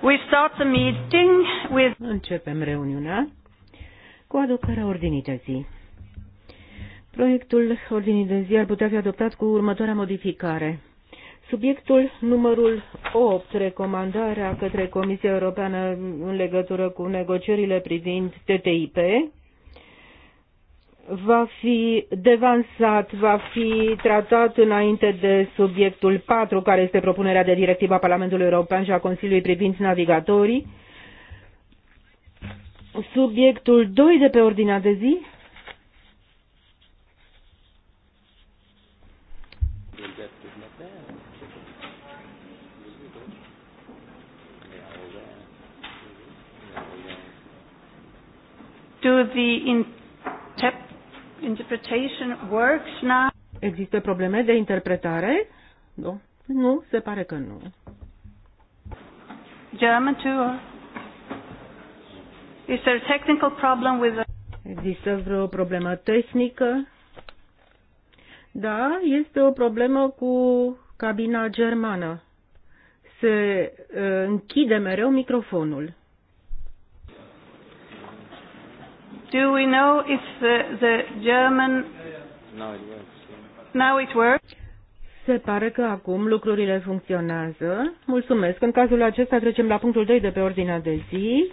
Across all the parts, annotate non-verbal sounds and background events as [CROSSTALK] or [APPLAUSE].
We start the meeting with... Începem reuniunea cu aducarea ordinii de zi. Proiectul ordinii de zi ar putea fi adoptat cu următoarea modificare. Subiectul numărul 8, recomandarea către Comisia Europeană în legătură cu negocierile privind TTIP, va fi devansat, va fi tratat înainte de subiectul 4, care este propunerea de directivă a Parlamentului European și a Consiliului privind navigatorii. Subiectul 2 de pe ordinea de zi to the interpret Interpretation works now. Există probleme de interpretare? Nu, da. nu se pare că nu. German too. Is there a technical problem with the... Există vreo problemă tehnică? Da, este o problemă cu cabina germană. Se uh, închide mereu microfonul. Do we know if the, the German... Now it works. Now it works. Se pare că acum lucrurile funcționează. Mulțumesc. În cazul acesta trecem la punctul 2 de pe ordinea de zi.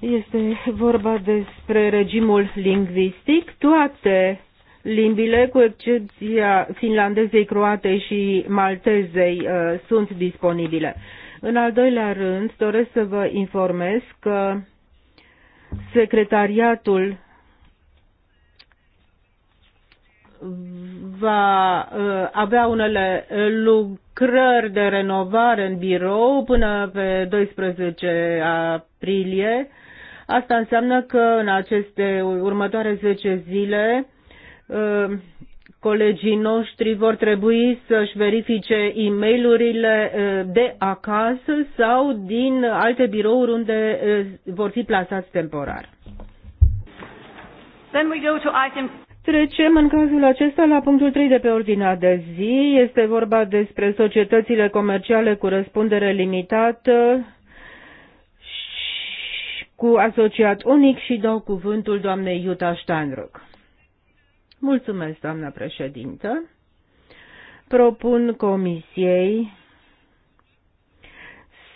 Este vorba despre regimul lingvistic. Toate limbile, cu excepția finlandezei, croatei și maltezei, uh, sunt disponibile. În al doilea rând, doresc să vă informez că secretariatul va uh, avea unele lucrări de renovare în birou până pe 12 aprilie. Asta înseamnă că în aceste următoare 10 zile uh, Colegii noștri vor trebui să-și verifice e mail de acasă sau din alte birouri unde vor fi plasați temporar. Then we go to item Trecem în cazul acesta la punctul 3 de pe ordinea de zi. Este vorba despre societățile comerciale cu răspundere limitată și cu asociat unic și dau cuvântul doamnei Iuta Steinrück. Mulțumesc, doamna președintă. Propun comisiei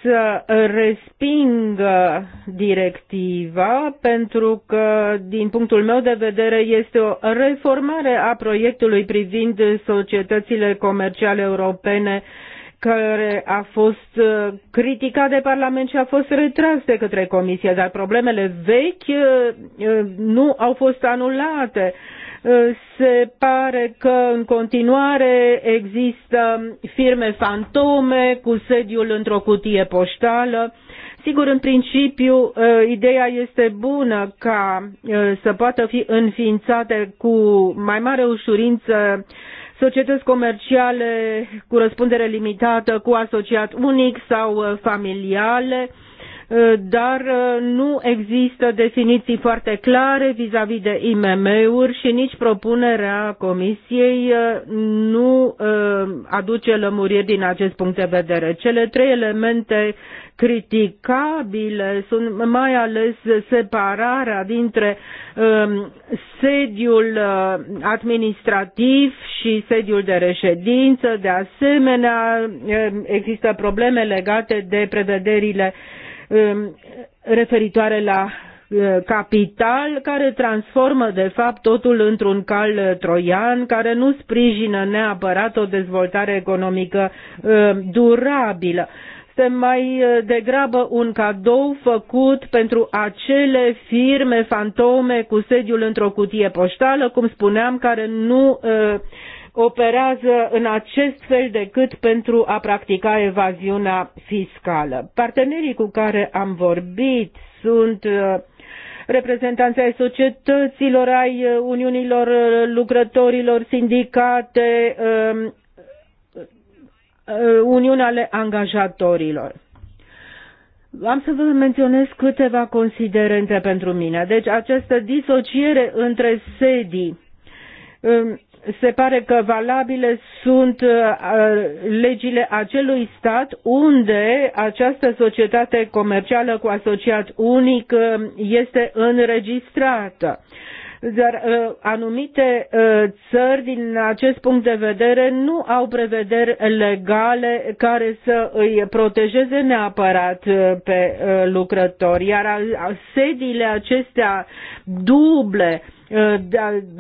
să respingă directiva pentru că, din punctul meu de vedere, este o reformare a proiectului privind societățile comerciale europene care a fost uh, criticat de Parlament și a fost retras de către Comisie, dar problemele vechi uh, uh, nu au fost anulate se pare că în continuare există firme fantome cu sediul într-o cutie poștală. Sigur, în principiu, ideea este bună ca să poată fi înființate cu mai mare ușurință societăți comerciale cu răspundere limitată, cu asociat unic sau familiale Eh, dar eh, nu există definiții foarte clare vis-a-vis -vis de IMM-uri și nici propunerea Comisiei eh, nu aduce lămuriri din acest punct de vedere. Cele trei elemente criticabile sunt mai ales separarea dintre sediul administrativ și sediul de reședință. De asemenea, există probleme legate de prevederile uh, Um, referitoare la uh, capital care transformă de fapt totul într-un cal uh, troian care nu sprijină neapărat o dezvoltare economică um, durabilă. Este mai uh, degrabă un cadou făcut pentru acele firme fantome cu sediul într-o cutie poștală, cum spuneam, care nu operează în acest fel decât pentru a practica evaziunea fiscală. Partenerii cu care am vorbit sunt uh, reprezentanții ai societăților, ai uh, uniunilor uh, lucrătorilor, sindicate, um, uniuni ale angajatorilor. Am să vă menționez câteva considerente pentru mine. Deci această disociere între sedii um, se pare că valabile sunt uh, legile acelui stat unde această societate comercială cu asociat unic uh, este înregistrată. Dar uh, anumite țări din acest punct de vedere nu au prevederi legale care să îi protejeze neapărat pe lucrători, iar sediile acestea duble Uh,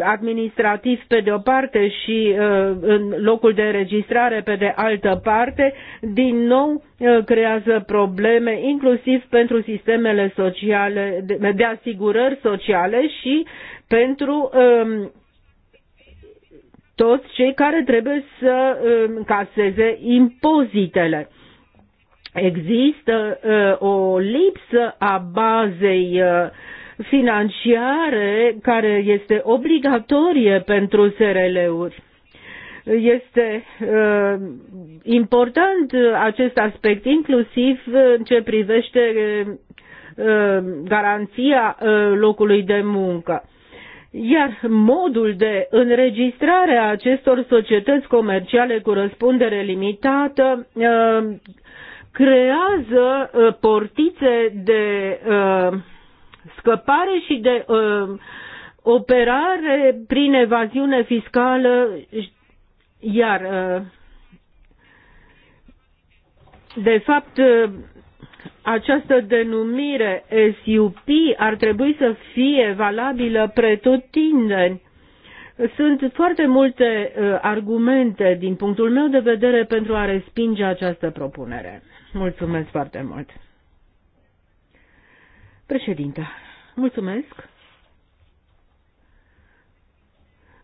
administrativ pe de o parte și uh, în locul de înregistrare pe de altă parte, din nou uh, creează probleme inclusiv pentru sistemele sociale, de asigurări sociale și pentru um, toți cei care trebuie să um, caseze impozitele. Există o lipsă a bazei financiare care este obligatorie pentru SRL-uri este uh, important acest aspect, inclusiv în ce privește uh, garanția uh, locului de muncă. Iar modul de înregistrare a acestor societăți comerciale cu răspundere limitată uh, creează uh, portițe de uh, scăpare și de uh, operare prin evaziune fiscală, iar uh, de fapt uh, această denumire SUP ar trebui să fie valabilă pretutindeni. Sunt foarte multe uh, argumente din punctul meu de vedere pentru a respinge această propunere. Mulțumesc foarte mult. Președinte. Mulțumesc.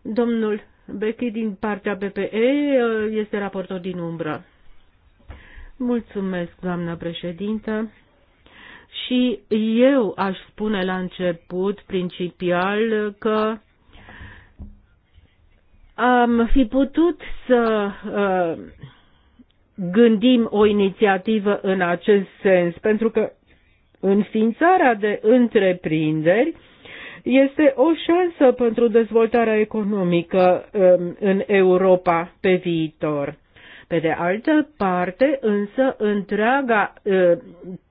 Domnul Bechi din partea PPE uh, este raportor din umbră. Mulțumesc, doamnă președintă. Și eu aș spune la început, principial, că am fi putut să uh, gândim o inițiativă în acest sens, pentru că înființarea de întreprinderi este o șansă pentru dezvoltarea economică um, în Europa pe viitor. Pe de altă parte, însă, întreaga uh,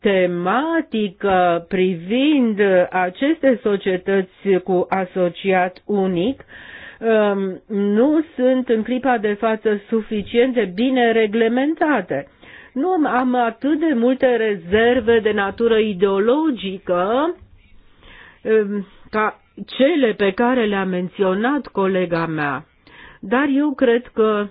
tematică privind aceste societăți cu asociat unic um, nu sunt în clipa de față suficient de bine reglementate. Nu am atât de multe rezerve de natură ideologică um, ca cele pe care le-a menționat colega mea, dar eu cred că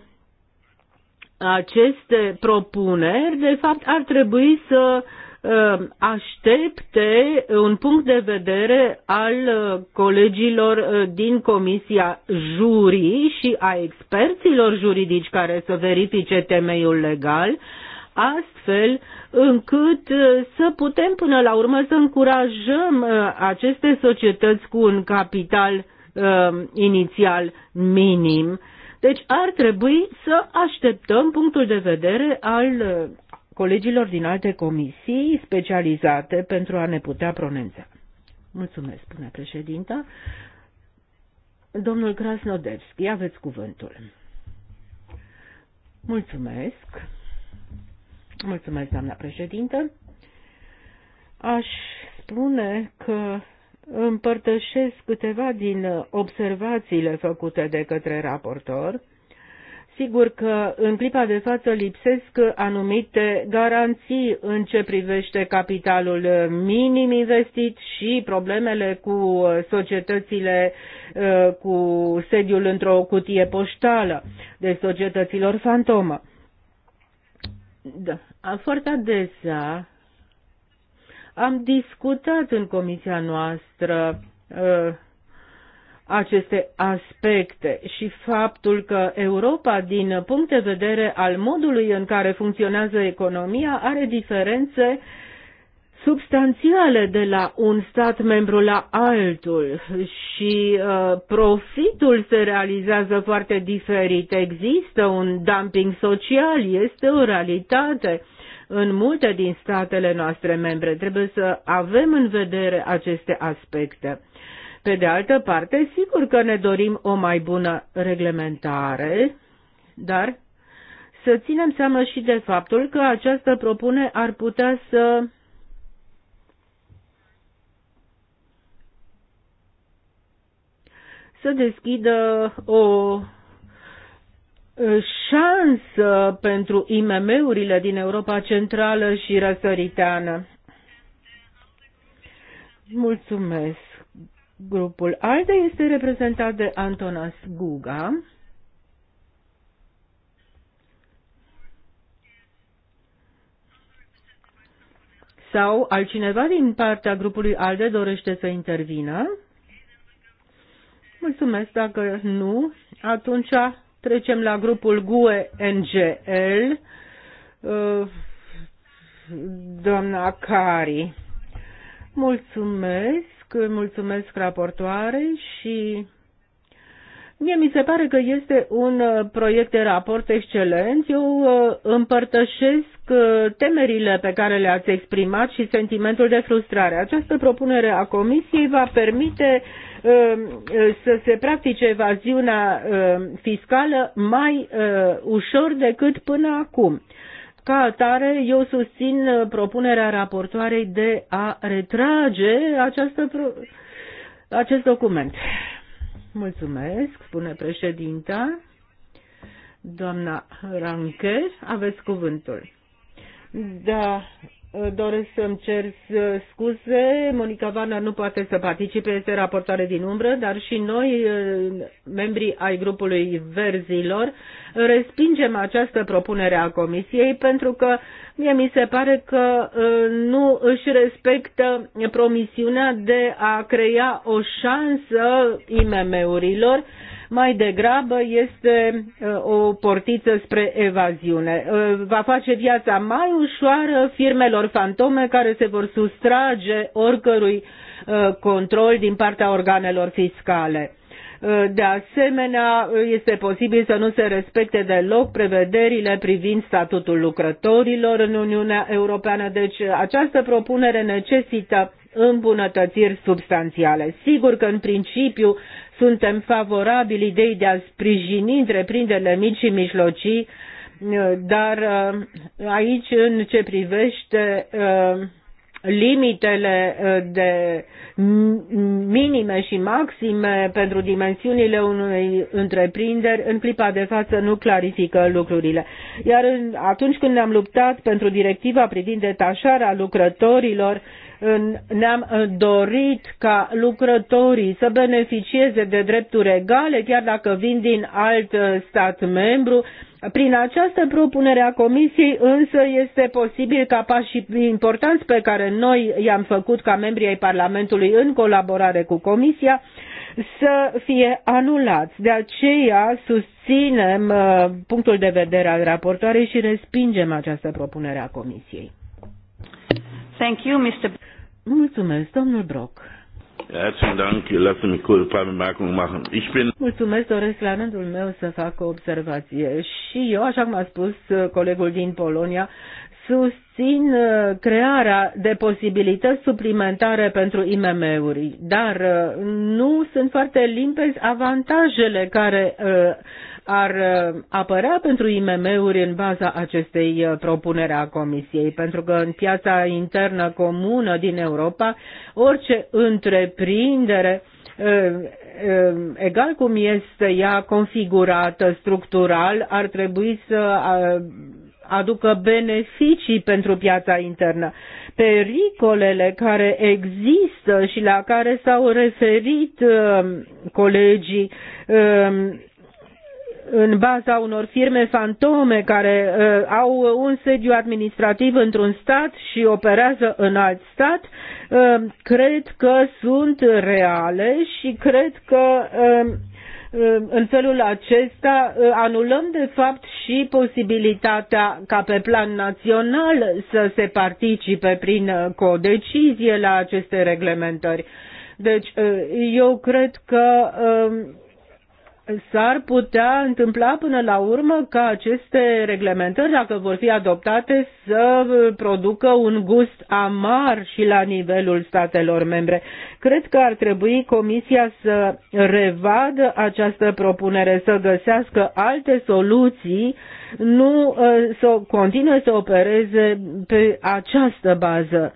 aceste propuneri, de fapt, ar trebui să um, aștepte un punct de vedere al uh, colegilor uh, din Comisia Jurii și a experților juridici care să verifice temeiul legal astfel încât uh, să putem până la urmă să încurajăm uh, aceste societăți cu un capital uh, inițial minim. Deci ar trebui să așteptăm punctul de vedere al uh, colegilor din alte comisii specializate pentru a ne putea pronunța. Mulțumesc, spune președinta. Domnul Krasnodevski, aveți cuvântul. Mulțumesc. Mulțumesc, doamna președintă. Aș spune că împărtășesc câteva din observațiile făcute de către raportor. Sigur că în clipa de față lipsesc anumite garanții în ce privește capitalul minim investit și problemele cu societățile cu sediul într-o cutie poștală de societăților fantomă. Da. Foarte adesea am discutat în comisia noastră uh, aceste aspecte și faptul că Europa, din punct de vedere al modului în care funcționează economia, are diferențe substanțiale de la un stat membru la altul și uh, profitul se realizează foarte diferit. Există un dumping social, este o realitate în multe din statele noastre membre. Trebuie să avem în vedere aceste aspecte. Pe de altă parte, sigur că ne dorim o mai bună reglementare, dar să ținem seama și de faptul că această propune ar putea să să deschidă o șansă pentru IMM-urile din Europa Centrală și Răsăriteană. Mulțumesc. Grupul ALDE este reprezentat de Antonas Guga. Sau altcineva din partea grupului ALDE dorește să intervină? Mulțumesc. Dacă nu, atunci trecem la grupul GUE NGL. Uh, doamna Cari. Mulțumesc, mulțumesc raportoare și Mie mi se pare că este un uh, proiect de raport excelent. Eu uh, împărtășesc temerile pe care le-ați exprimat și sentimentul de frustrare. Această propunere a Comisiei va permite uh, Um, să se practice evaziunea um, fiscală mai uh, ușor decât până acum. Ca atare, eu susțin uh, propunerea raportoarei de a retrage această, acest document. Mulțumesc, spune președinta. Doamna Ranche, aveți cuvântul. Da, Uh, doresc să-mi cer uh, scuze. Monica Vana nu poate să participe, este raportare din umbră, dar și noi, uh, membrii ai grupului Verzilor, respingem această propunere a Comisiei pentru că mie mi se pare că nu își respectă promisiunea de a crea o șansă IMM-urilor mai degrabă este uh, o portiță spre evaziune. Uh, va face viața mai ușoară firmelor fantome care se vor sustrage oricărui uh, control din partea organelor fiscale. De asemenea, este posibil să nu se respecte deloc prevederile privind statutul lucrătorilor în Uniunea Europeană, deci această propunere necesită îmbunătățiri substanțiale. Sigur că în principiu suntem favorabili idei de a sprijini întreprinderile mici și mijlocii, dar uh, aici în ce privește uh, limitele uh, de minime și maxime pentru dimensiunile unei întreprinderi, în clipa de față nu clarifică lucrurile. Iar atunci când ne-am luptat pentru directiva privind detașarea lucrătorilor, ne-am uh, dorit ca lucrătorii să beneficieze de drepturi egale, chiar dacă vin din alt uh, stat membru. Prin această propunere a Comisiei însă este posibil ca pașii importanți pe care noi i-am făcut ca membri ai Parlamentului în colaborare cu Comisia să fie anulați. De aceea susținem uh, punctul de vedere al raportoarei și respingem această propunere a Comisiei. Thank you, Mr. Mulțumesc, domnul Brock. Herzlichen Dank, lassen mich kurz ein Bemerkungen machen. Ich bin Mulțumesc, doresc la rândul meu să fac o observație. Și eu, așa cum a spus uh, colegul din Polonia, susțin uh, crearea de posibilități suplimentare pentru IMM-uri, dar uh, nu sunt foarte limpezi avantajele care ar uh, apărea pentru IMM-uri în baza acestei uh, propuneri a Comisiei, pentru că în piața internă comună din Europa, orice întreprindere uh, egal cum este ea configurată structural, ar trebui să aducă beneficii pentru piața internă. Pericolele care există și la care s-au referit colegii în baza unor firme fantome care uh, au un sediu administrativ într-un stat și operează în alt stat, uh, cred că sunt reale și cred că uh, uh în felul acesta uh, anulăm de fapt și posibilitatea ca pe plan național să se participe prin uh, codecizie la aceste reglementări. Deci eu cred că s-ar putea întâmpla până la urmă ca aceste reglementări, dacă vor fi adoptate, să producă un gust amar și la nivelul statelor membre. Cred că ar trebui Comisia să revadă această propunere, să găsească alte soluții, nu uh, să continue să opereze pe această bază.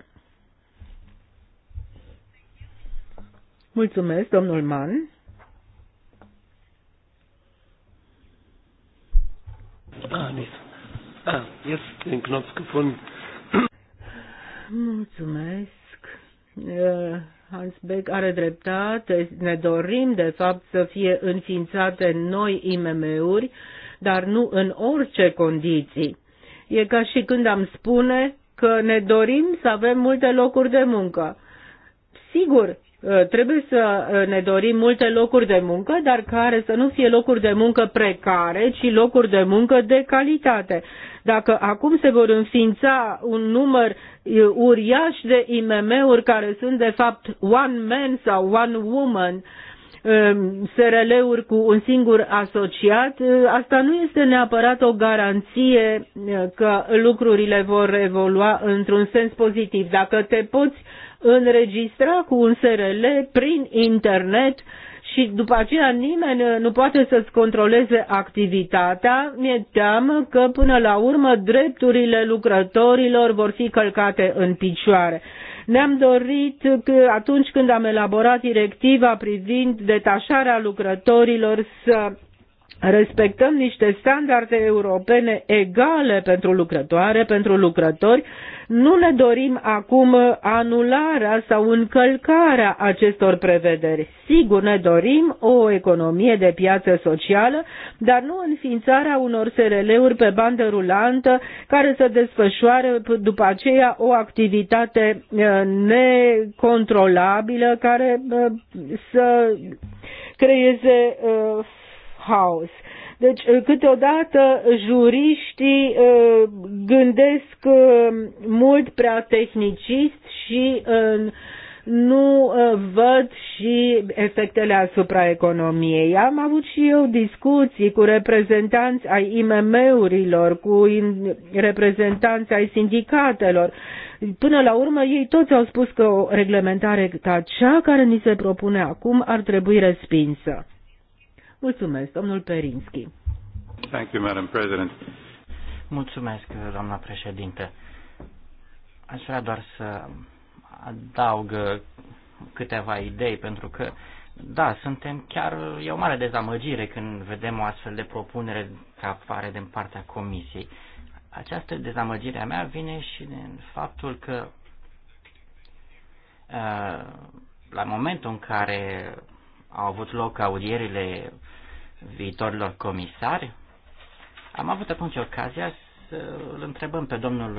Mulțumesc, domnul Mann. Ah, nicht. Ah, jetzt den Knopf gefunden. Mulțumesc. Eh, Hans Beck are dreptate. Ne dorim, de fapt, să fie înființate noi IMM-uri, dar nu în orice condiții. E ca și când am spune că ne dorim să avem multe locuri de muncă. Sigur, Uh, trebuie să uh, ne dorim multe locuri de muncă, dar care să nu fie locuri de muncă precare, ci locuri de muncă de calitate. Dacă acum se vor înființa un număr uh, uriaș de IMM-uri care sunt de fapt one man sau one woman, um, SRL-uri cu un singur asociat, asta nu este neapărat o garanție că lucrurile vor evolua într-un sens pozitiv. Dacă te poți înregistra cu un SRL prin internet și după aceea nimeni uh, nu poate să-ți controleze activitatea, mi-e teamă că până la urmă drepturile lucrătorilor vor fi călcate în picioare. Ne-am dorit că atunci când am elaborat directiva privind detașarea lucrătorilor să respectăm niște standarde europene egale pentru lucrătoare, pentru lucrători, nu ne dorim acum anularea sau încălcarea acestor prevederi. Sigur, ne dorim o economie de piață socială, dar nu înființarea unor SRL-uri pe bandă rulantă care să desfășoare după aceea o activitate eh, necontrolabilă care eh, să creeze eh, haos. Deci, eh, câteodată, juriștii eh, gândesc eh, mult prea tehnicist și nu văd și efectele asupra economiei. Am avut și eu discuții cu reprezentanți ai IMM-urilor, cu reprezentanți ai sindicatelor. Până la urmă, ei toți au spus că o reglementare ca cea care ni se propune acum ar trebui respinsă. Mulțumesc, domnul Perinski. Thank you, Madam President. Mulțumesc, doamna președinte. Aș vrea doar să adaug câteva idei, pentru că, da, suntem chiar, e o mare dezamăgire când vedem o astfel de propunere ca apare din partea Comisiei. Această dezamăgire a mea vine și din faptul că uh, la momentul în care au avut loc audierile viitorilor comisari, am avut atunci ocazia să îl întrebăm pe domnul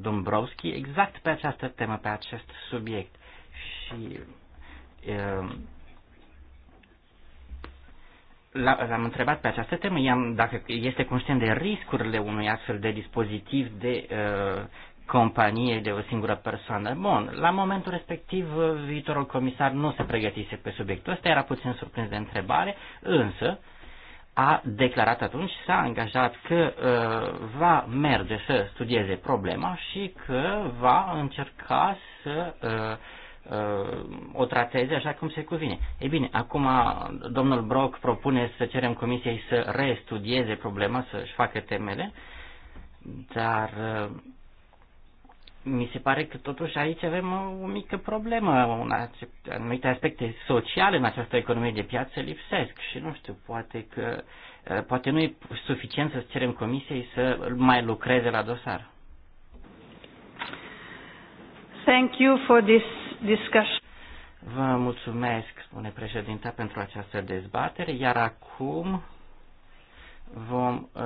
Dombrovski exact pe această temă, pe acest subiect. Și ehm, l-am întrebat pe această temă, i-am, dacă este conștient de riscurile unui astfel de dispozitiv de uh, companie de o singură persoană. Bun, la momentul respectiv viitorul comisar nu se pregătise pe subiectul ăsta, era puțin surprins de întrebare, însă uh, a declarat atunci, s-a angajat că uh, va merge să studieze problema și că va încerca să uh, uh, o trateze așa cum se cuvine. Ei bine, acum domnul Brock propune să cerem comisiei să restudieze problema, să-și facă temele, dar uh, mi se pare că totuși aici avem o, o mică problemă. Un acept, anumite aspecte sociale în această economie de piață lipsesc și nu știu, poate că poate nu e suficient să cerem comisiei să mai lucreze la dosar. Thank you for this discussion. Vă mulțumesc, spune președinta, pentru această dezbatere, iar acum vom uh,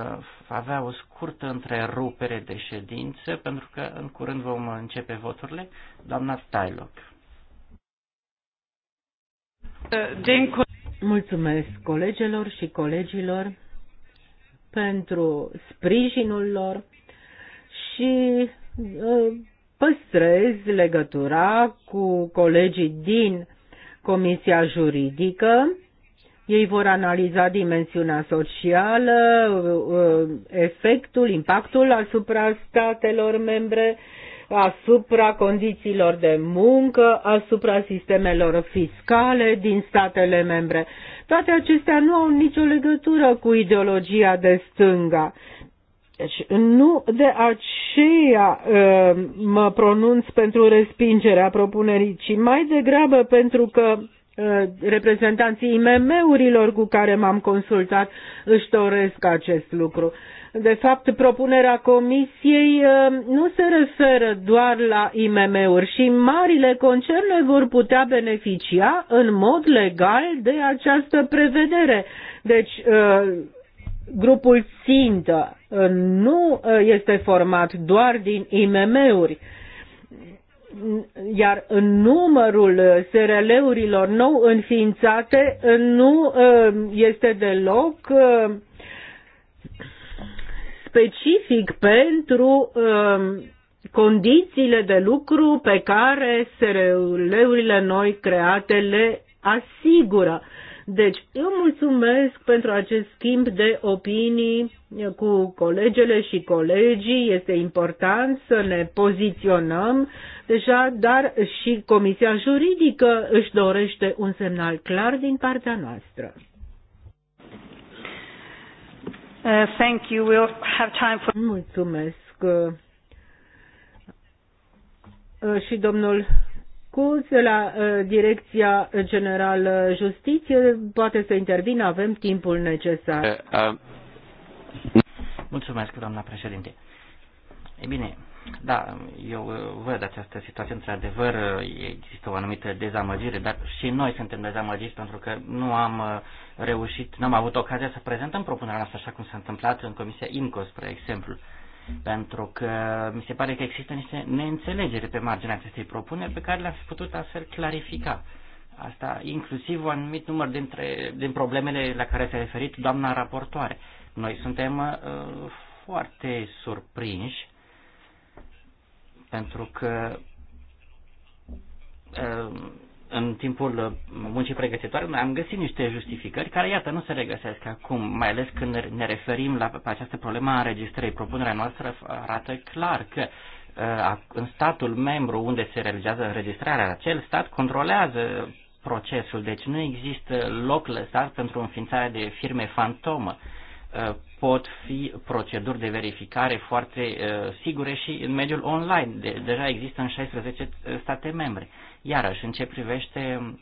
avea o scurtă întrerupere de ședință, pentru că în curând vom începe voturile. Doamna Tailoc. Mulțumesc colegelor și colegilor pentru sprijinul lor și uh, păstrez legătura cu colegii din Comisia Juridică ei vor analiza dimensiunea socială, uh, efectul, impactul asupra statelor membre, asupra condițiilor de muncă, asupra sistemelor fiscale din statele membre. Toate acestea nu au nicio legătură cu ideologia de stânga. Deci, nu de aceea uh, mă pronunț pentru respingerea propunerii, ci mai degrabă pentru că Uh, reprezentanții IMM-urilor cu care m-am consultat își doresc acest lucru. De fapt, propunerea comisiei uh, nu se referă doar la IMM-uri și marile concerne vor putea beneficia în mod legal de această prevedere. Deci, uh, grupul țintă nu este format doar din IMM-uri iar numărul SRL-urilor nou înființate nu ă, este deloc ă, specific pentru ă, condițiile de lucru pe care SRL-urile noi create le asigură. Deci, eu mulțumesc pentru acest schimb de opinii cu colegele și colegii. Este important să ne poziționăm deja, dar și Comisia Juridică își dorește un semnal clar din partea noastră. Uh, thank you. We'll have time for... Mulțumesc. Uh, și domnul acuz la uh, Direcția Generală Justiție poate să intervină, avem timpul necesar. Eh, eh, Mulțumesc, doamna președinte. E bine, da, eu uh, văd această situație, într-adevăr uh, există o anumită dezamăgire, dar și noi suntem dezamăgiți pentru că nu am reușit, n-am avut ocazia să prezentăm propunerea noastră așa cum s-a întâmplat în Comisia INCOS, spre exemplu pentru că mi se pare că există niște neînțelegeri pe marginea acestei propuneri pe care le-am fi putut astfel clarifica. Asta inclusiv un anumit număr dintre, din problemele la care s-a referit doamna raportoare. Noi suntem uh, foarte surprinși pentru că uh, în timpul uh, muncii pregătitoare, am găsit niște justificări care, iată, nu se regăsesc acum, mai ales când ne referim la această problemă a înregistrării. Propunerea noastră arată clar că uh, în statul membru unde se realizează înregistrarea, acel stat controlează procesul, deci nu există loc lăsat pentru înființarea de firme fantomă uh, pot fi proceduri de verificare foarte uh, sigure și în mediul online. De, deja există în 16 uh, state membre. Iarăși, în ce privește um,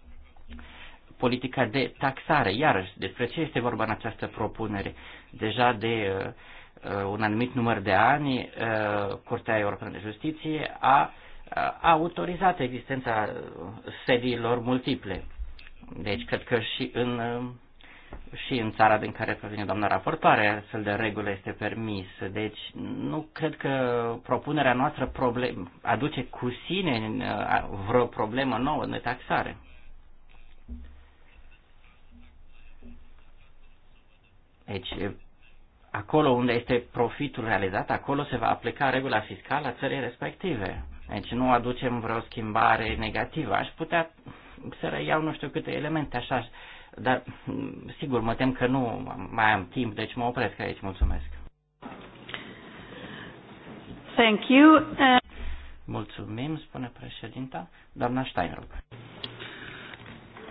politica de taxare, iarăși, despre ce este vorba în această propunere? Deja de uh, uh un anumit număr de ani, uh, Curtea Europeană de Justiție a, uh, a autorizat existența sediilor multiple. Deci, cred că și în și în țara din care provine doamna raportoare, astfel de regulă este permis. Deci nu cred că propunerea noastră problem, aduce cu sine vreo problemă nouă de taxare. Deci, acolo unde este profitul realizat, acolo se va aplica regula fiscală a țării respective. Deci nu aducem vreo schimbare negativă. Aș putea să reiau nu știu câte elemente, așa dar, sigur, mă tem că nu mai am timp, deci mă opresc aici. Mulțumesc. Thank you. Mulțumim, spune președinta. Doamna Steinruck.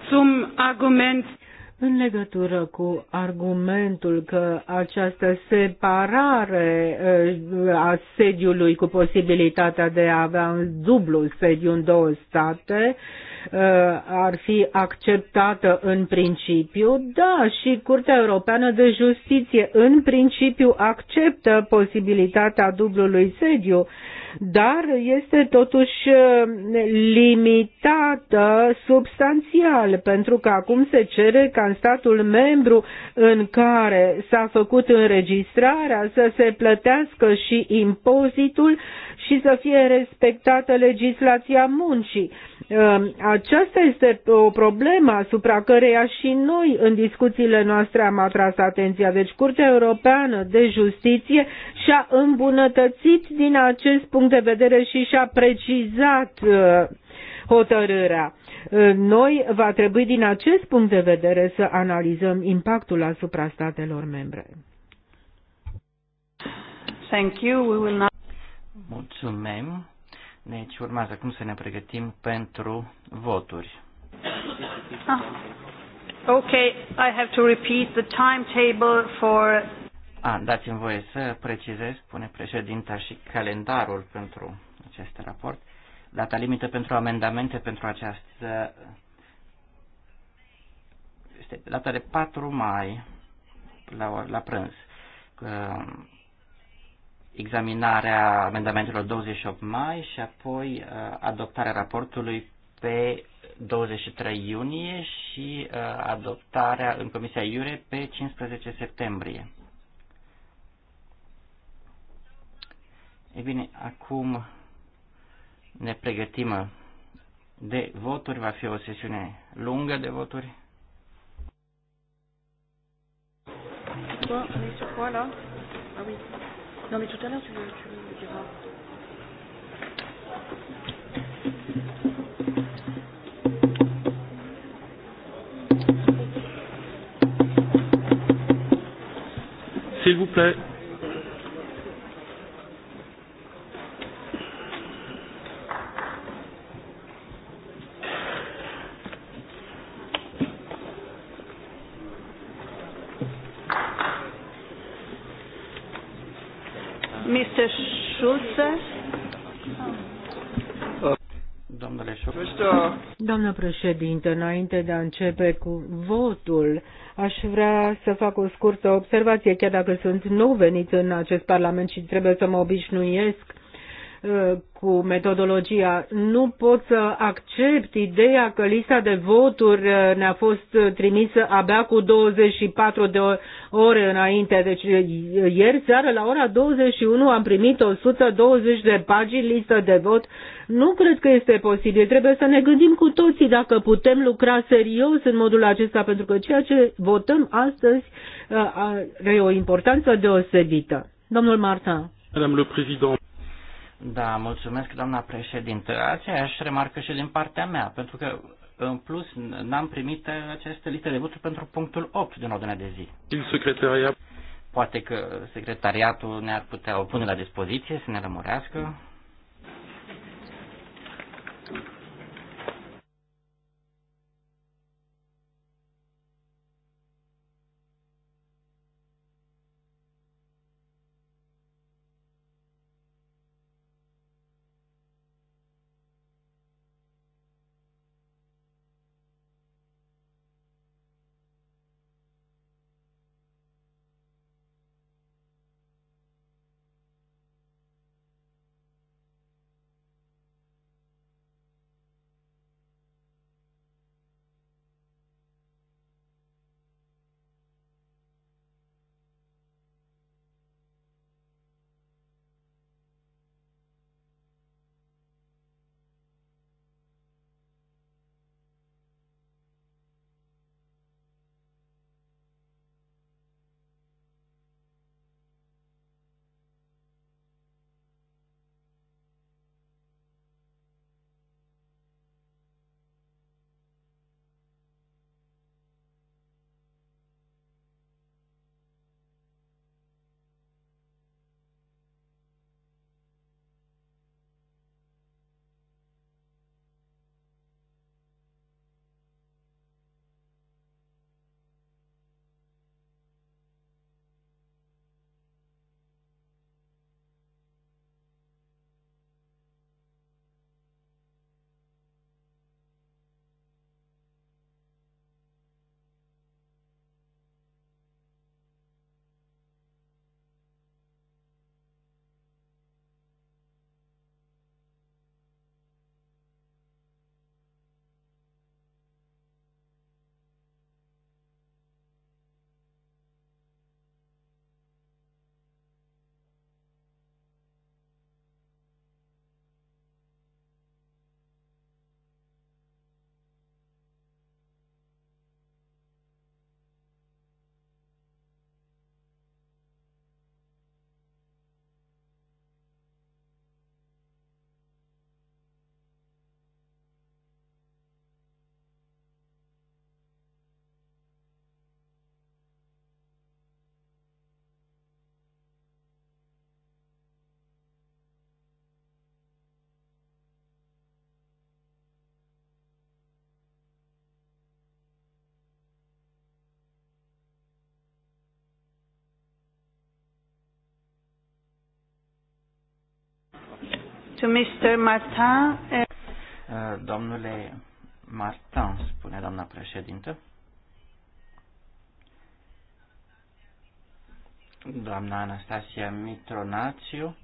Zum argument în legătură cu argumentul că această separare eh, a sediului cu posibilitatea de a avea un dublu sediu în două state Uh, ar fi acceptată în principiu. Da, și Curtea Europeană de Justiție în principiu acceptă posibilitatea dublului sediu, dar este totuși uh, limitată substanțial, pentru că acum se cere ca în statul membru în care s-a făcut înregistrarea să se plătească și impozitul și să fie respectată legislația muncii. Uh, aceasta este o problemă asupra căreia și noi în discuțiile noastre am atras atenția. Deci Curtea Europeană de Justiție și-a îmbunătățit din acest punct punct de vedere și și-a precizat uh, hotărârea. Uh, noi va trebui din acest punct de vedere să analizăm impactul asupra statelor membre. Thank you. We will not... Mulțumim. Deci urmează acum să ne pregătim pentru voturi. Ah. Okay, I have to repeat the timetable for a, dați-mi voie să precizez, spune președinta, și calendarul pentru acest raport. Data limită pentru amendamente pentru această este data de 4 mai la, la prânz. Examinarea amendamentelor 28 mai și apoi uh, adoptarea raportului pe 23 iunie și uh, adoptarea în Comisia Iure pe 15 septembrie. E bine, acum ne pregătim de voturi. Va fi o sesiune lungă de voturi. Ah S'il vous plaît. Doamnă președinte, înainte de a începe cu votul, aș vrea să fac o scurtă observație, chiar dacă sunt nou venit în acest Parlament și trebuie să mă obișnuiesc Uh, cu metodologia. Nu pot să accept ideea că lista de voturi uh, ne-a fost uh, trimisă abia cu 24 de ore înainte. Deci ieri seară la ora 21 am primit 120 de pagini listă de vot. Nu cred că este posibil. Trebuie să ne gândim cu toții dacă putem lucra serios în modul acesta, pentru că ceea ce votăm astăzi are o importanță deosebită. Domnul Martin. Madame le Président. Da, mulțumesc, doamna președintă. aș remarcă și din partea mea, pentru că, în plus, n-am primit aceste liste de voturi pentru punctul 8 din ordinea de zi. Secretariat. Poate că secretariatul ne-ar putea o pune la dispoziție să ne lămurească. to Mr. Martin. Uh, domnule Martin, spune doamna președintă. Doamna Anastasia Mitronațiu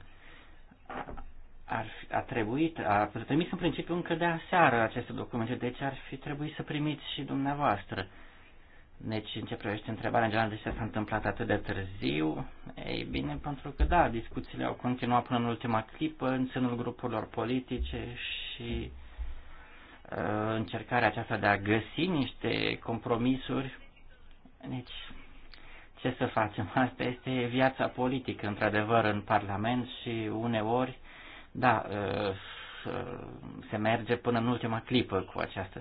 ar fi, a trebuit, a trimis în principiu încă de aseară aceste documente, deci ar fi trebuit să primiți și dumneavoastră. Uh, deci, în ce privește întrebarea în general de ce s-a întâmplat atât de târziu, ei bine, pentru că, da, discuțiile au continuat până în ultima clipă în sânul grupurilor politice și uh, încercarea aceasta de a găsi niște compromisuri. Deci, ce să facem? [LAUGHS] Asta este viața politică, într-adevăr, în Parlament și uneori, da, uh, uh se merge până în ultima clipă cu această,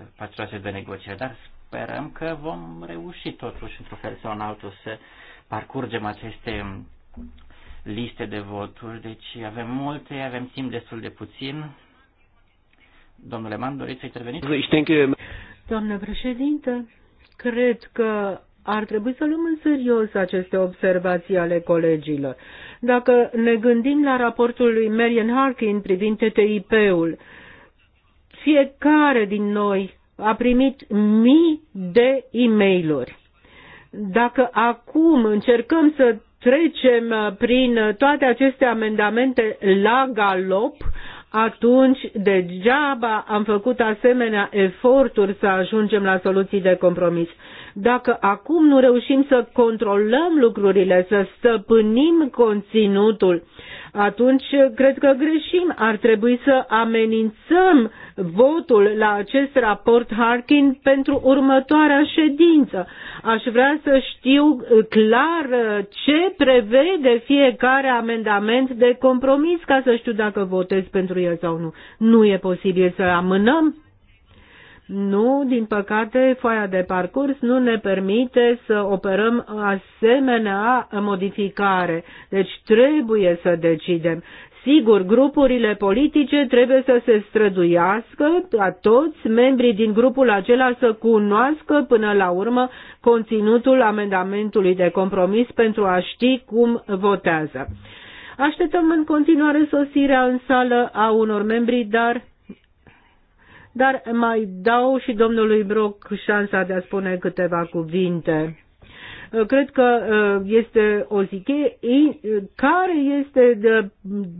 cu de negocieri, dar sperăm că vom reuși totuși într-un fel sau în altul să parcurgem aceste liste de voturi. Deci avem multe, avem timp destul de puțin. Domnule Man, doriți să interveniți? Doamnă președinte, cred că ar trebui să luăm în serios aceste observații ale colegilor. Dacă ne gândim la raportul lui Marian Harkin privind TTIP-ul, fiecare din noi a primit mii de e mail Dacă acum încercăm să trecem uh, prin uh, toate aceste amendamente la galop, atunci degeaba am făcut asemenea eforturi să ajungem la soluții de compromis. Dacă acum nu reușim să controlăm lucrurile, să stăpânim conținutul, atunci cred că greșim. Ar trebui să amenințăm votul la acest raport Harkin pentru următoarea ședință. Aș vrea să știu clar ce prevede fiecare amendament de compromis ca să știu dacă votez pentru el sau nu. Nu e posibil să amânăm? Nu, din păcate, foaia de parcurs nu ne permite să operăm asemenea modificare. Deci trebuie să decidem. Sigur, grupurile politice trebuie să se străduiască ca toți membrii din grupul acela să cunoască până la urmă conținutul amendamentului de compromis pentru a ști cum votează. Așteptăm în continuare sosirea în sală a unor membri, dar dar mai dau și domnului Broc șansa de a spune câteva cuvinte. Uh, cred că uh, este o zi uh, care este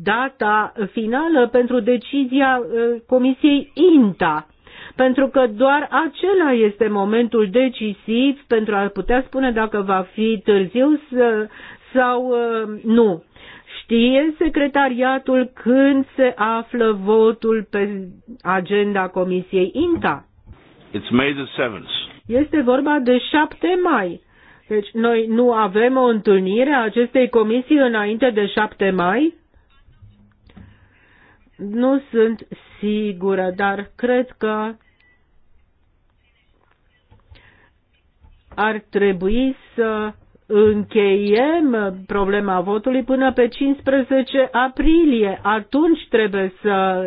data finală pentru decizia Comisiei INTA pentru că doar acela este momentul decisiv pentru a putea spune dacă va fi târziu sau nu știe secretariatul când se află votul pe agenda Comisiei INTA. It's May the 7th. Este vorba de 7 mai. Deci noi nu avem o întâlnire a acestei comisii înainte de 7 mai? Nu sunt sigură, dar cred că ar trebui să încheiem problema votului până pe 15 aprilie. Atunci trebuie să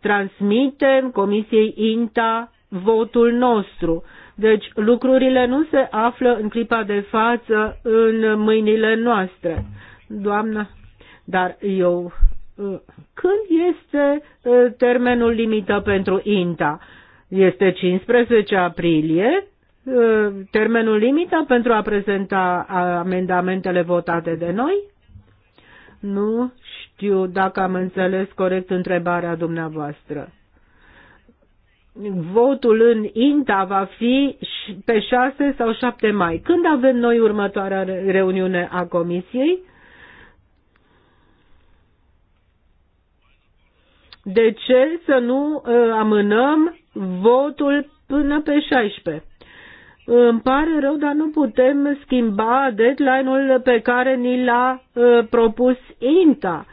transmitem Comisiei INTA votul nostru. Deci lucrurile nu se află în clipa de față în mâinile noastre. Doamna, dar eu. Când este eh, termenul limită pentru INTA? Este 15 aprilie? termenul limită pentru a prezenta amendamentele votate de noi? Nu știu dacă am înțeles corect întrebarea dumneavoastră. Votul în INTA va fi pe 6 sau 7 mai. Când avem noi următoarea reuniune a Comisiei? De ce să nu uh, amânăm votul până pe 16? Îmi pare rău, dar nu putem schimba deadline-ul pe care ni l-a ă, propus INTA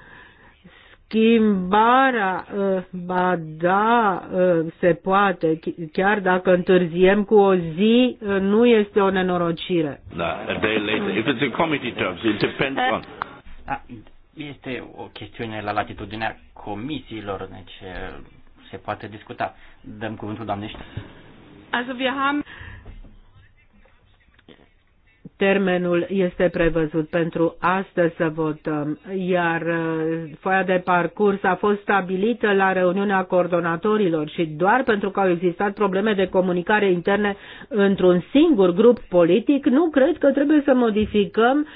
schimbarea, ă, ba da, ă, se poate, chiar dacă întârziem cu o zi, nu este o nenorocire. Da, da, este o chestiune la latitudinea comisiilor, deci se poate discuta. Dăm cuvântul doamnești. Also wir haben Termenul este prevăzut pentru astăzi să votăm, iar uh, foaia de parcurs a fost stabilită la reuniunea coordonatorilor și doar pentru că au existat probleme de comunicare interne într-un singur grup politic, nu cred că trebuie să modificăm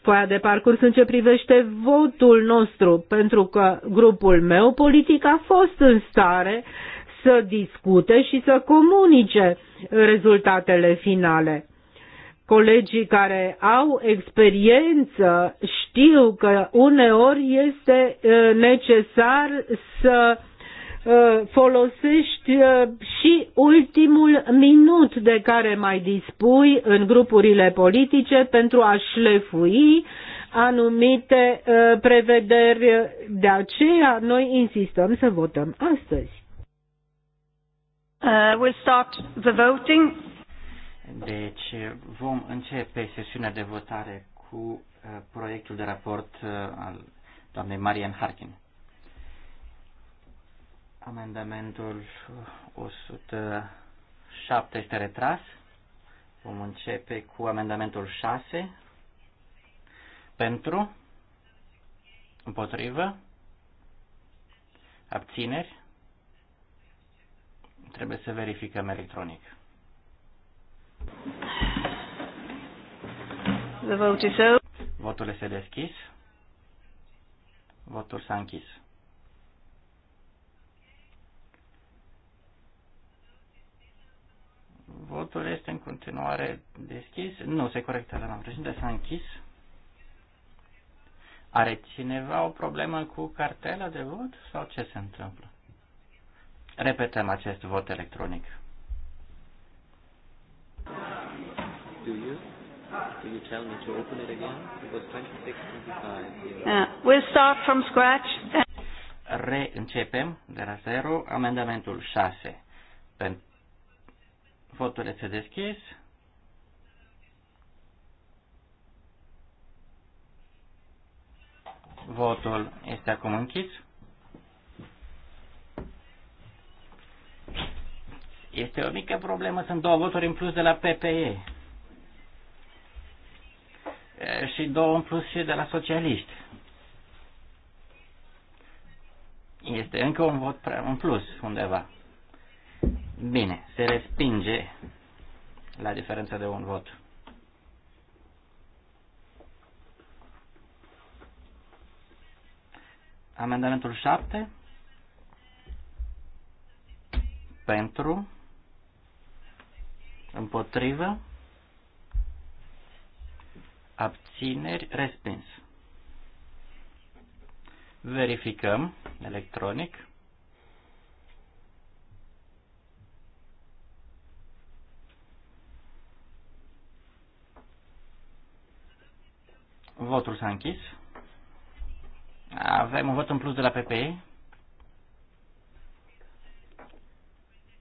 foaia de parcurs în ce privește votul nostru, pentru că grupul meu politic a fost în stare să discute și să comunice rezultatele finale colegii care au experiență știu că uneori este uh, necesar să uh, folosești uh, și ultimul minut de care mai dispui în grupurile politice pentru a șlefui anumite prevederi. De aceea noi insistăm să votăm astăzi. Uh, we'll start the voting. Deci vom începe sesiunea de votare cu uh, proiectul de raport uh, al doamnei Marian Harkin. Amendamentul 107 este retras. Vom începe cu amendamentul 6. Pentru. Împotrivă. Abțineri. Trebuie să verificăm electronic. The vote is over. Votul este deschis. Votul s-a închis. Votul este în continuare deschis. Nu, se corectează, doamna președinte, s-a închis. Are cineva o problemă cu cartela de vot sau ce se întâmplă? Repetăm acest vot electronic. Do you? Do you tell me to open it again? It was 26, 25. Yeah. Uh, we'll start from scratch. Reîncepem de la zero amendamentul 6. Pentru votul este deschis. Votul este acum închis. Este o mică problemă, sunt două voturi în plus de la PPE și două în plus și de la socialiști. Este încă un vot prea în plus undeva. Bine, se respinge la diferența de un vot. Amendamentul 7 pentru Împotrivă. Abțineri. Respins. Verificăm electronic. Votul s-a închis. Avem un vot în plus de la PPE.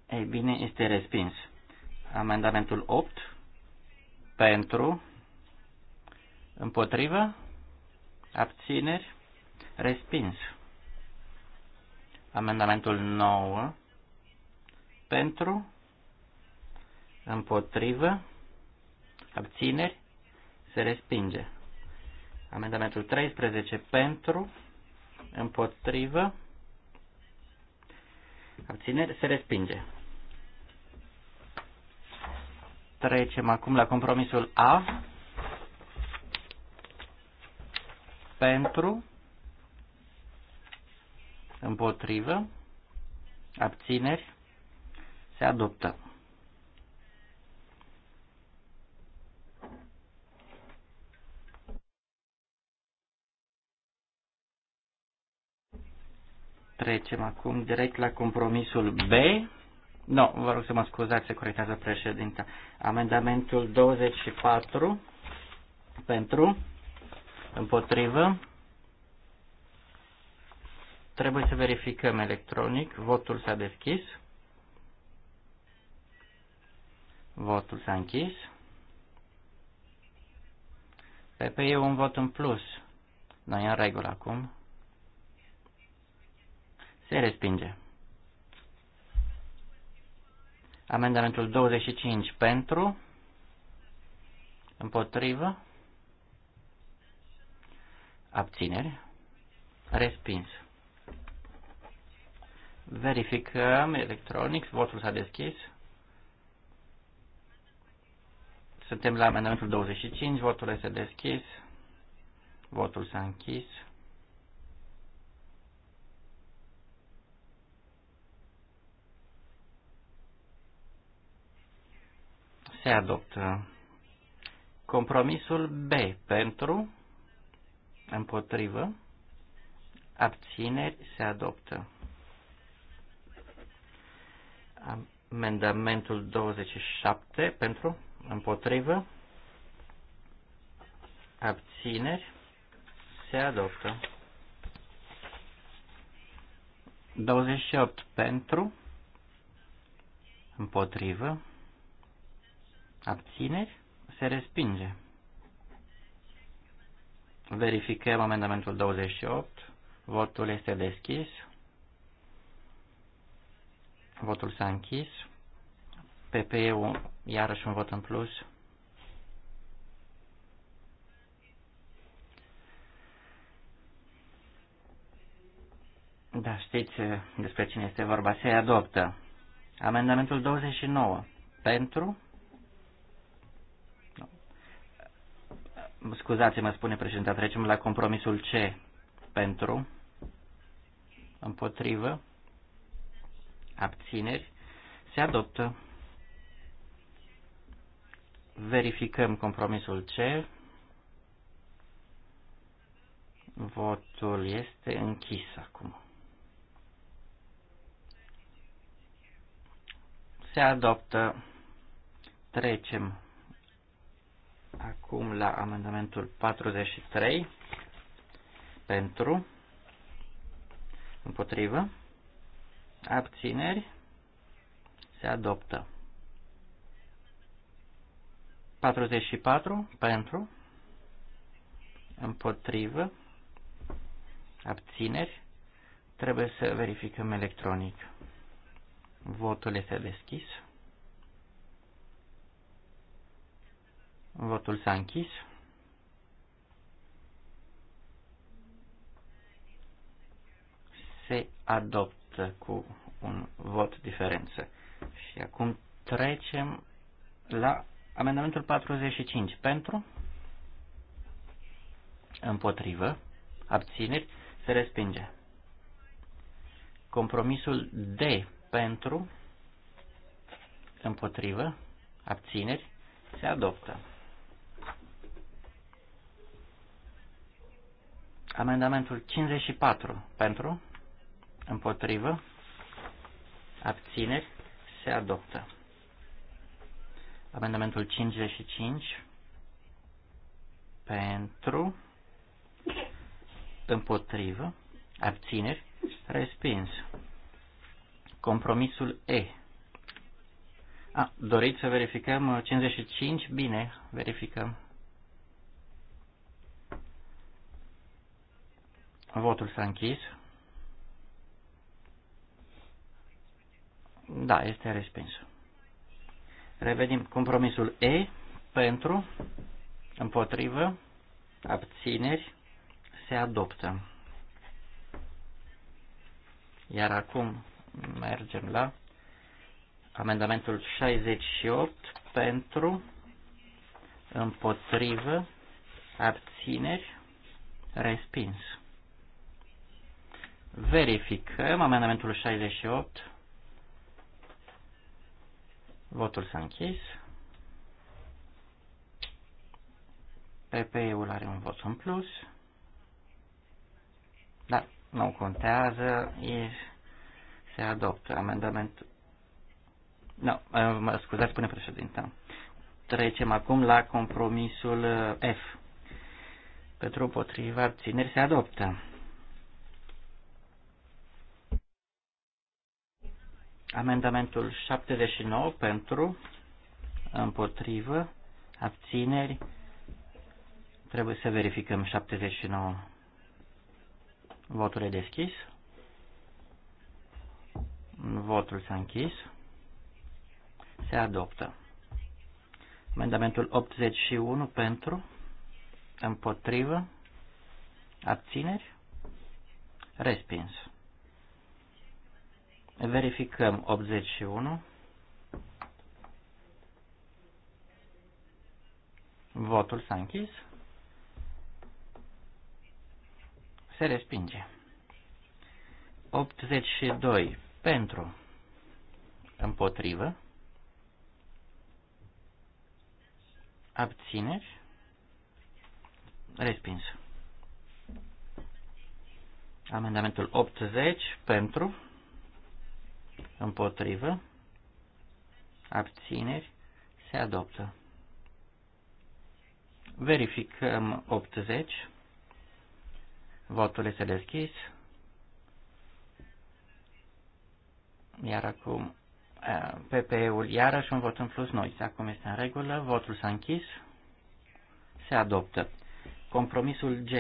Ei bine, este respins. Amendamentul 8 pentru, împotrivă, abțineri, respins. Amendamentul 9 pentru, împotrivă, abțineri, se respinge. Amendamentul 13 pentru, împotrivă, abțineri, se respinge. Trecem acum la compromisul A. Pentru. Împotrivă. Abțineri. Se adoptă. Trecem acum direct la compromisul B. Nu, vă rog să mă scuzați, se corectează președinte. Amendamentul 24 pentru, împotrivă, trebuie să verificăm electronic, votul s-a deschis, votul s-a închis, PP e un vot în plus, noi în regulă acum, se respinge. Amendamentul 25 pentru, împotrivă, abțineri, respins. Verificăm electronic, votul s-a deschis. Suntem la amendamentul 25, votul este deschis, votul s-a închis. se adoptă. Compromisul B pentru, împotrivă, abțineri se adoptă. Amendamentul 27 pentru, împotrivă, abțineri se adoptă. 28 pentru, împotrivă, Abțineri? Se respinge. Verificăm amendamentul 28. Votul este deschis. Votul s-a închis. PPE-ul iarăși un vot în plus. Da, știți eh, despre cine este vorba. Se adoptă. Amendamentul 29. Pentru? Scuzați-mă, spune președinte, trecem la compromisul C. Pentru, împotrivă, abțineri, se adoptă. Verificăm compromisul C. Votul este închis acum. Se adoptă. Trecem acum la amendamentul 43 pentru, împotrivă, abțineri, se adoptă. 44 pentru, împotrivă, abțineri, trebuie să verificăm electronic. Votul este deschis. Votul s-a închis. Se adoptă cu un vot diferență. Și acum trecem la amendamentul 45. Pentru, împotrivă, abțineri, se respinge. Compromisul D pentru, împotrivă, abțineri, se adoptă. Amendamentul 54 pentru, împotrivă, abțineri, se adoptă. Amendamentul 55 pentru, împotrivă, abțineri, respins. Compromisul E. A, doriți să verificăm 55? Bine, verificăm. Votul s-a închis. Da, este respins. Revenim compromisul E pentru, împotrivă, abțineri, se adoptă. Iar acum mergem la amendamentul 68 pentru, împotrivă, abțineri, respins. Verificăm amendamentul 68. Votul s-a închis. PP-ul are un vot în plus. Da, nu contează. E, se adoptă amendamentul. Nu, no, mă scuzați, spune președinte. Trecem acum la compromisul F. Pentru potriva țineri se adoptă. Amendamentul 79 pentru, împotrivă, abțineri. Trebuie să verificăm 79. Votul e deschis. Votul s-a închis. Se adoptă. Amendamentul 81 pentru, împotrivă, abțineri, respins. Verificăm 81. Votul s-a închis. Se respinge. 82 pentru împotrivă. Abțineri. Respins. Amendamentul 80 pentru împotrivă, abțineri, se adoptă. Verificăm 80. Votul este deschis. Iar acum pp ul iarăși un vot în plus noi. Acum este în regulă. Votul s-a închis. Se adoptă. Compromisul G.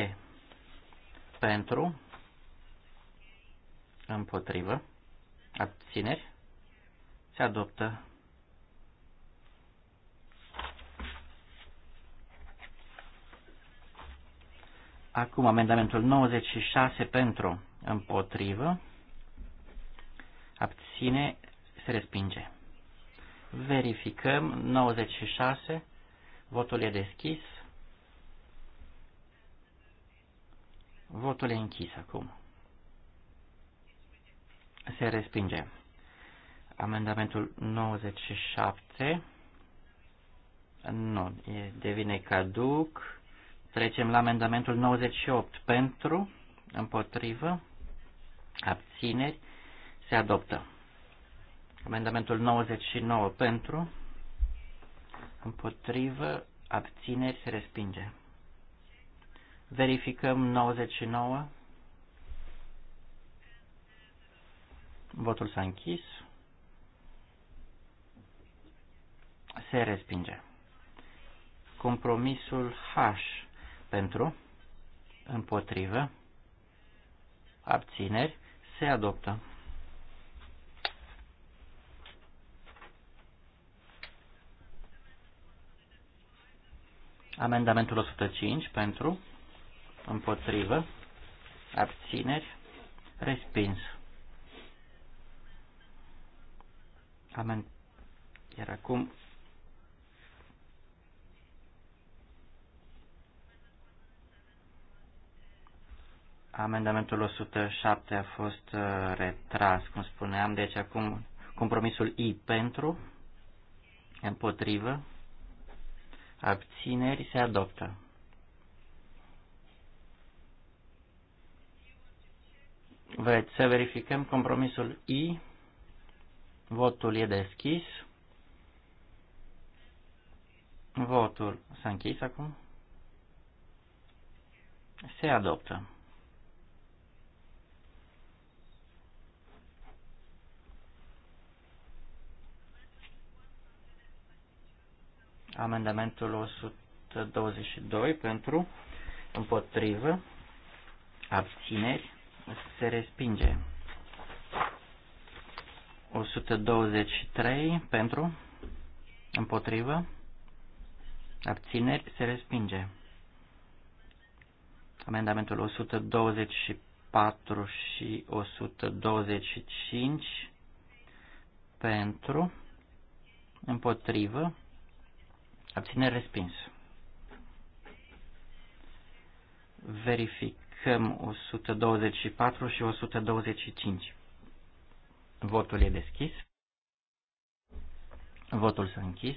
Pentru. Împotrivă. Abțineri. Se adoptă. Acum amendamentul 96 pentru împotrivă. Abține. Se respinge. Verificăm 96. Votul e deschis. Votul e închis acum se respinge. Amendamentul 97 nu, devine caduc. Trecem la amendamentul 98 pentru, împotrivă, abțineri, se adoptă. Amendamentul 99 pentru, împotrivă, abțineri, se respinge. Verificăm 99. Votul s-a închis. Se respinge. Compromisul H pentru, împotrivă, abțineri, se adoptă. Amendamentul 105 pentru, împotrivă, abțineri, respins. Amen. Iar acum Amendamentul 107 a fost uh, retras, cum spuneam, deci acum compromisul I pentru, împotrivă, abțineri se adoptă. Vreți să verificăm compromisul I? Votul e deschis. Votul s-a închis acum. Se adoptă. Amendamentul 122 pentru, împotrivă, abțineri, se respinge. 123 pentru, împotrivă, abțineri, se respinge. Amendamentul 124 și 125 pentru, împotrivă, abțineri, respins. Verificăm 124 și 125. Votul e deschis. Votul s-a închis.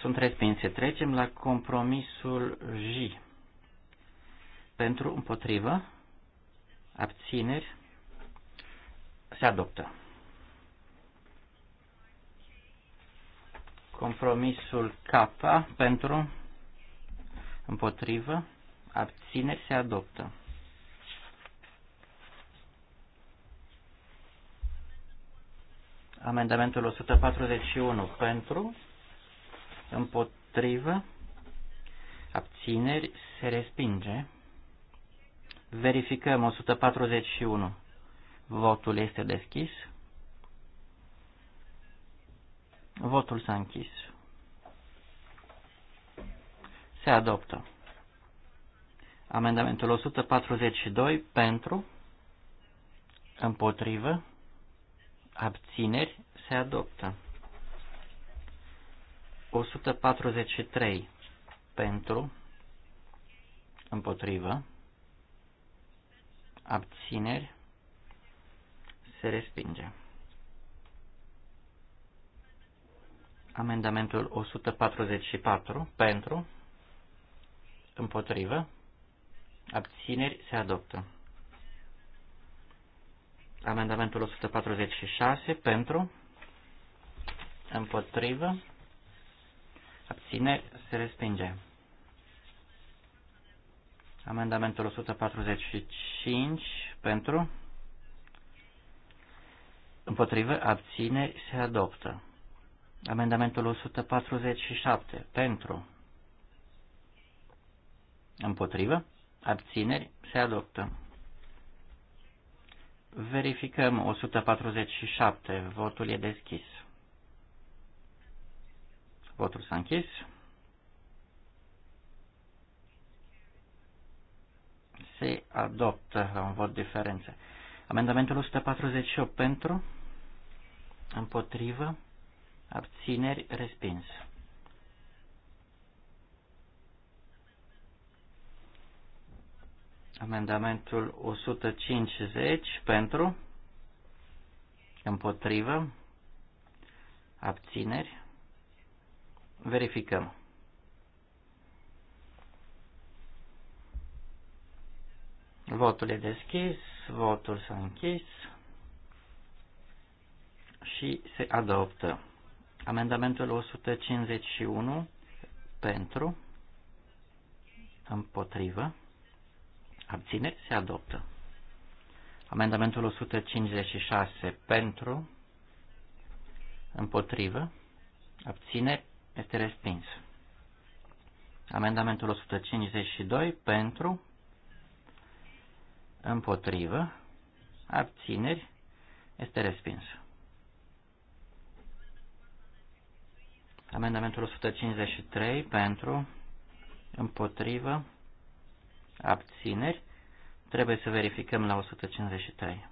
Sunt respinse. Trecem la compromisul J. Pentru împotrivă, abțineri, se adoptă. Compromisul K pentru împotrivă, abțineri, se adoptă. Amendamentul 141 pentru, împotrivă, abțineri, se respinge. Verificăm 141. Votul este deschis. Votul s-a închis. Se adoptă. Amendamentul 142 pentru, împotrivă, abțineri, se adoptă. 143 pentru, împotrivă, abțineri, se respinge. Amendamentul 144 pentru, împotrivă, abțineri, se adoptă. Amendamentul 146 pentru, împotrivă, abține se respinge. Amendamentul 145 pentru, împotrivă, abține se adoptă. Amendamentul 147 pentru, împotrivă, abțineri, se adoptă. Verificăm 147. Votul e deschis. Votul s-a închis. Se adoptă la un vot diferență. Amendamentul 148 pentru, împotrivă, abțineri, respins. Amendamentul 150 pentru, împotrivă, abțineri. Verificăm. Votul e deschis, votul s-a închis și se adoptă. Amendamentul 151 pentru, împotrivă, Abțineri se adoptă. Amendamentul 156 pentru, împotrivă, abțineri este respins. Amendamentul 152 pentru, împotrivă, abțineri este respins. Amendamentul 153 pentru, împotrivă, abțineri, trebuie să verificăm la 153.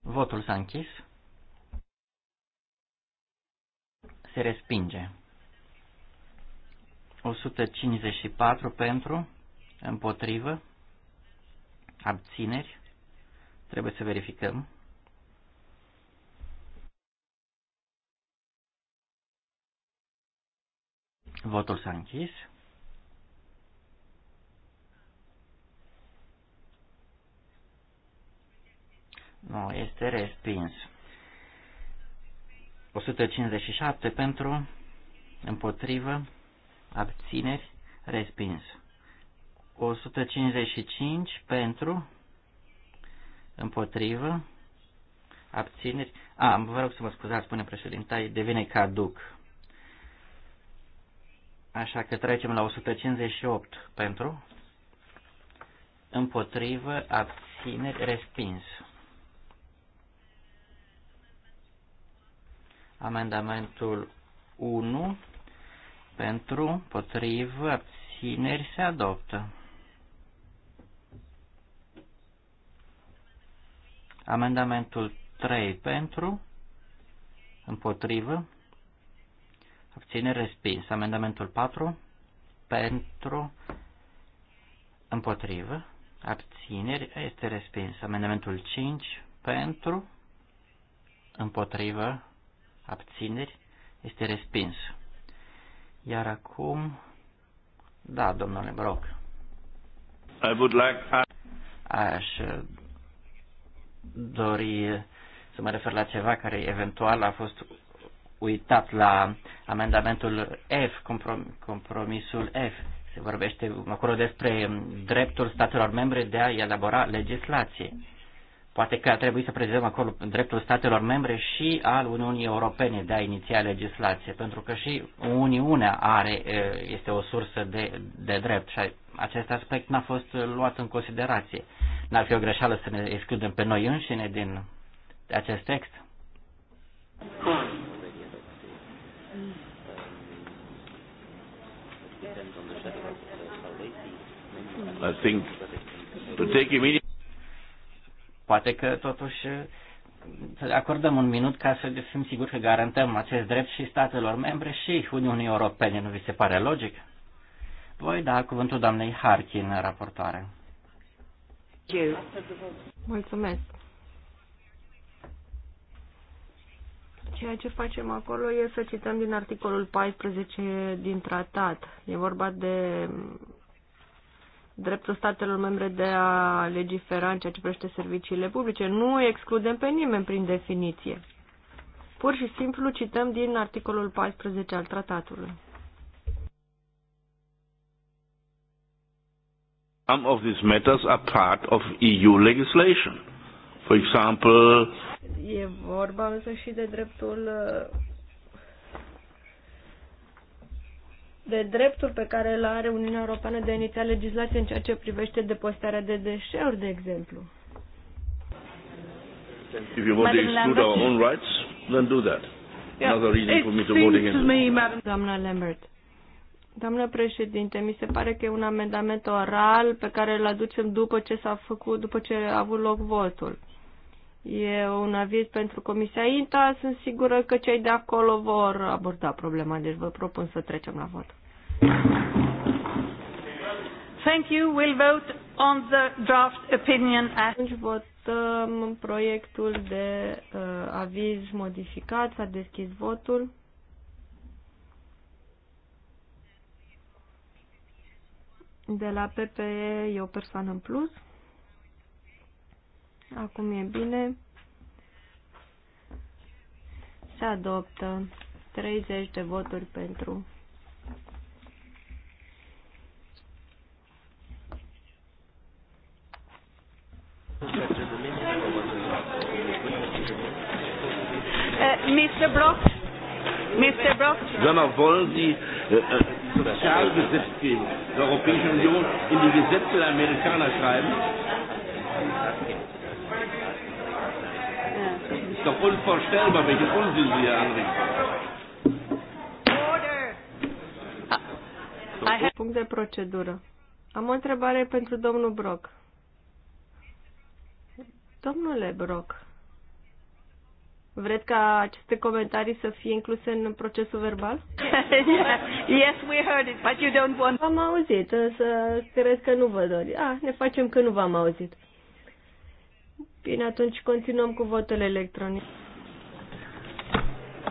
Votul s-a închis. Se respinge. 154 pentru, împotrivă, abțineri, trebuie să verificăm. Votul s-a închis. Nu, este respins. 157 pentru, împotrivă, abțineri, respins. 155 pentru, împotrivă, abțineri. A, vă rog să mă scuzați, spune președinte, devine caduc. Așa că trecem la 158 pentru, împotrivă, abțineri, respins. Amendamentul 1 pentru, împotrivă, abțineri se adoptă. Amendamentul 3 pentru, împotrivă, abțineri respins. Amendamentul 4 pentru, împotrivă, abțineri este respins. Amendamentul 5 pentru, împotrivă, abțineri este respins. Iar acum, da, domnule Broc. I would like... Aș uh, dori să mă refer la ceva care eventual a fost uitat la amendamentul F, compromisul F. Se vorbește acolo despre dreptul statelor membre de a elabora legislație. Poate că ar trebui să prezentăm acolo dreptul statelor membre și al Uniunii Europene de a iniția legislație, pentru că și Uniunea are, este o sursă de, de drept și acest aspect n-a fost luat în considerație. N-ar fi o greșeală să ne excludem pe noi înșine din acest text? I think to take immediate... Poate că totuși uh, să acordăm un minut ca să fim siguri că garantăm acest drept și statelor membre și Uniunii Europene. Nu vi se pare logic? Voi da cuvântul doamnei Harkin, raportoare. Mulțumesc. Ceea ce facem acolo e să cităm din articolul 14 din tratat. E vorba de dreptul statelor membre de a legifera în ceea ce privește serviciile publice. Nu excludem pe nimeni prin definiție. Pur și simplu cităm din articolul 14 al tratatului. Some of these matters are part of EU legislation. For example, e vorba însă și de dreptul uh, de drepturi pe care îl are Uniunea Europeană de a iniția legislație în ceea ce privește depostarea de deșeuri, de exemplu. If you want to exclude our own rights, then do that. Yeah. Another reason for me to vote against. Me, Doamna Lambert. Doamna președinte, mi se pare că e un amendament oral pe care îl aducem după ce s-a făcut, după ce a avut loc votul. E un aviz pentru Comisia INTA. Sunt sigură că cei de acolo vor aborda problema, deci vă propun să trecem la vot. Thank you. We'll vote on the draft opinion. Atunci votăm proiectul de uh, aviz modificat. S-a deschis votul. De la PPE e o persoană în plus. Acum e bine. Se adoptă 30 de voturi pentru. Eh, Mr. Brock. Mr. Brock. Sondern wollen Sie äh, äh Sozialgesetzgebung der Europäischen Union in die Gesetze der Amerikaner schreiben? doch unvorstellbar, welche Unsinn Sie hier anrichten. Punct de procedură. Am o întrebare pentru domnul Brock. Domnule Brock, vreți ca aceste comentarii să fie incluse în procesul verbal? [LAUGHS] yes, we heard it, but you don't want... Am auzit, să cred că nu vă dori. Ah, ne facem că nu v-am auzit. Bine, atunci continuăm cu votul electronic.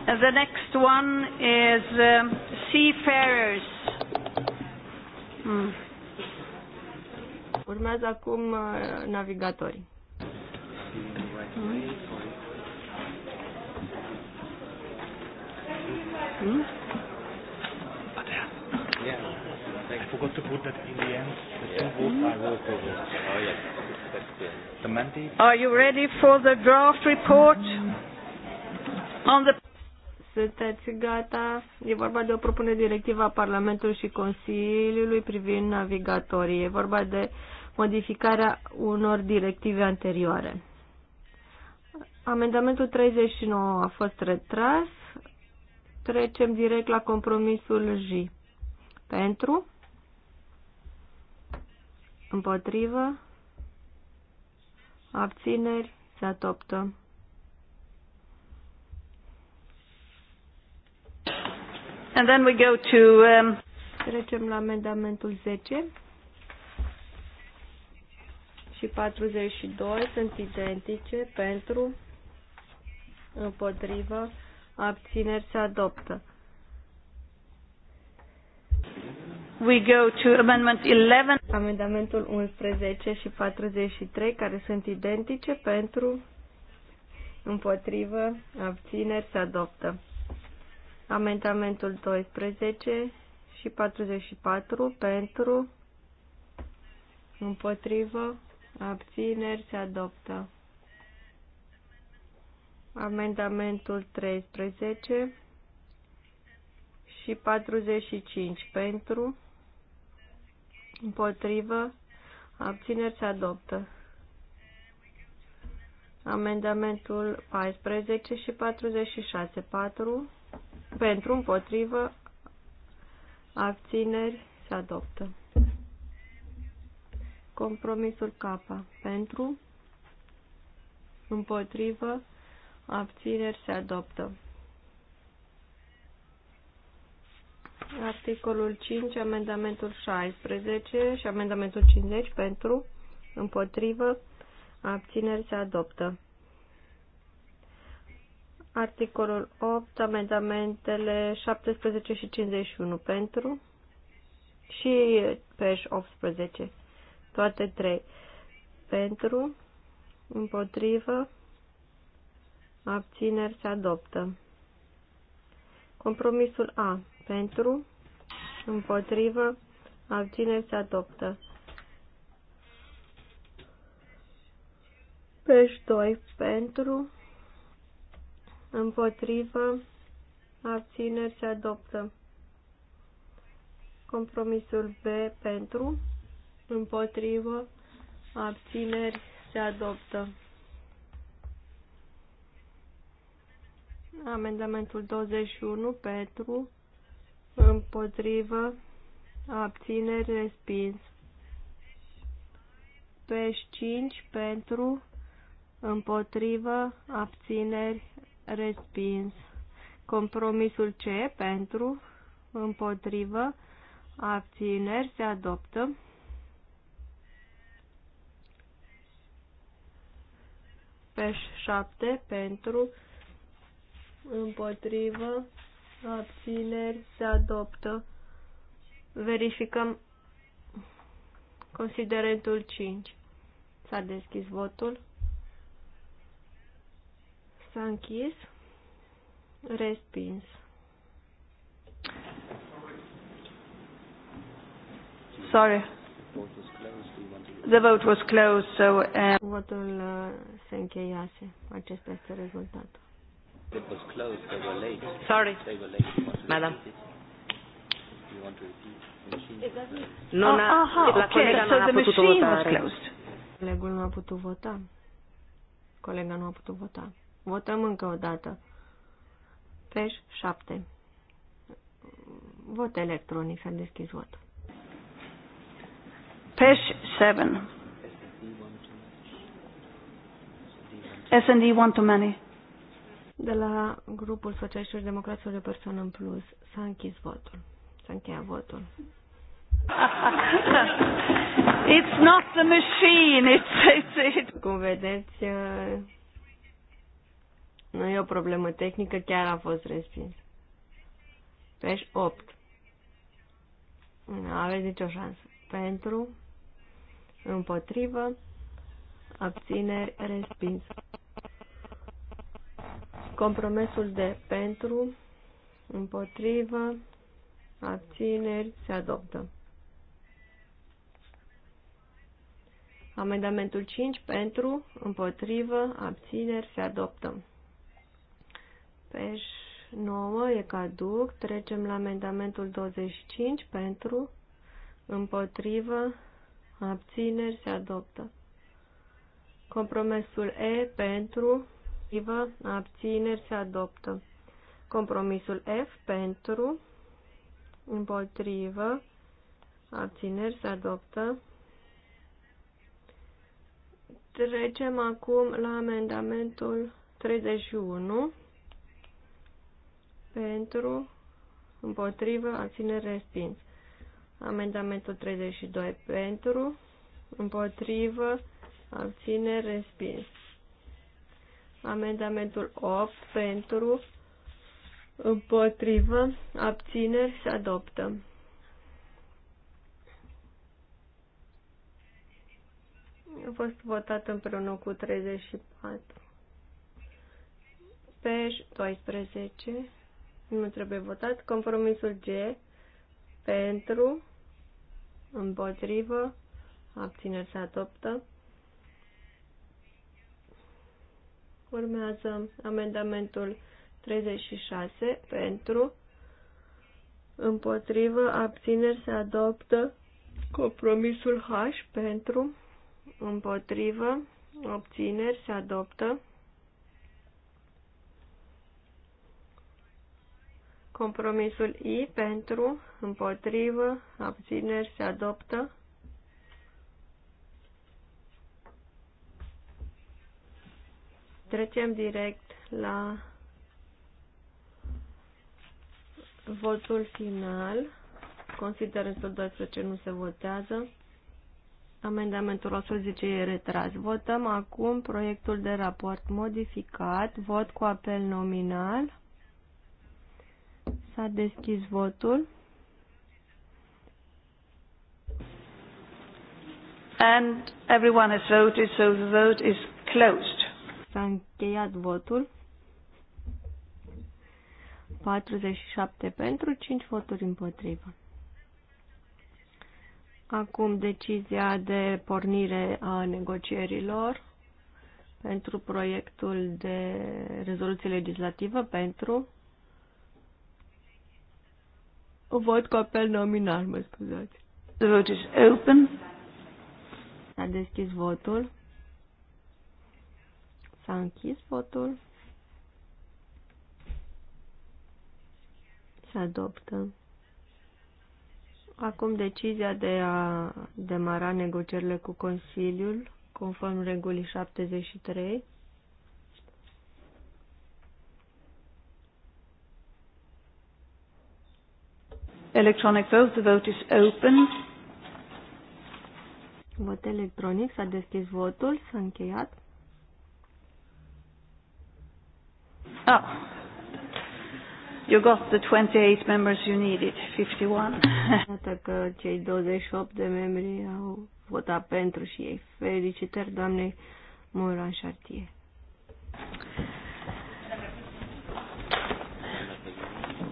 The next one is uh, seafarers. Mm. Urmează acum uh, navigatorii. Mm. Mm? Yeah. I forgot to put that in the end. The yeah. votes mm. are votes. Are you ready for the draft report? On the... Sunteți gata? E vorba de o propunere directivă a Parlamentului și Consiliului privind navigatorii. E vorba de modificarea unor directive anterioare. Amendamentul 39 a fost retras. Trecem direct la compromisul J. Pentru? Împotrivă? abțineri, se adoptă. And then we go to, um... Trecem la amendamentul 10 și 42 sunt identice pentru, împotrivă, abțineri se adoptă. We go to amendment 11. Amendamentul 11 și 43 care sunt identice pentru împotrivă abțineri se adoptă. Amendamentul 12 și 44 pentru împotrivă abțineri se adoptă. Amendamentul 13 și 45 pentru împotrivă, abțineri se adoptă. Amendamentul 14 și 46, 4, pentru, împotrivă, abțineri se adoptă. Compromisul K, pentru, împotrivă, abțineri se adoptă. Articolul 5, amendamentul 16 și amendamentul 50 pentru, împotrivă, abțineri se adoptă. Articolul 8, amendamentele 17 și 51 pentru și peș 18, toate trei pentru, împotrivă, abțineri se adoptă. Compromisul A pentru, împotrivă, abțineri se adoptă. Pești 2. Pentru, împotrivă, abțineri se adoptă. Compromisul B pentru, împotrivă, abțineri se adoptă. Amendamentul 21 pentru, împotrivă, abțineri, respins. Peș 5 pentru, împotrivă, abțineri, respins. Compromisul C pentru, împotrivă, abțineri, se adoptă. Peș 7 pentru, împotrivă, abțineri, se adoptă. Verificăm considerentul 5. S-a deschis votul. S-a închis. Respins. Sorry. The vote was closed, so... Uh... Votul uh, se încheiase. Acesta este rezultatul. It was closed. They were late. Sorry. They were late. Madam. You want to repeat? Nu, oh, ah, aha, la okay. colega so a putut vota. Colegul nu a putut vota. Colega nu a putut vota. Votăm încă o dată. Peș 7. Vot electronic. S-a deschis votul. Peș 7. S&D one too many. De la grupul Socialiștilor Democraților de Persoană în Plus s-a închis votul. S-a încheiat votul. [LAUGHS] It's not the machine, it's, it's it. Cum vedeți, uh, nu e o problemă tehnică, chiar a fost respins. Peș 8. Nu aveți nicio șansă. Pentru, împotrivă, abțineri, respins. Compromisul de pentru, împotrivă, abțineri, se adoptă. Amendamentul 5 pentru, împotrivă, abțineri, se adoptă. Peș 9 e caduc. Trecem la amendamentul 25 pentru, împotrivă, abțineri, se adoptă. Compromisul E pentru, împotrivă, abțineri se adoptă. Compromisul F pentru, împotrivă, abțineri se adoptă. Trecem acum la amendamentul 31 pentru, împotrivă, abțineri respins. Amendamentul 32 pentru, împotrivă, abținere respins. Amendamentul 8 pentru, împotrivă, abțineri se adoptă. A fost votat împreună cu 34. Pe 12 nu trebuie votat. Compromisul G pentru, împotrivă, abțineri se adoptă. Urmează amendamentul 36 pentru, împotrivă, abțineri se adoptă compromisul H pentru, împotrivă, obțineri se adoptă compromisul I pentru, împotrivă, abțineri se adoptă Trecem direct la votul final. în 112 nu se votează. Amendamentul 110 e retras. Votăm acum proiectul de raport modificat. Vot cu apel nominal. S-a deschis votul. And everyone has voted, so the vote is closed. S-a încheiat votul. 47 pentru, 5 voturi împotrivă. Acum decizia de pornire a negocierilor pentru proiectul de rezoluție legislativă pentru vot cu apel nominal, mă scuzați. The vote is open. S-a deschis votul. S-a închis votul. Se adoptă. Acum decizia de a demara negocierile cu Consiliul, conform regulii 73. Electronic vote. The vote is open. Vot electronic. S-a deschis votul. S-a încheiat. Oh. You got the 28 members you needed, 51. Iată că cei 28 de membri au votat pentru și ei. Felicitări, doamnei Moran Chartier.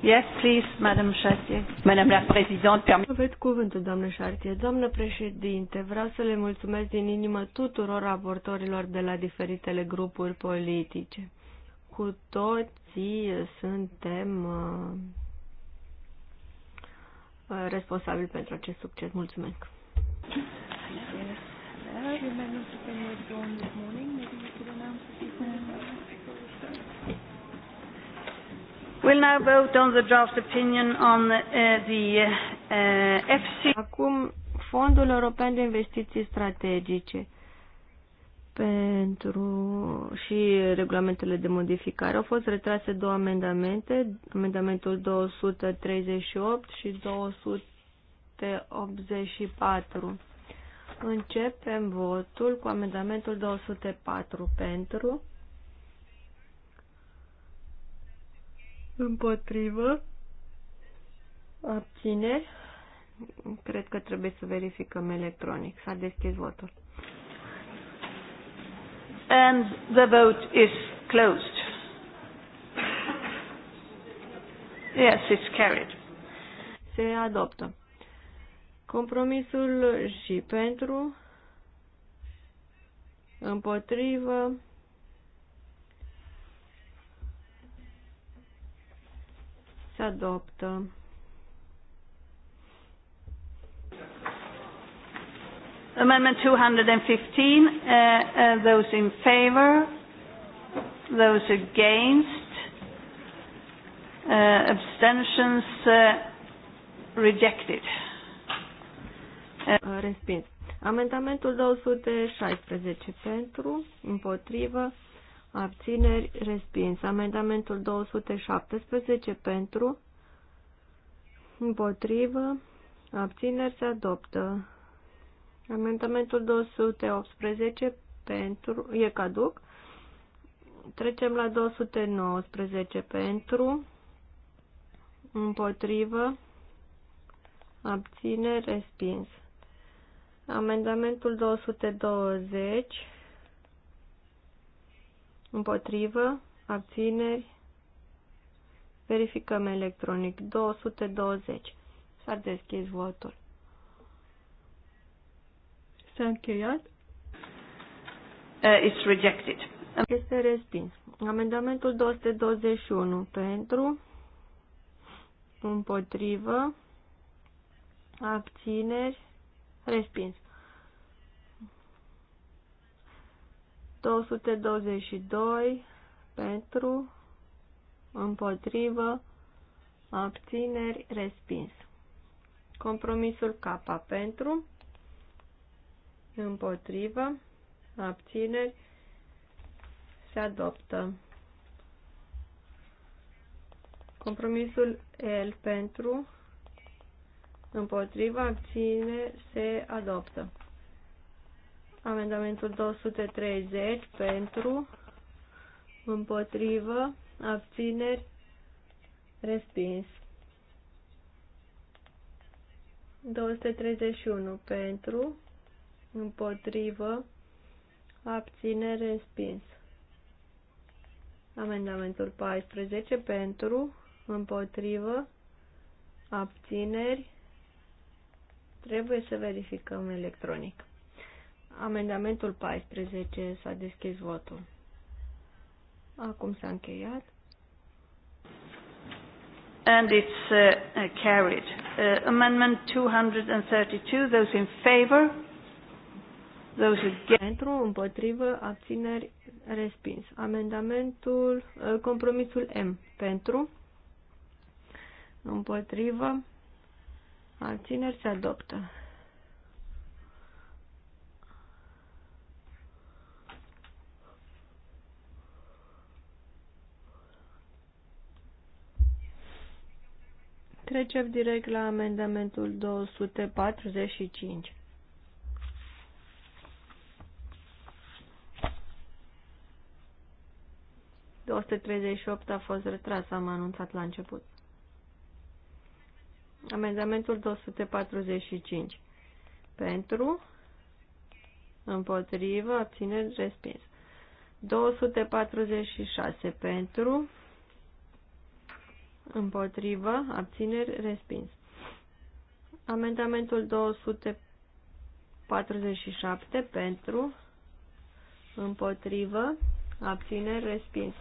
Yes, please, Madam Chartier. Madame la Présidente, permis... Aveți cuvântul, doamnă Chartier. Doamnă președinte, vreau să le mulțumesc din inimă tuturor raportorilor de la diferitele grupuri politice cu toții suntem uh, responsabili pentru acest succes. Mulțumesc! We'll now vote on the draft opinion on uh, the uh, FC. Acum, Fondul European de Investiții Strategice pentru și regulamentele de modificare. Au fost retrase două amendamente, amendamentul 238 și 284. Începem votul cu amendamentul 204 pentru, împotrivă, abțineri. Cred că trebuie să verificăm electronic. S-a deschis votul and the vote is closed. Yes, it's carried. Se adoptă. Compromisul și pentru, împotrivă, se adoptă. Amendment 215, uh, uh, those in favor, those against, uh, abstentions uh, rejected. Uh, Respins. Amendamentul 216 pentru, împotrivă, abțineri, respins. Amendamentul 217 pentru, împotrivă, abțineri se adoptă. Amendamentul 218 pentru, e caduc. Trecem la 219 pentru, împotrivă, abține, respins. Amendamentul 220 împotrivă, abțineri, verificăm electronic. 220. S-a deschis votul. S-a încheiat. Uh, it's rejected. Este respins. Amendamentul 221 pentru, împotrivă, abțineri, respins. 222 pentru, împotrivă, abțineri, respins. Compromisul K pentru, împotrivă, abțineri, se adoptă. Compromisul L pentru, împotrivă, abține, se adoptă. Amendamentul 230 pentru, împotrivă, abțineri, respins. 231 pentru, împotrivă, abține, respins. Amendamentul 14 pentru, împotrivă, abțineri, trebuie să verificăm electronic. Amendamentul 14 s-a deschis votul. Acum s-a încheiat. And it's uh, carried. Uh, amendment 232, those in favor? Pentru, împotrivă, abțineri, respins. Amendamentul, ă, compromisul M. Pentru, împotrivă, abțineri, se adoptă. Trecem direct la amendamentul 245. 238 a fost retras, am anunțat la început. Amendamentul 245. Pentru, împotrivă, abțineri, respins. 246 pentru, împotrivă, abțineri, respins. Amendamentul 247 pentru, împotrivă, abțineri, respins.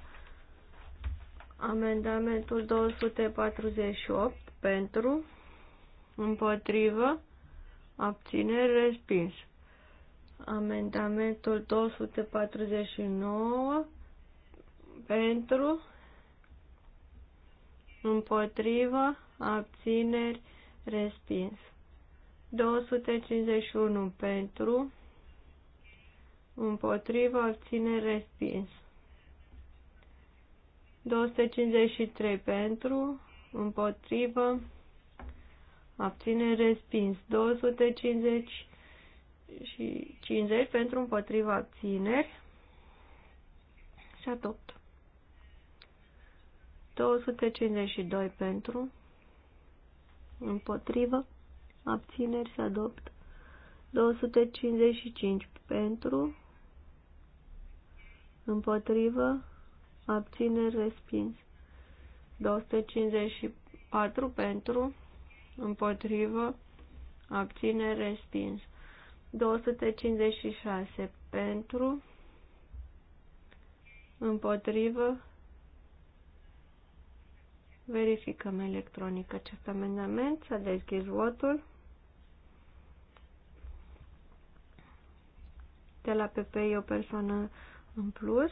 Amendamentul 248 pentru, împotrivă, abțineri, respins. Amendamentul 249 pentru, împotrivă, abțineri, respins. 251 pentru, împotrivă, abțineri, respins. 253 pentru, împotrivă, abține respins. 250 și 50 pentru împotriva abțineri și adopt. 252 pentru împotrivă abțineri și adopt. 255 pentru împotrivă abțineri, respins. 254 pentru, împotrivă, abțineri, respins. 256 pentru, împotrivă, verificăm electronic acest amendament, s-a deschis votul. De la PP e o persoană în plus.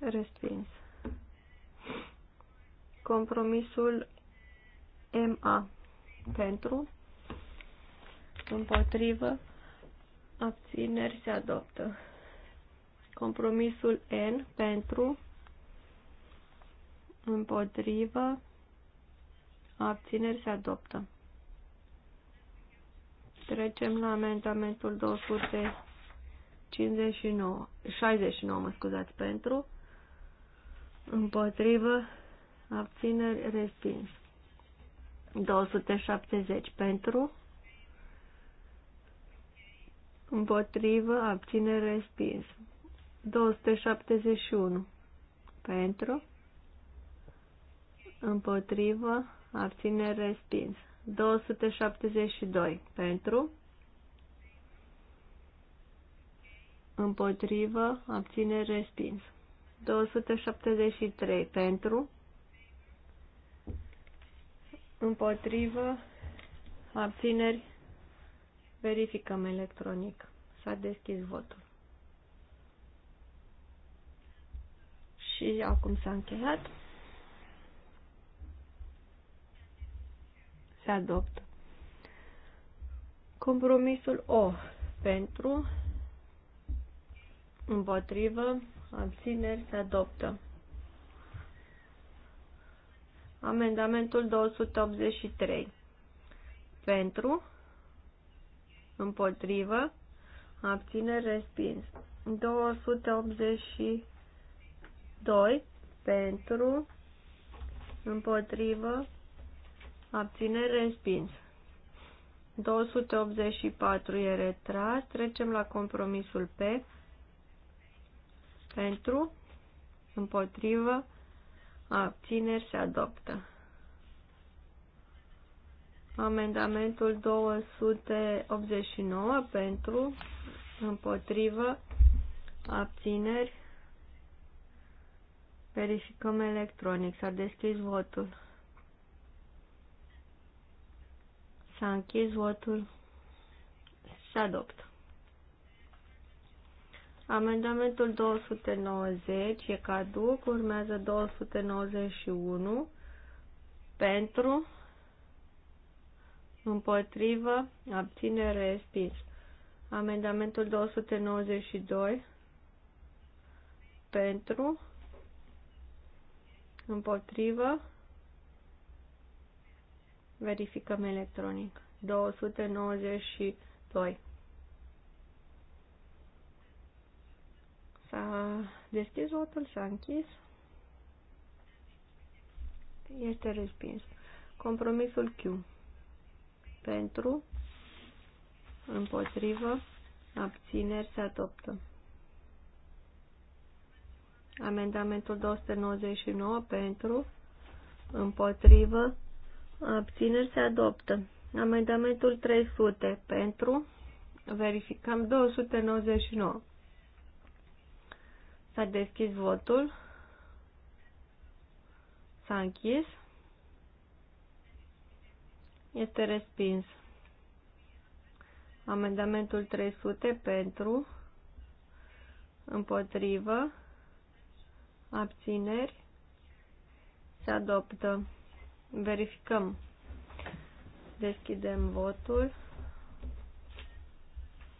Respins. Compromisul MA. Pentru. Împotrivă. Abțineri se adoptă. Compromisul N. Pentru. Împotrivă. Abțineri se adoptă. Trecem la amendamentul 259, 69, mă scuzați, pentru, împotrivă, abțineri, respins. 270 pentru, împotrivă, abțineri, respins. 271 pentru, împotrivă, abțineri, respins. 272 pentru, împotrivă, abțineri, respins. 273 pentru, împotrivă, abțineri, verificăm electronic. S-a deschis votul. Și acum s-a încheiat. Se adoptă. Compromisul O pentru, împotrivă, abțineri, se adoptă. Amendamentul 283. Pentru, împotrivă, abțineri, respins. 282. Pentru, împotrivă, abțineri, respins. 284 e retras. Trecem la compromisul P pentru, împotrivă, abțineri se adoptă. Amendamentul 289 pentru, împotrivă, abțineri. Verificăm electronic. S-a deschis votul. S-a închis votul. Se adoptă. Amendamentul 290 e caduc, urmează 291 pentru, împotrivă, abținere, respins. Amendamentul 292 pentru, împotrivă, verificăm electronic. 292. S-a deschis votul, s-a închis. Este respins. Compromisul Q. Pentru, împotrivă, abțineri se adoptă. Amendamentul 299 pentru, împotrivă, abțineri se adoptă. Amendamentul 300 pentru, verificăm 299. S-a deschis votul. S-a închis. Este respins. Amendamentul 300 pentru, împotrivă, abțineri, se adoptă. Verificăm. Deschidem votul.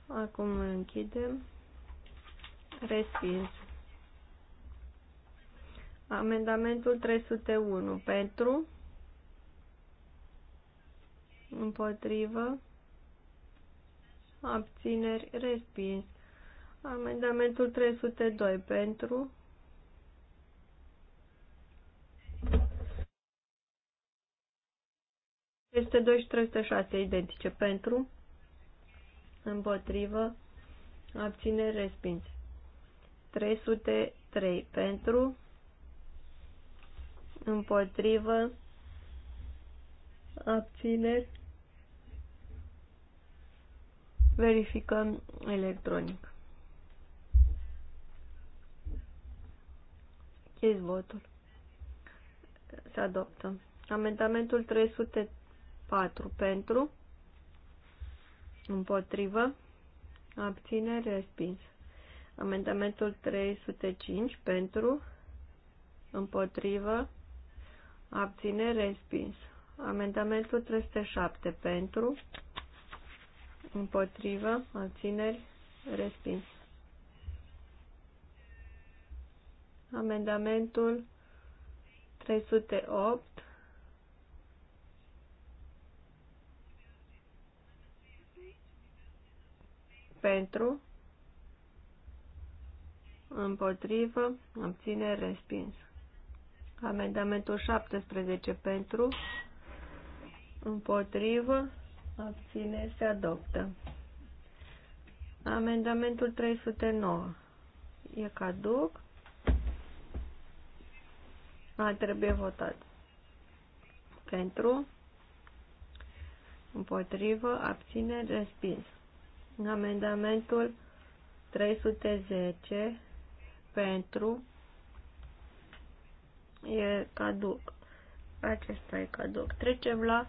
Acum îl închidem. Respins. Amendamentul 301 pentru, împotrivă, abțineri, respins. Amendamentul 302 pentru, Este 2 și 306 identice pentru, împotrivă, abțineri, respins. 303 pentru, împotrivă, abțineri. Verificăm electronic. Chis votul. Se adoptă. Amendamentul 304 pentru, împotrivă, abțineri, respins. Amendamentul 305 pentru, împotrivă, abține, respins. Amendamentul 307 pentru, împotrivă, abțineri, respins. Amendamentul 308 pentru, împotrivă, abțineri, respins. Amendamentul 17 pentru, împotrivă, abține, se adoptă. Amendamentul 309 e caduc. A, trebuie votat. Pentru, împotrivă, abține, respins. Amendamentul 310 pentru, e caduc. Acesta e caduc. Trecem la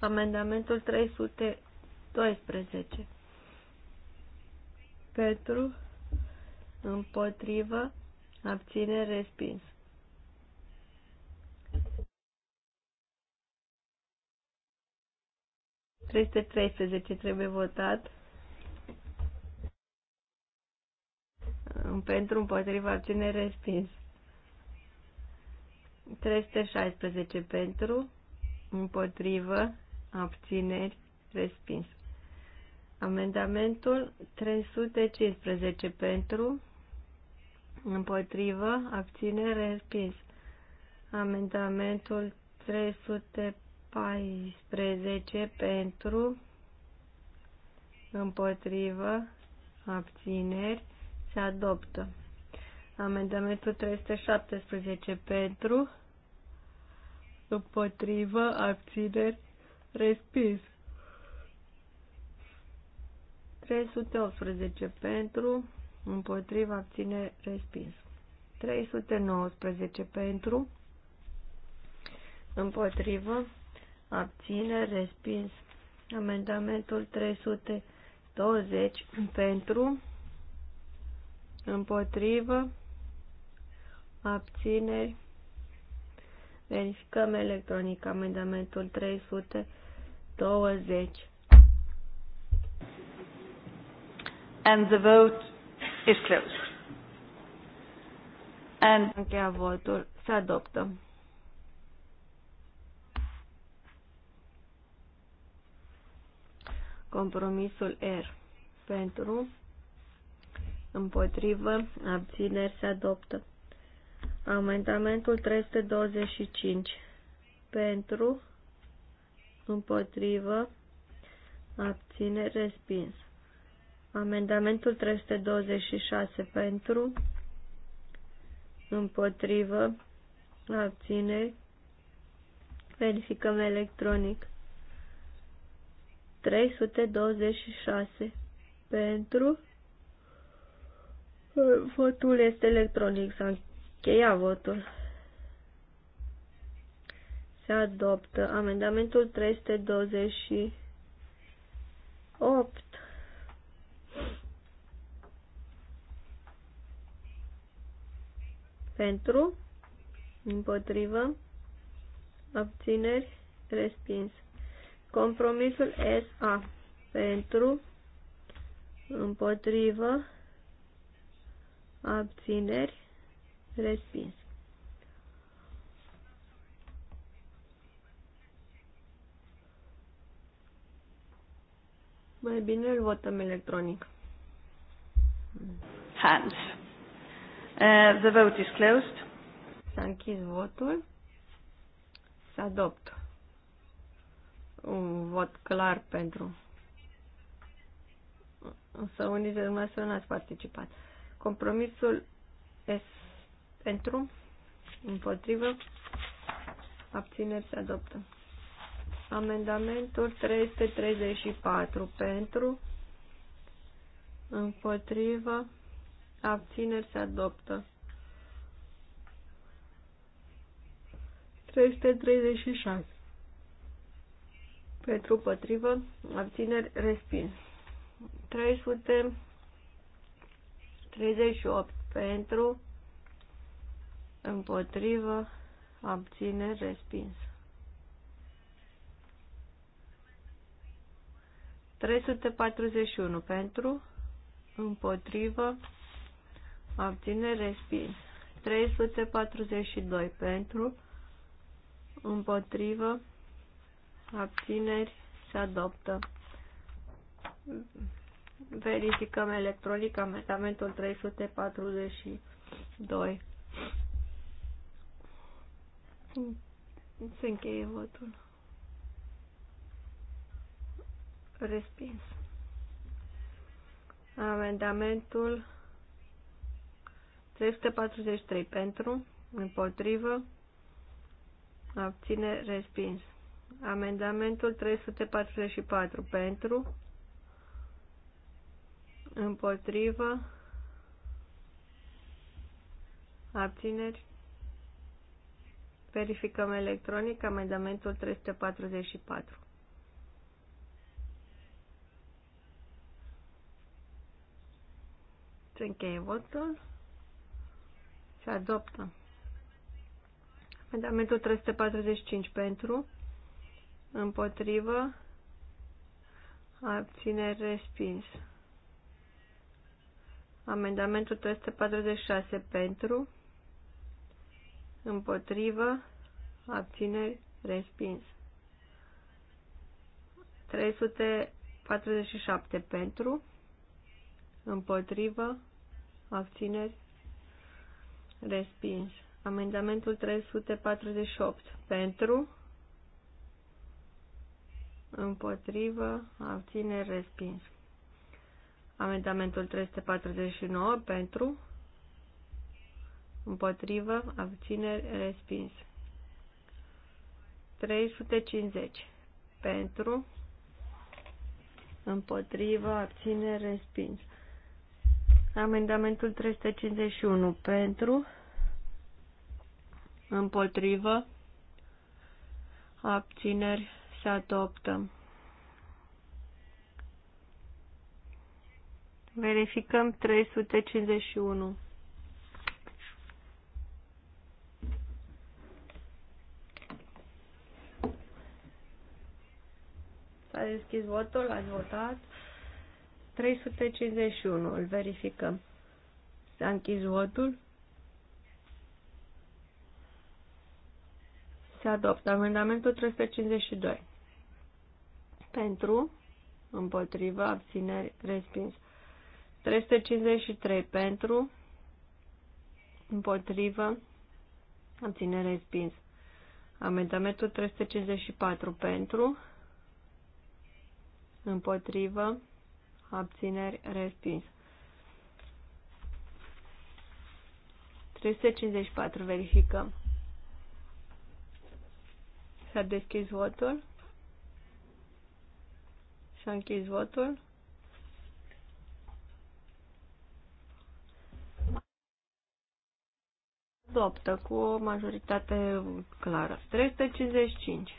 amendamentul 312. Pentru, împotrivă, abține, respins. Este 13 trebuie votat. Pentru împotriva abține respins. 316 pentru, împotrivă, abțineri, respins. Amendamentul 315 pentru, împotrivă, abținere, respins. Amendamentul 314 pentru, împotrivă, abțineri, se adoptă. Amendamentul 317 pentru, împotrivă, abțineri, respins. 318 pentru, împotrivă, abțineri, respins. 319 pentru, împotrivă, abține, respins. Amendamentul 320 pentru, împotrivă, abțineri. Verificăm electronic amendamentul 320. And the vote is closed. And Încheia votul. Se adoptă. Compromisul R. Pentru, împotrivă, abțineri se adoptă. Amendamentul 325 pentru, împotrivă, abține, respins. Amendamentul 326 pentru, împotrivă, abține, verificăm electronic. 326 pentru, votul este electronic, încheia votul. Se adoptă amendamentul 328. Pentru, împotrivă, abțineri, respins. Compromisul SA. Pentru, împotrivă, abțineri, Respins. Mai bine îl votăm electronic. Hands. Uh, the vote is closed. S-a închis votul. Se adoptă. Un vot clar pentru. Însă unii de dumneavoastră nu ați participat. Compromisul S pentru, împotrivă, abțineri se adoptă. Amendamentul 334 pentru, împotrivă, abțineri se adoptă. 336 pentru, potrivă, abțineri respins. 338 pentru, împotrivă, abține, respins. 341 pentru, împotrivă, abține, respins. 342 pentru, împotrivă, abțineri, se adoptă. Verificăm electronic amendamentul 342. Se încheie votul. Respins. Amendamentul 343 pentru, împotrivă, abține, respins. Amendamentul 344 pentru, împotrivă, abțineri, Verificăm electronic amendamentul 344. Se încheie votul. Se adoptă. Amendamentul 345 pentru, împotrivă, Abține respins. Amendamentul 346 pentru, împotrivă, abțineri, respins. 347 pentru, împotrivă, abțineri, respins. Amendamentul 348 pentru, împotrivă, abțineri, respins. Amendamentul 349 pentru, Împotrivă, abțineri, respins. 350. Pentru, împotrivă, abțineri, respins. Amendamentul 351. Pentru, împotrivă, abțineri, se adoptă. Verificăm 351. S-a deschis votul, ați votat. 351, îl verificăm. S-a închis votul. Se adoptă amendamentul 352. Pentru, împotrivă, abțineri, respins. 353 pentru, împotrivă, abținere respins. Amendamentul 354 pentru, împotrivă, abțineri, respins. 354, verificăm. S-a deschis votul. S-a închis votul. Adoptă cu o majoritate clară. 355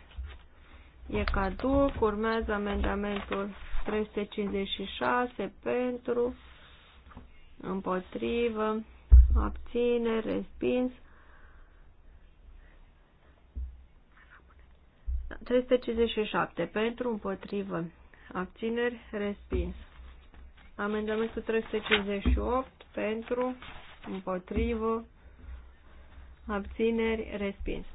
e caduc, urmează amendamentul 356 pentru, împotrivă, abține, respins. 357 pentru, împotrivă, abțineri, respins. Amendamentul 358 pentru, împotrivă, abțineri, respins.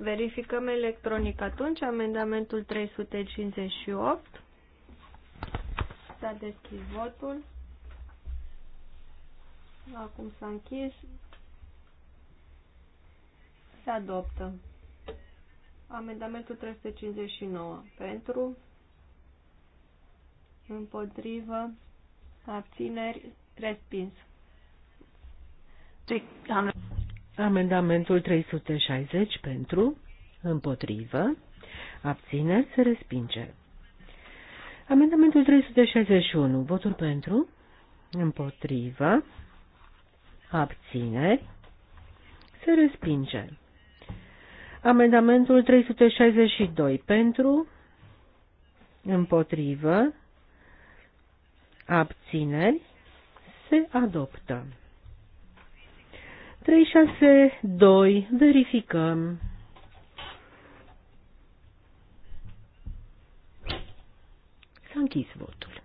Verificăm electronic atunci amendamentul 358. S-a deschis votul. Acum s-a închis. Se adoptă. Amendamentul 359. Pentru. Împotrivă. Abțineri. Respins. 300. Deci, Amendamentul 360 pentru, împotrivă, abține, se respinge. Amendamentul 361, votul pentru, împotrivă, abține, se respinge. Amendamentul 362 pentru, împotrivă, abțineri, se adoptă. 362. Verificăm. S-a închis votul.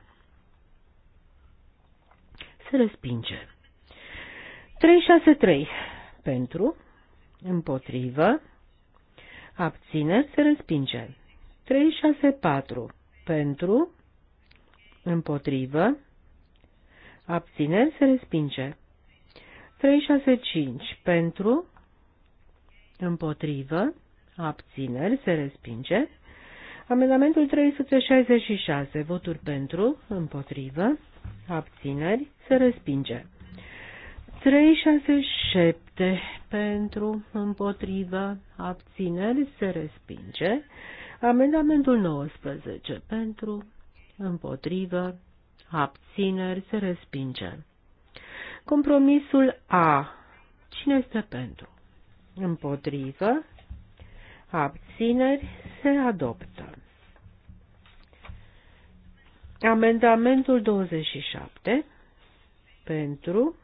Se respinge. 363. Pentru. Împotrivă. Abține Se respinge. 364. Pentru. Împotrivă. Abține Se respinge. 365 pentru, împotrivă, abțineri, se respinge. Amendamentul 366, voturi pentru, împotrivă, abțineri, se respinge. 367 pentru, împotrivă, abțineri, se respinge. Amendamentul 19 pentru, împotrivă, abțineri, se respinge. Compromisul A. Cine este pentru? Împotrivă. Abțineri se adoptă. Amendamentul 27 pentru,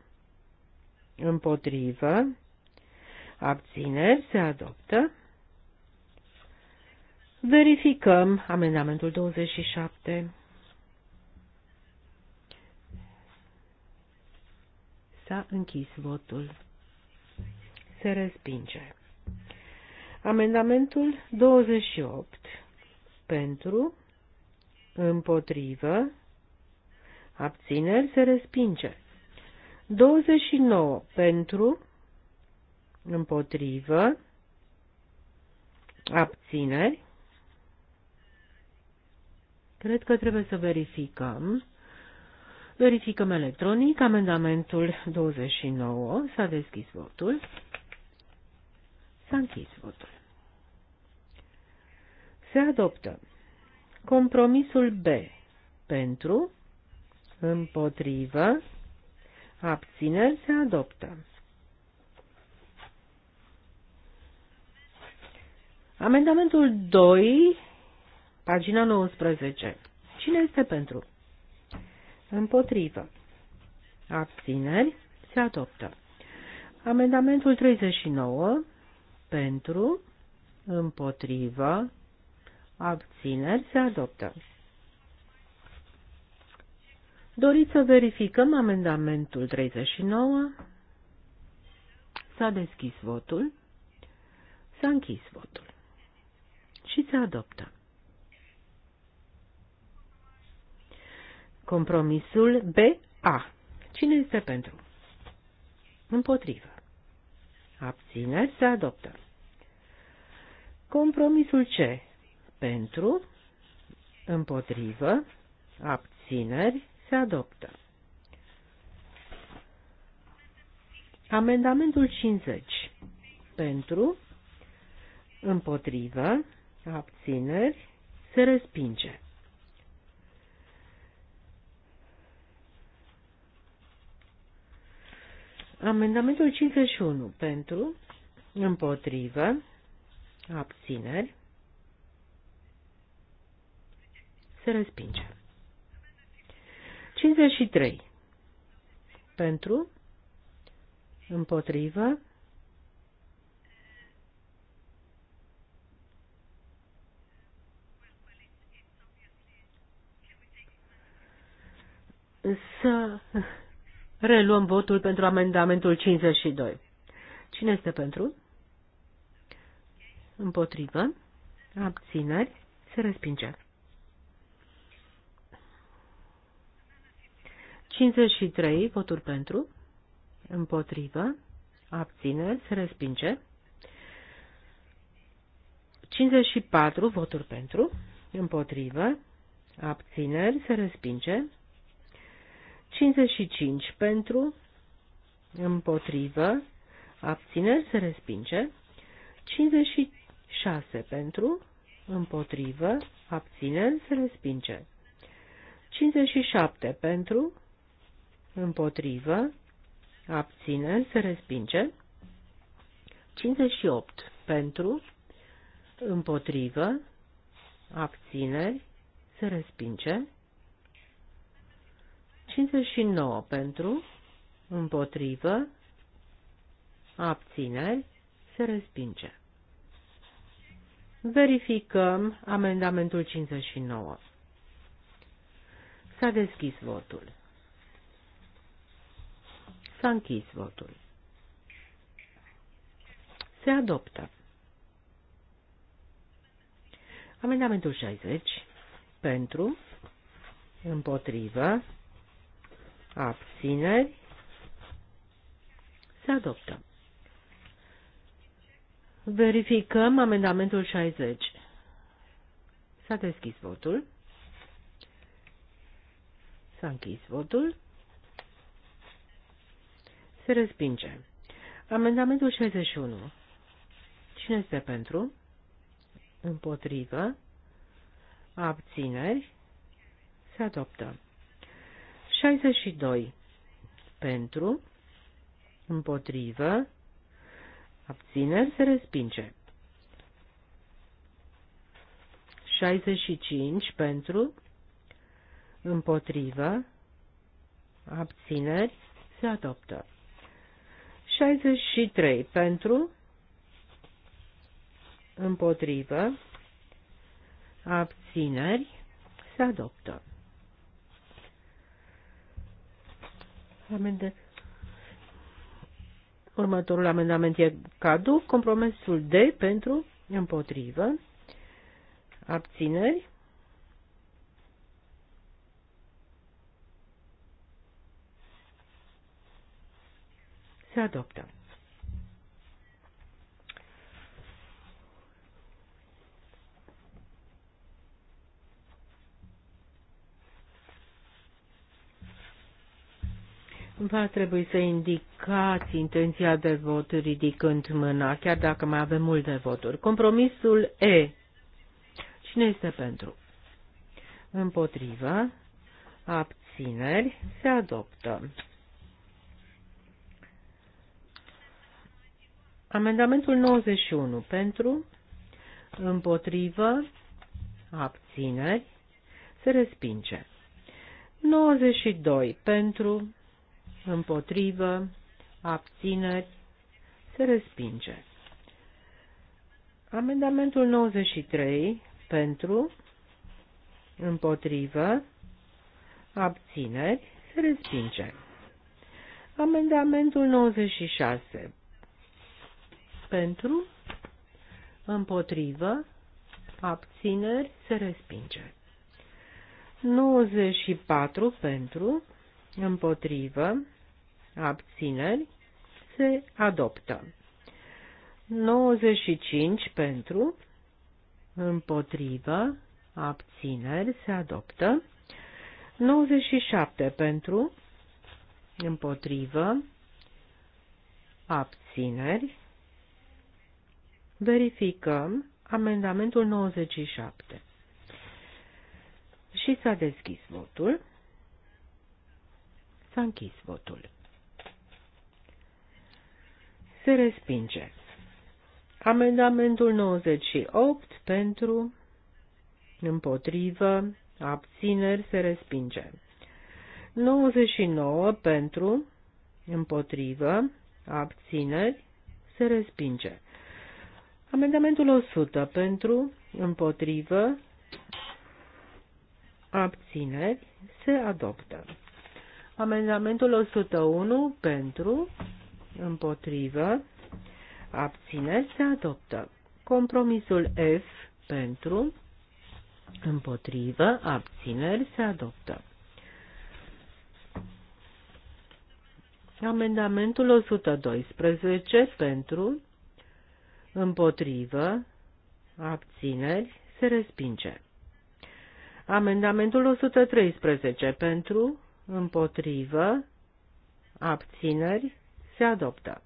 împotrivă, abțineri se adoptă. Verificăm amendamentul 27. S-a închis votul. Se respinge. Amendamentul 28. Pentru, împotrivă, abțineri se respinge. 29. Pentru, împotrivă, abțineri. Cred că trebuie să verificăm. Verificăm electronic amendamentul 29. S-a deschis votul. S-a închis votul. Se adoptă compromisul B pentru, împotrivă, abțineri se adoptă. Amendamentul 2, pagina 19. Cine este pentru? Împotrivă. Abțineri. Se adoptă. Amendamentul 39. Pentru. Împotrivă. Abțineri. Se adoptă. Doriți să verificăm amendamentul 39? S-a deschis votul. S-a închis votul. Și se adoptă. Compromisul BA. Cine este pentru? Împotrivă. Abțineri se adoptă. Compromisul C. Pentru, împotrivă, abțineri se adoptă. Amendamentul 50. Pentru, împotrivă, abțineri se respinge. Amendamentul 51 pentru, împotrivă, abțineri, se respinge. 53 pentru, împotrivă, să Reluăm votul pentru amendamentul 52. Cine este pentru? Împotrivă. Abțineri. Se respinge. 53 voturi pentru. Împotrivă. Abțineri. Se respinge. 54 voturi pentru. Împotrivă. Abțineri. Se respinge. 55 pentru, împotrivă, abțineri se respinge. 56 pentru, împotrivă, abțineri se respinge. 57 pentru, împotrivă, abțineri se respinge. 58 pentru, împotrivă, abțineri se respinge. 59 pentru, împotrivă, abțineri, se respinge. Verificăm amendamentul 59. S-a deschis votul. S-a închis votul. Se adoptă. Amendamentul 60 pentru, împotrivă, abțineri, se adoptă. Verificăm amendamentul 60. S-a deschis votul. S-a închis votul. Se respinge. Amendamentul 61. Cine este pentru? Împotrivă. Abțineri. Se adoptă. 62 pentru, împotrivă, abțineri se respinge. 65 pentru, împotrivă, abțineri se adoptă. 63 pentru, împotrivă, abțineri se adoptă. Amende. Următorul amendament e cadu, Compromisul D pentru împotrivă. Abțineri. Se adoptă. Va trebui să indicați intenția de vot ridicând mâna, chiar dacă mai avem multe voturi. Compromisul E. Cine este pentru? Împotrivă. Abțineri. Se adoptă. Amendamentul 91. Pentru. Împotrivă. Abțineri. Se respinge. 92. Pentru împotrivă, abțineri, se respinge. Amendamentul 93 pentru, împotrivă, abțineri, se respinge. Amendamentul 96 pentru, împotrivă, abțineri, se respinge. 94 pentru, împotrivă, abțineri, se adoptă. 95 pentru, împotrivă, abțineri, se adoptă. 97 pentru, împotrivă, abțineri. Verificăm amendamentul 97. Și s-a deschis votul. S-a închis votul. Se respinge. Amendamentul 98 pentru, împotrivă, abțineri se respinge. 99 pentru, împotrivă, abțineri se respinge. Amendamentul 100 pentru, împotrivă, abțineri se adoptă. Amendamentul 101 pentru, împotrivă, abțineri se adoptă. Compromisul F pentru, împotrivă, abțineri se adoptă. Amendamentul 112 pentru, împotrivă, abțineri se respinge. Amendamentul 113 pentru, împotrivă, abțineri se adoptă.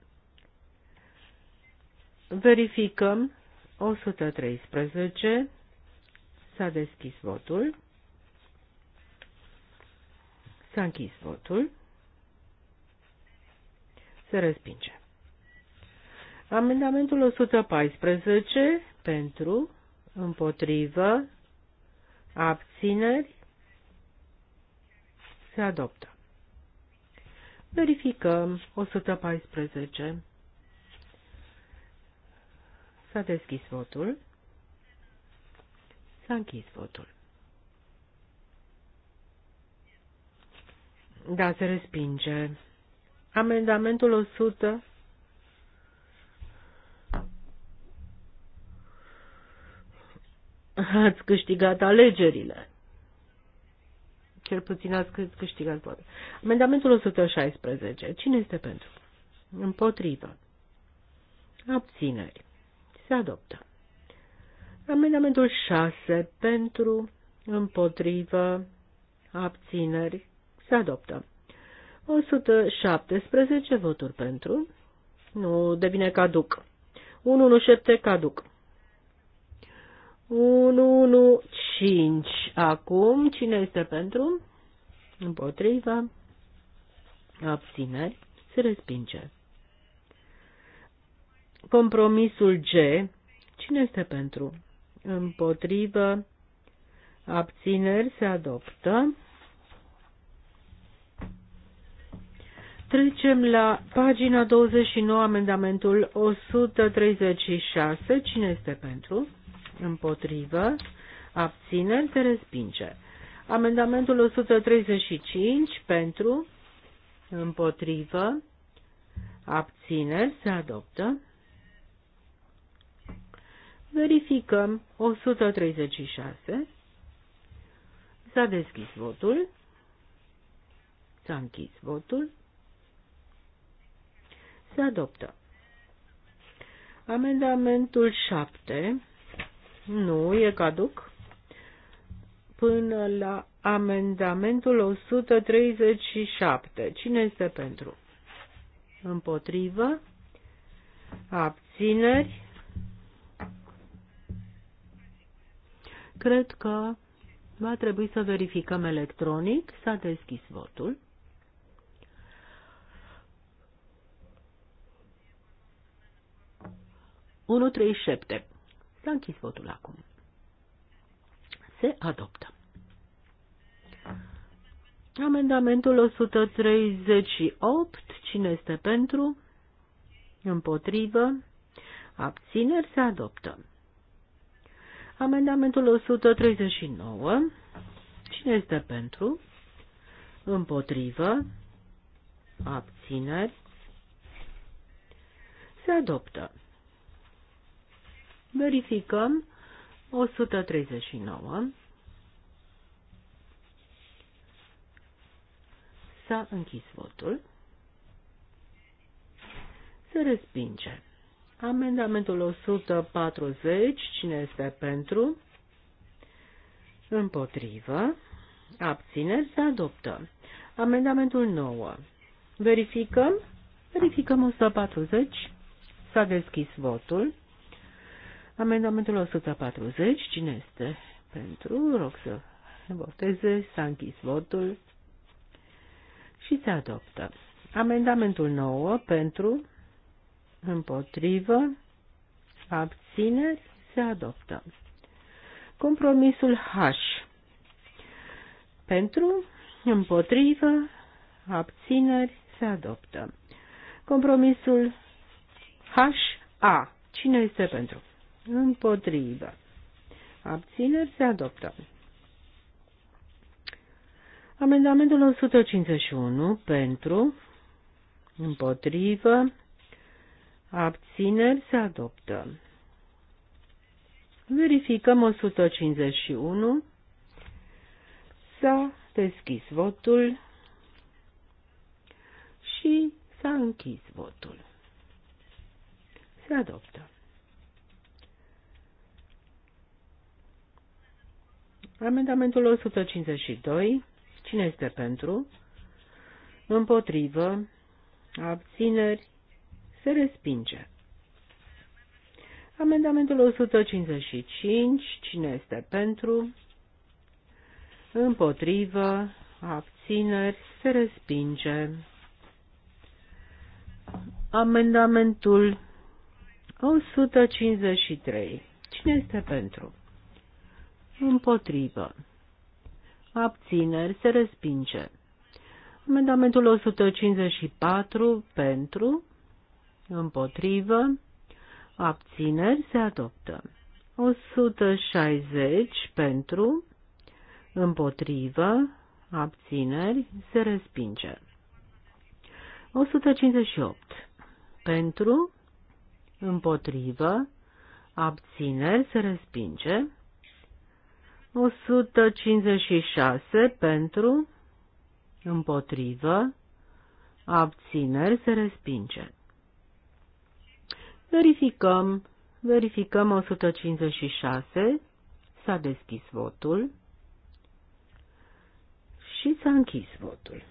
Verificăm 113. S-a deschis votul. S-a închis votul. Se respinge. Amendamentul 114 pentru, împotrivă, abțineri, se adoptă. Verificăm 114. S-a deschis votul. S-a închis votul. Da, se respinge. Amendamentul 100. Ați câștigat alegerile cel puțin ați câștigat vot. Amendamentul 116. Cine este pentru? Împotrivă. Abțineri. Se adoptă. Amendamentul 6. Pentru, împotrivă, abțineri. Se adoptă. 117 voturi pentru. Nu devine caduc. 117 caduc. 115. Acum, cine este pentru? Împotriva. Abțineri. Se respinge. Compromisul G. Cine este pentru? Împotrivă. Abțineri se adoptă. Trecem la pagina 29, amendamentul 136. Cine este pentru? împotrivă, abțineri, se respinge. Amendamentul 135 pentru, împotrivă, abțineri, se adoptă. Verificăm 136. S-a deschis votul. S-a închis votul. Se adoptă. Amendamentul 7 nu, e caduc. Până la amendamentul 137. Cine este pentru? Împotrivă? Abțineri? Cred că va trebui să verificăm electronic. S-a deschis votul. Unu trei șapte. S-a închis votul acum. Se adoptă. Amendamentul 138. Cine este pentru? Împotrivă. Abțineri se adoptă. Amendamentul 139. Cine este pentru? Împotrivă. Abțineri. Se adoptă. Verificăm 139. S-a închis votul. Se respinge. Amendamentul 140. Cine este pentru? Împotrivă. Abțineri se adoptă. Amendamentul 9. Verificăm. Verificăm 140. S-a deschis votul. Amendamentul 140, cine este pentru, rog să voteze, s-a închis votul și se adoptă. Amendamentul 9 pentru, împotrivă, abțineri, se adoptă. Compromisul H pentru, împotrivă, abțineri, se adoptă. Compromisul HA. Cine este pentru? Împotrivă. Abțineri se adoptă. Amendamentul 151 pentru, împotrivă, abțineri se adoptă. Verificăm 151. S-a deschis votul și s-a închis votul. Se adoptă. Amendamentul 152. Cine este pentru? Împotrivă. Abțineri. Se respinge. Amendamentul 155. Cine este pentru? Împotrivă. Abțineri. Se respinge. Amendamentul 153. Cine este pentru? Împotrivă. Abțineri se respinge. Amendamentul 154 pentru, împotrivă, abțineri se adoptă. 160 pentru, împotrivă, abțineri se respinge. 158 pentru, împotrivă, abțineri se respinge. 156 pentru, împotrivă, abțineri se respinge. Verificăm, verificăm 156, s-a deschis votul și s-a închis votul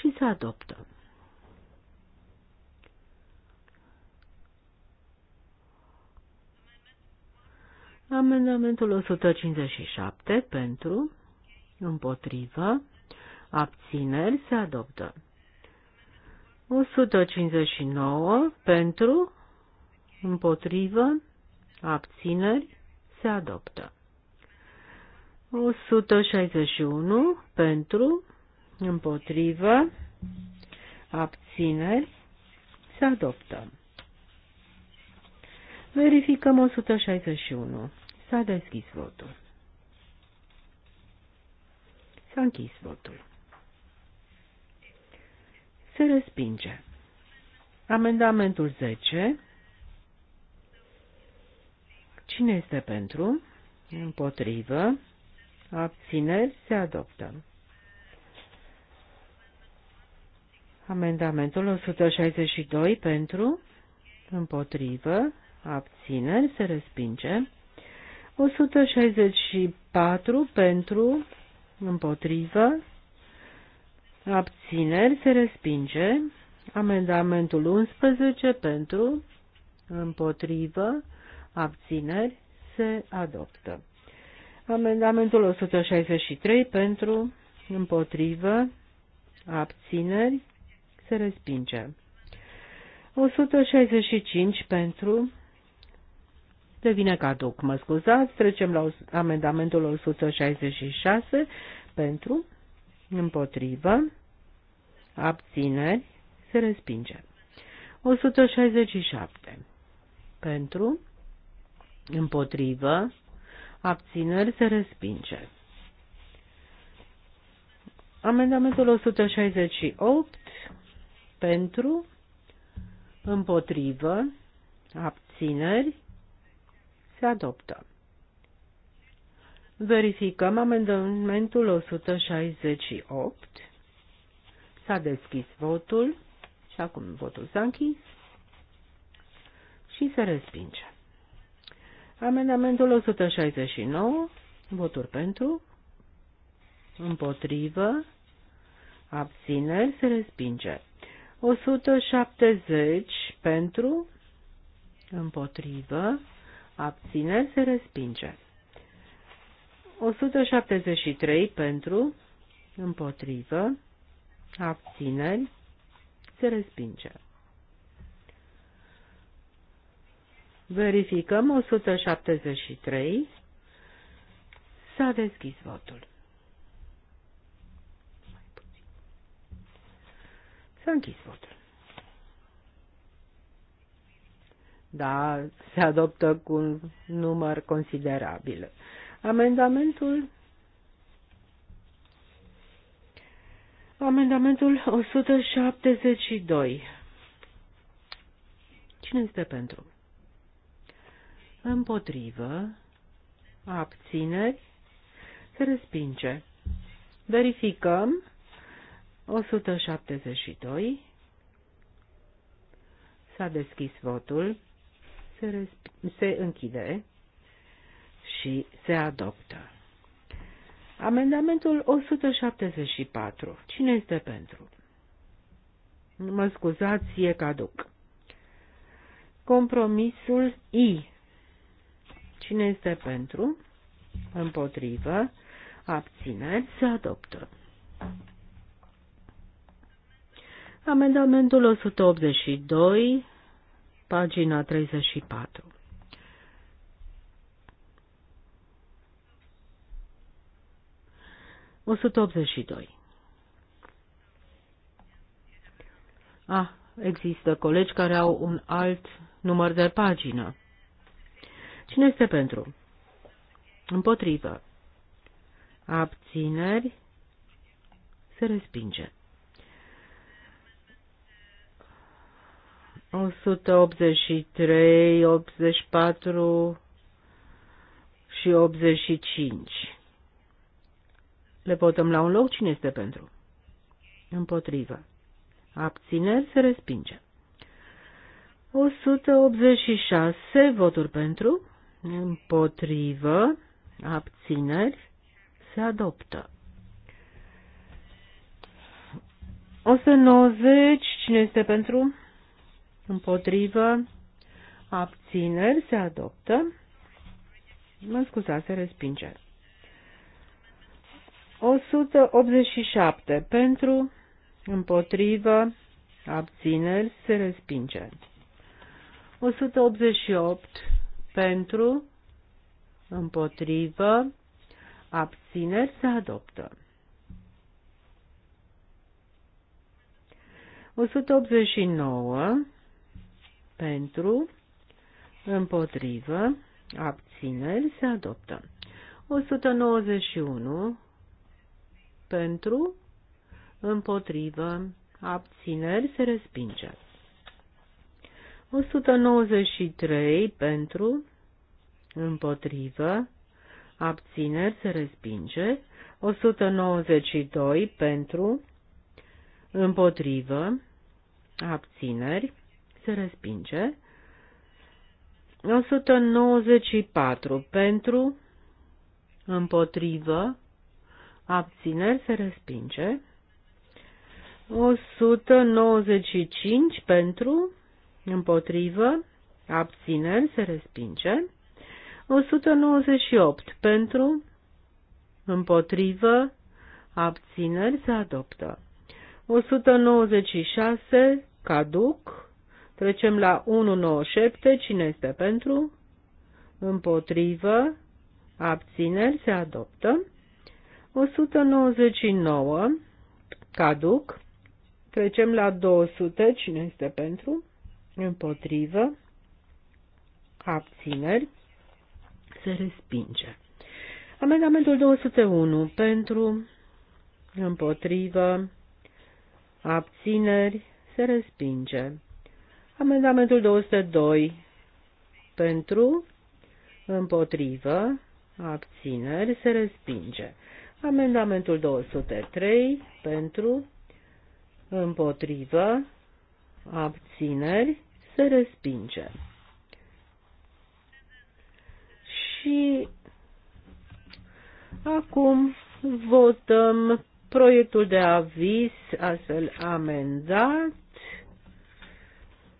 și se adoptă. Amendamentul 157 pentru, împotrivă, abțineri se adoptă. 159 pentru, împotrivă, abțineri se adoptă. 161 pentru, împotrivă, abțineri se adoptă. Verificăm 161. S-a deschis votul. S-a închis votul. Se respinge. Amendamentul 10. Cine este pentru? Împotrivă. Abțineri se adoptă. Amendamentul 162 pentru, împotrivă, abțineri se respinge. 164 pentru, împotrivă, abțineri, se respinge. Amendamentul 11 pentru, împotrivă, abțineri, se adoptă. Amendamentul 163 pentru, împotrivă, abțineri, se respinge. 165 pentru, devine caduc. Mă scuzați, trecem la amendamentul 166 pentru, împotrivă, abțineri, se respinge. 167 pentru, împotrivă, abțineri, se respinge. Amendamentul 168 pentru, împotrivă, abțineri, se adoptă. Verificăm amendamentul 168. S-a deschis votul și acum votul s-a închis și se respinge. Amendamentul 169, voturi pentru, împotrivă, abțineri, se respinge. 170 pentru, împotrivă, abține, se respinge. 173 pentru, împotrivă, abțineri se respinge. Verificăm 173. S-a deschis votul. S-a închis votul. Da, se adoptă cu un număr considerabil. Amendamentul Amendamentul 172. Cine este pentru? Împotrivă. Abțineri. Se respinge. Verificăm. 172. S-a deschis votul se, se închide și se adoptă. Amendamentul 174. Cine este pentru? Mă scuzați, e caduc. Compromisul I. Cine este pentru? Împotrivă. Abțineri. Se adoptă. Amendamentul 182 pagina 34. doi. Ah, există colegi care au un alt număr de pagină. Cine este pentru? Împotrivă. Abțineri. Se respinge. 183, 84 și 85. Le votăm la un loc cine este pentru. Împotrivă. Abțineri se respinge. 186 voturi pentru, împotrivă, abțineri, se adoptă. 190, cine este pentru? împotrivă, abțineri, se adoptă. Mă scuzați, se respinge. 187. Pentru, împotrivă, abțineri, se respinge. 188. Pentru, împotrivă, abțineri, se adoptă. 189 pentru, împotrivă, abțineri, se adoptă. 191 pentru, împotrivă, abțineri, se respinge. 193 pentru, împotrivă, abțineri, se respinge. 192 pentru, împotrivă, abțineri, se respinge. 194 pentru, împotrivă, abțineri se respinge. 195 pentru, împotrivă, abțineri se respinge. 198 pentru, împotrivă, abțineri se adoptă. 196 caduc, Trecem la 197. Cine este pentru? Împotrivă. Abțineri. Se adoptă. 199. Caduc. Trecem la 200. Cine este pentru? Împotrivă. Abțineri. Se respinge. Amendamentul 201 pentru, împotrivă, abțineri, se respinge. Amendamentul 202 pentru, împotrivă, abțineri, se respinge. Amendamentul 203 pentru, împotrivă, abțineri, se respinge. Și acum votăm proiectul de aviz astfel amendat.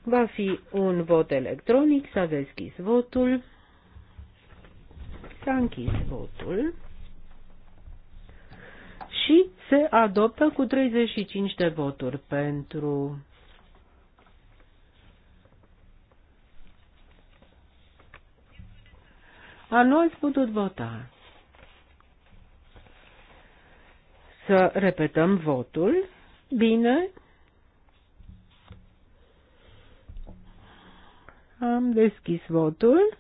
Va fi un vot electronic, s-a deschis votul, s-a închis votul și se adoptă cu 35 de voturi pentru. A nu ați putut vota. Să repetăm votul. Bine, Am deschis votul.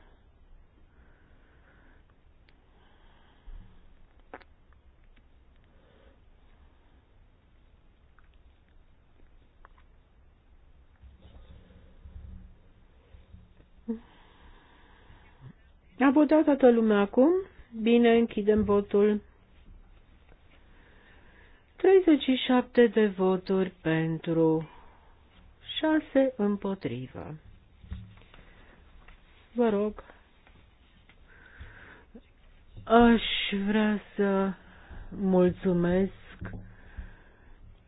A votat toată lumea acum? Bine, închidem votul. 37 de voturi pentru, 6 împotrivă. Vă rog. Aș vrea să mulțumesc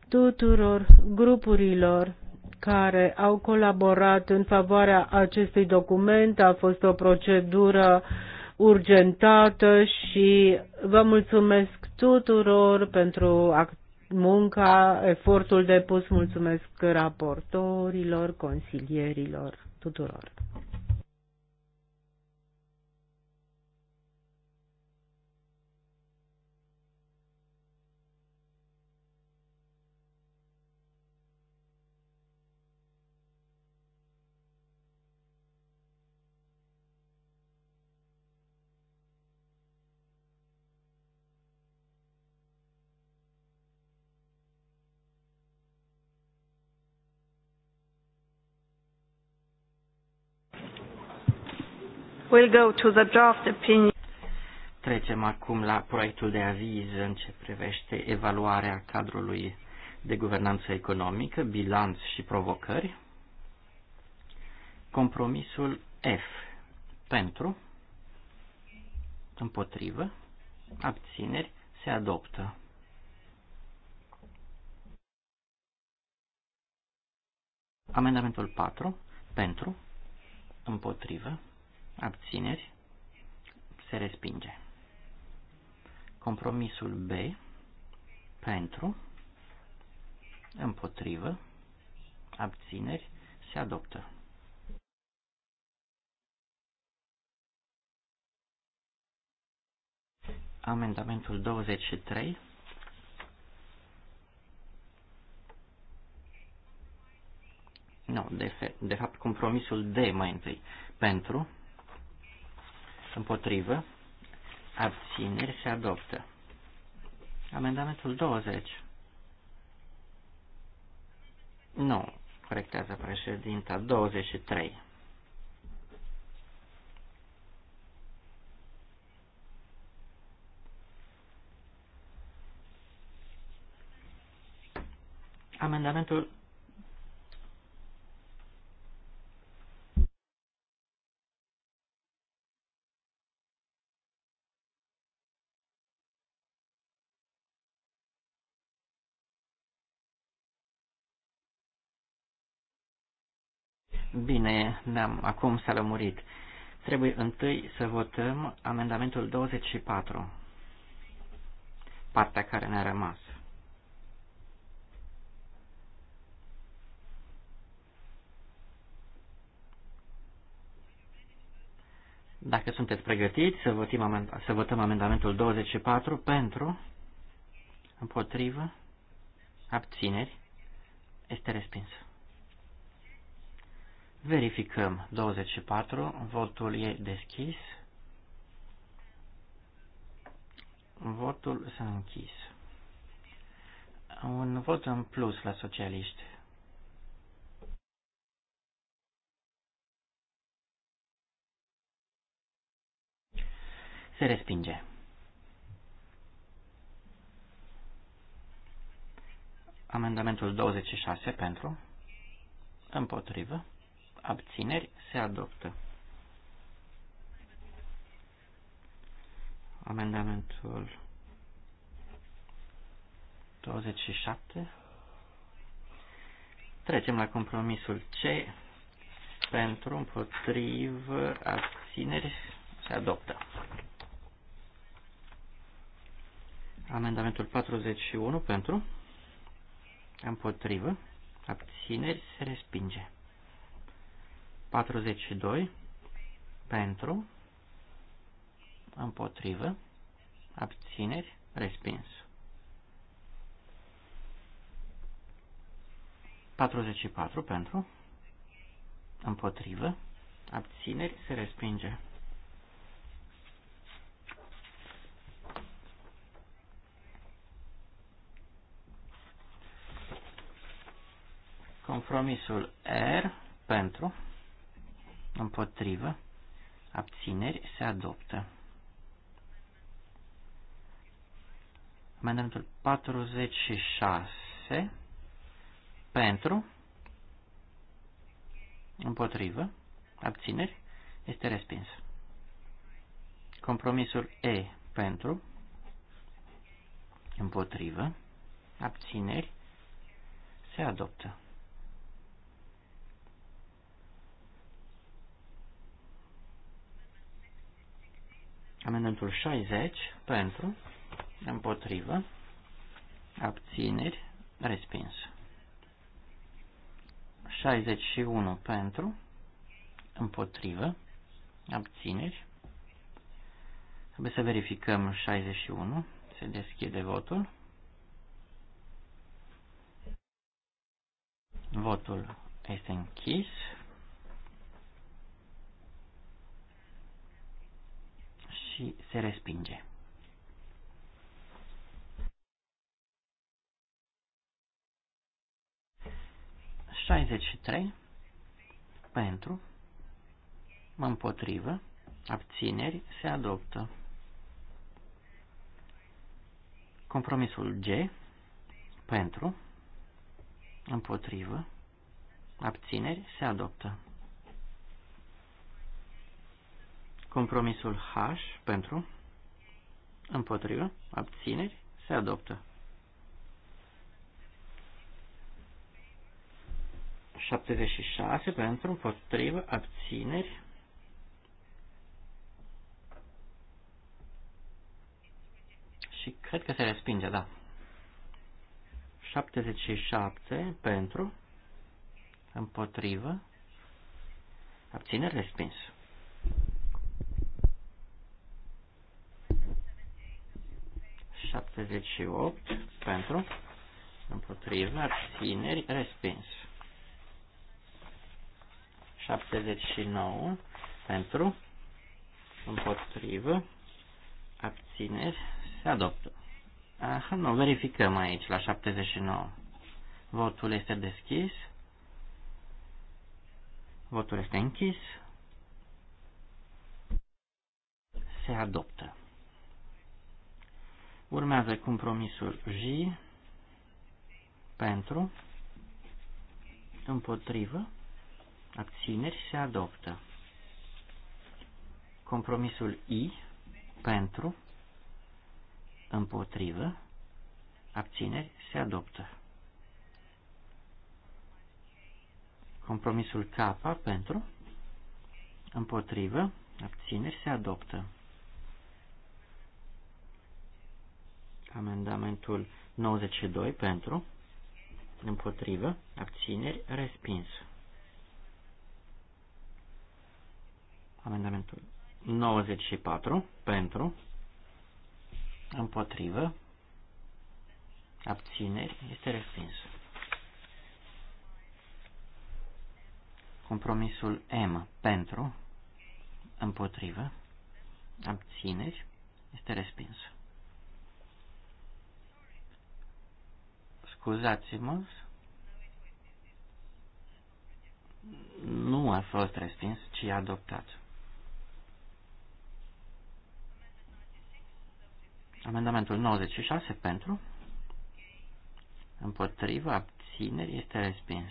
tuturor grupurilor care au colaborat în favoarea acestui document. A fost o procedură urgentată și vă mulțumesc tuturor pentru munca, efortul depus. Mulțumesc raportorilor, consilierilor, tuturor. We'll go to the draft opinion. Trecem acum la proiectul de aviz în ce privește evaluarea cadrului de guvernanță economică, bilanț și provocări. Compromisul F. Pentru, împotrivă, abțineri, se adoptă. Amendamentul 4. Pentru, împotrivă, abțineri, se respinge. Compromisul B, pentru, împotrivă, abțineri, se adoptă. Amendamentul 23 Nu, de, fe, de fapt compromisul D mai întâi. Pentru, împotrivă, abțineri se adoptă. Amendamentul 20. Nu, corectează președinta, 23. Amendamentul Bine, ne-am, acum s-a lămurit. Trebuie întâi să votăm amendamentul 24, partea care ne-a rămas. Dacă sunteți pregătiți să, votim amend- să votăm amendamentul 24 pentru, împotrivă, abțineri, este respins. Verificăm 24, votul e deschis, votul s-a închis. Un vot în plus la socialiști. Se respinge. Amendamentul 26 pentru, împotrivă, abțineri, se adoptă. Amendamentul 27. Trecem la compromisul C. Pentru, împotrivă, abțineri, se adoptă. Amendamentul 41 pentru, împotrivă, abțineri, se respinge. 42 pentru, împotrivă, abțineri, respins. 44 pentru, împotrivă, abțineri, se respinge. Compromisul R pentru împotrivă, abțineri, se adoptă. Amendamentul 46 pentru, împotrivă, abțineri, este respins. Compromisul E pentru, împotrivă, abțineri, se adoptă. Amendamentul 60 pentru, împotrivă, abțineri, respins. 61 pentru, împotrivă, abțineri. Trebuie să verificăm 61. Se deschide votul. Votul este închis. și se respinge. Șaizeci trei pentru, împotrivă, abțineri, se adoptă. Compromisul G, pentru, împotrivă, abțineri, se adoptă. Compromisul H pentru, împotrivă, abțineri, se adoptă. 76 pentru, împotrivă, abțineri. Și cred că se respinge, da. 77 pentru, împotrivă, abțineri, respins. 78 pentru, împotriva, abțineri, respins. 79 pentru, împotrivă, abțineri, se adoptă. Aha, nu, verificăm aici la 79. Votul este deschis. Votul este închis. Se adoptă. Urmează compromisul J pentru, împotrivă, abțineri se adoptă. Compromisul I pentru, împotrivă, abțineri se adoptă. Compromisul K pentru, împotrivă, abțineri se adoptă. Amendamentul 92 pentru, împotrivă, abțineri, respins. Amendamentul 94 pentru, împotrivă, abțineri, este respins. Compromisul M pentru, împotrivă, abțineri, este respins. Scuzați-mă. Nu a fost respins, ci adoptat. Amendamentul 96 pentru. Împotriva abțineri este respins.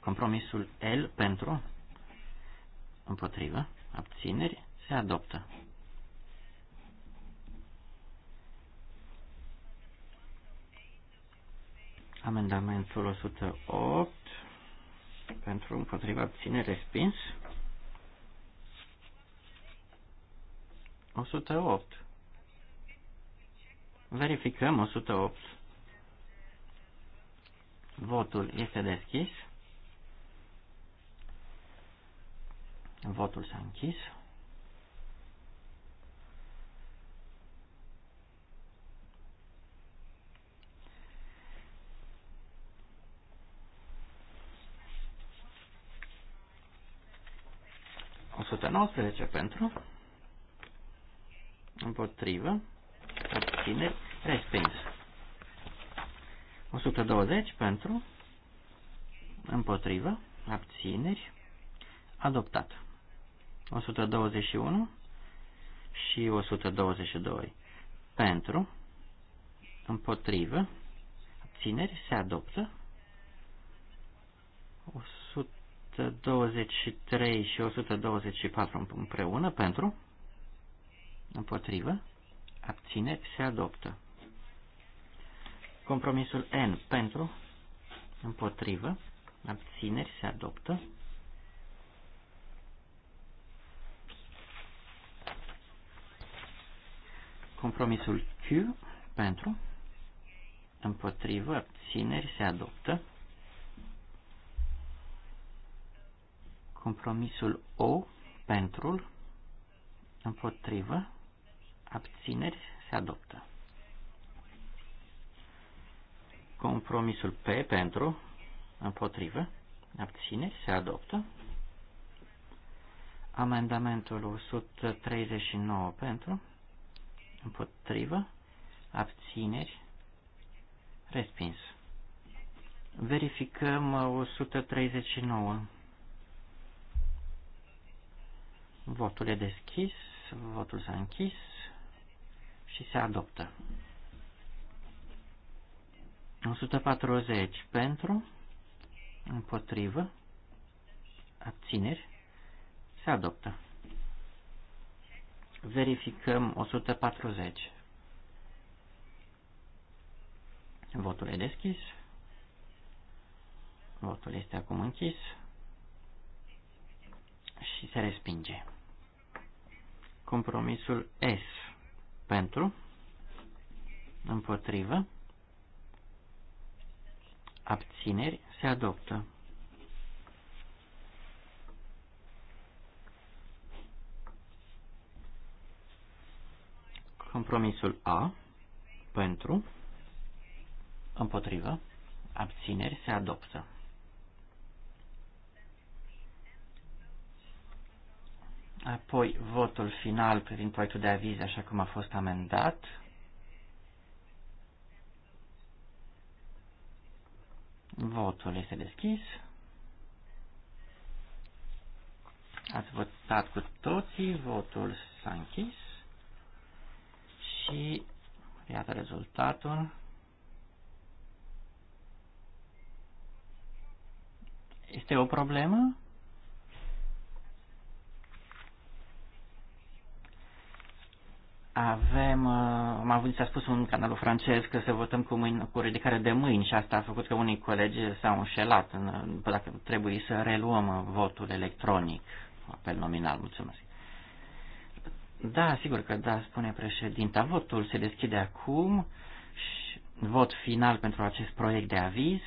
Compromisul L pentru. Împotriva abțineri se adoptă. Amendamentul 108 pentru împotriva ține respins. 108. Verificăm 108. Votul este deschis. Votul s-a închis. 119 pentru, împotrivă, abțineri, respins. 120 pentru, împotrivă, abțineri, adoptat. 121 și 122 pentru, împotrivă, abțineri, se adoptă. 123 și 124 împreună pentru, împotrivă, abține, se adoptă. Compromisul N pentru, împotrivă, abțineri se adoptă. Compromisul Q pentru, împotrivă, abțineri se adoptă. Compromisul O pentru, împotrivă, abțineri se adoptă. Compromisul P pentru, împotrivă, abțineri se adoptă. Amendamentul 139 pentru, împotrivă, abțineri, respins. Verificăm 139. Votul e deschis, votul s-a închis și se adoptă. 140 pentru, împotrivă, abțineri, se adoptă. Verificăm 140. Votul e deschis. Votul este acum închis și se respinge. Compromisul S pentru, împotrivă, abțineri se adoptă. Compromisul A pentru, împotrivă, abțineri se adoptă. Apoi votul final privind proiectul de aviz așa cum a fost amendat. Votul este deschis. Ați votat cu toții, votul s-a închis și iată rezultatul. Este o problemă? Avem, uh, am avut, s-a spus un canal francez că să votăm cu, mâini, cu ridicare de mâini și asta a făcut că unii colegi s-au înșelat în, uh, dacă trebuie să reluăm uh, votul electronic, apel nominal, mulțumesc. Da, sigur că da, spune președinta. Votul se deschide acum și vot final pentru acest proiect de aviz.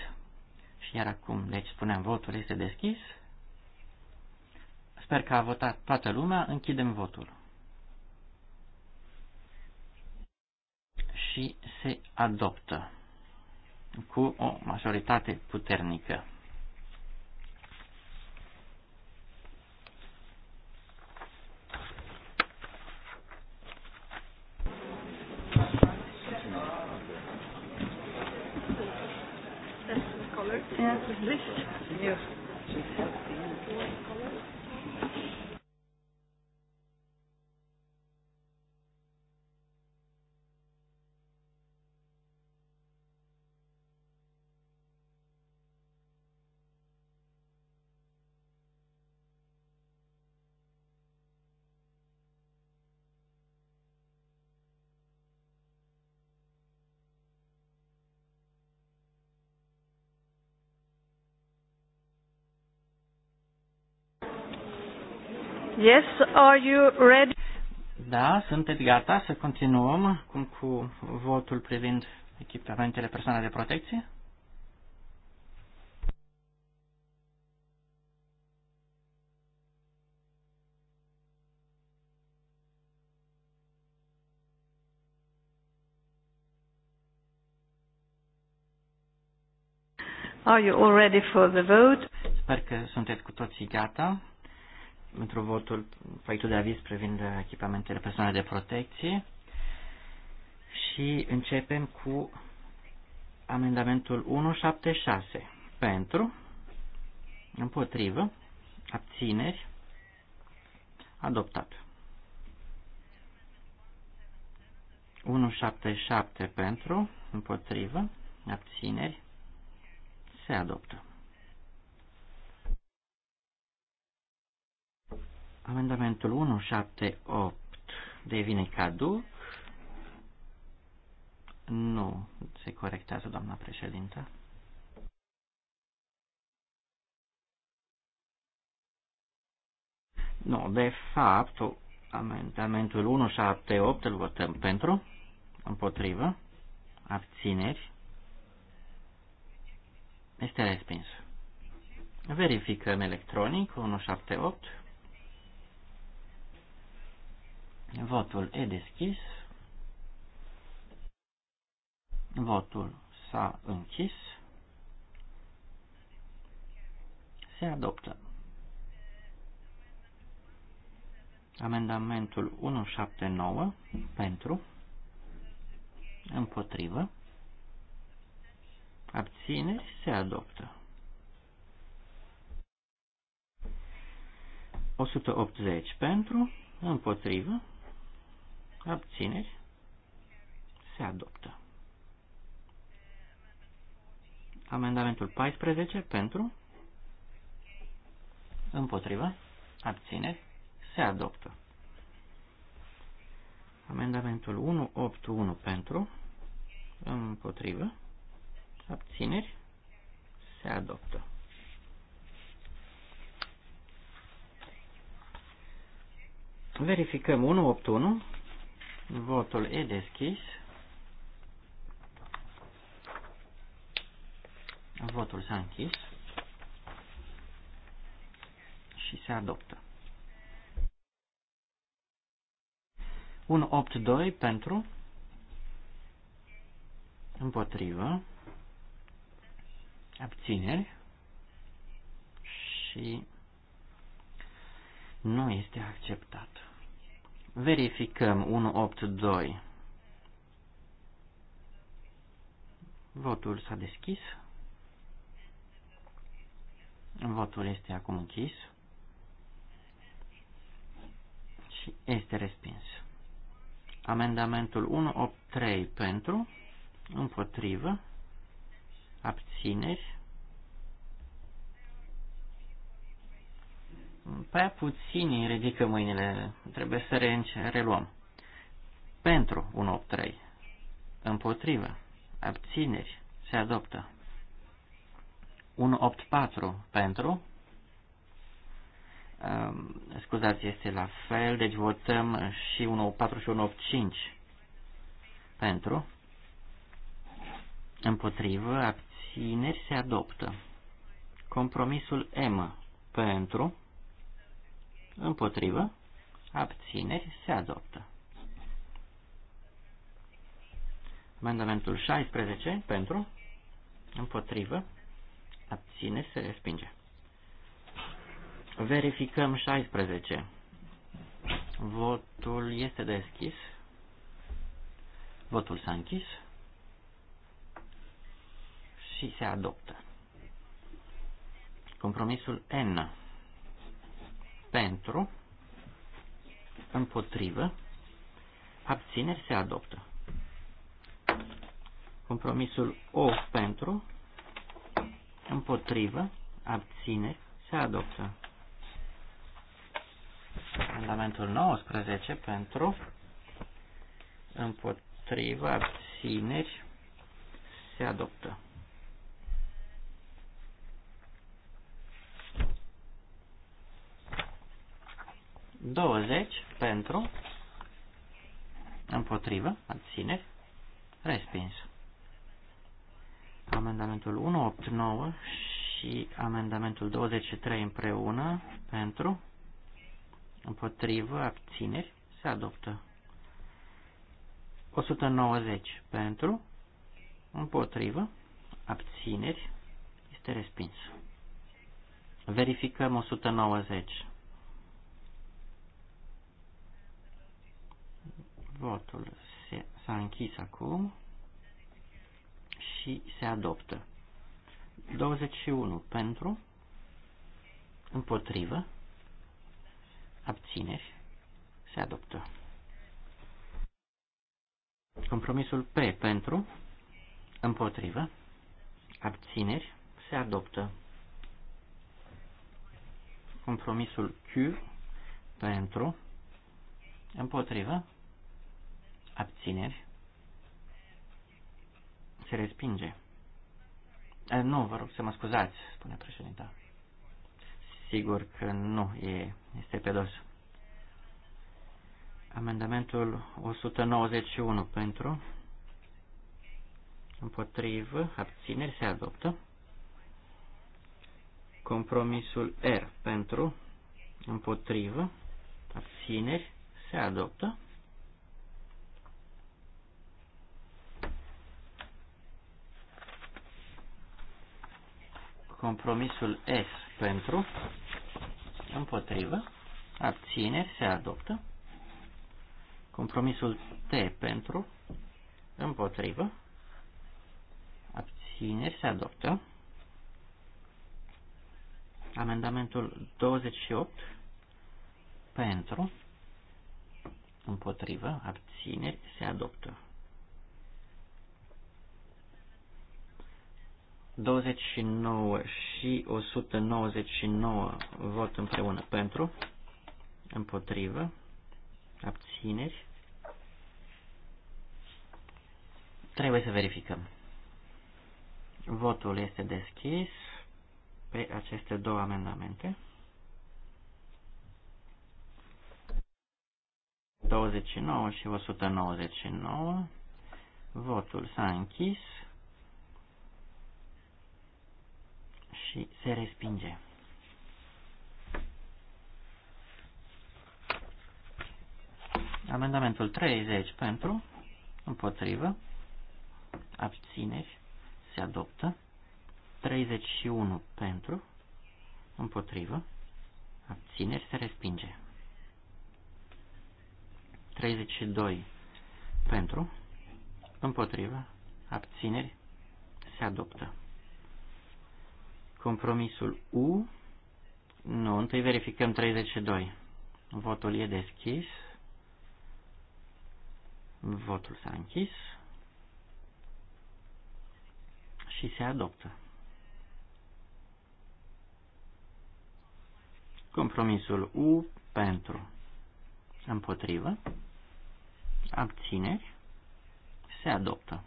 Și iar acum, deci spuneam, votul este deschis. Sper că a votat toată lumea. Închidem votul. și se adoptă cu o majoritate puternică. Yeah, Yes, are you ready? Da, sunteți gata să continuăm cum cu votul privind echipamentele personale de protecție? Are you all ready for the vote? Sper că sunteți cu toții gata pentru votul, proiectul de aviz privind echipamentele personale de protecție și începem cu amendamentul 176 pentru, împotrivă, abțineri, adoptat. 177 pentru, împotrivă, abțineri, se adoptă. Amendamentul 178 devine caduc. Nu, se corectează doamna președintă. Nu, de fapt, amendamentul 178 îl votăm pentru, împotrivă, abțineri, este respins. Verificăm electronic 178. Votul e deschis. Votul s-a închis. Se adoptă. Amendamentul 179 pentru, împotrivă, abțineri se adoptă. 180 pentru, împotrivă, Abțineri. Se adoptă. Amendamentul 14 pentru. Împotriva. Abțineri. Se adoptă. Amendamentul 181 pentru. Împotrivă. Abțineri. Se adoptă. Verificăm 181. Votul e deschis. Votul s-a închis și se adoptă. 182 pentru împotrivă abțineri și nu este acceptat. Verificăm 182. Votul s-a deschis. Votul este acum închis. Și este respins. Amendamentul 183 pentru, împotrivă, abțineri, prea puțini ridică mâinile, trebuie să re- reluăm. Pentru un 8-3, împotrivă, abțineri, se adoptă. Un 8-4, pentru, um, scuzați, este la fel, deci votăm și un 8-4 și un 8-5, pentru, împotrivă, abțineri, se adoptă. Compromisul M, pentru, Împotrivă. Abțineri. Se adoptă. Amendamentul 16 pentru, împotrivă, abține, se respinge. Verificăm 16. Votul este deschis. Votul s-a închis. Și se adoptă. Compromisul N pentru, împotrivă, abțineri se adoptă. Compromisul O pentru, împotrivă, abțineri se adoptă. Amendamentul 19 pentru, împotrivă, abțineri se adoptă. 20 pentru, împotrivă, abțineri, respins. Amendamentul 189 și amendamentul 23 împreună pentru, împotrivă, abțineri, se adoptă. 190 pentru, împotrivă, abțineri, este respins. Verificăm 190. Votul s-a închis acum și se adoptă. 21 pentru, împotrivă, abțineri, se adoptă. Compromisul P pentru, împotrivă, abțineri, se adoptă. Compromisul Q pentru, împotrivă, abțineri, se respinge. Eh, nu, vă rog să mă scuzați, spune președinta. Sigur că nu, e, este pedos. Amendamentul 191 pentru, împotrivă, abțineri, se adoptă. Compromisul R pentru, împotrivă, abțineri, se adoptă. Compromisul S pentru, împotrivă, abțineri, se adoptă. Compromisul T pentru, împotrivă, abțineri, se adoptă. Amendamentul 28 pentru, împotrivă, abțineri, se adoptă. 29 și 199 vot împreună pentru, împotrivă, abțineri. Trebuie să verificăm. Votul este deschis pe aceste două amendamente. 29 și 199. Votul s-a închis. și se respinge. Amendamentul 30 pentru, împotrivă, abțineri, se adoptă. 31 pentru, împotrivă, abțineri, se respinge. 32 pentru, împotrivă, abțineri, se adoptă. Compromisul U. Nu, întâi verificăm 32. Votul e deschis. Votul s-a închis. Și se adoptă. Compromisul U pentru împotrivă, abțineri, se adoptă.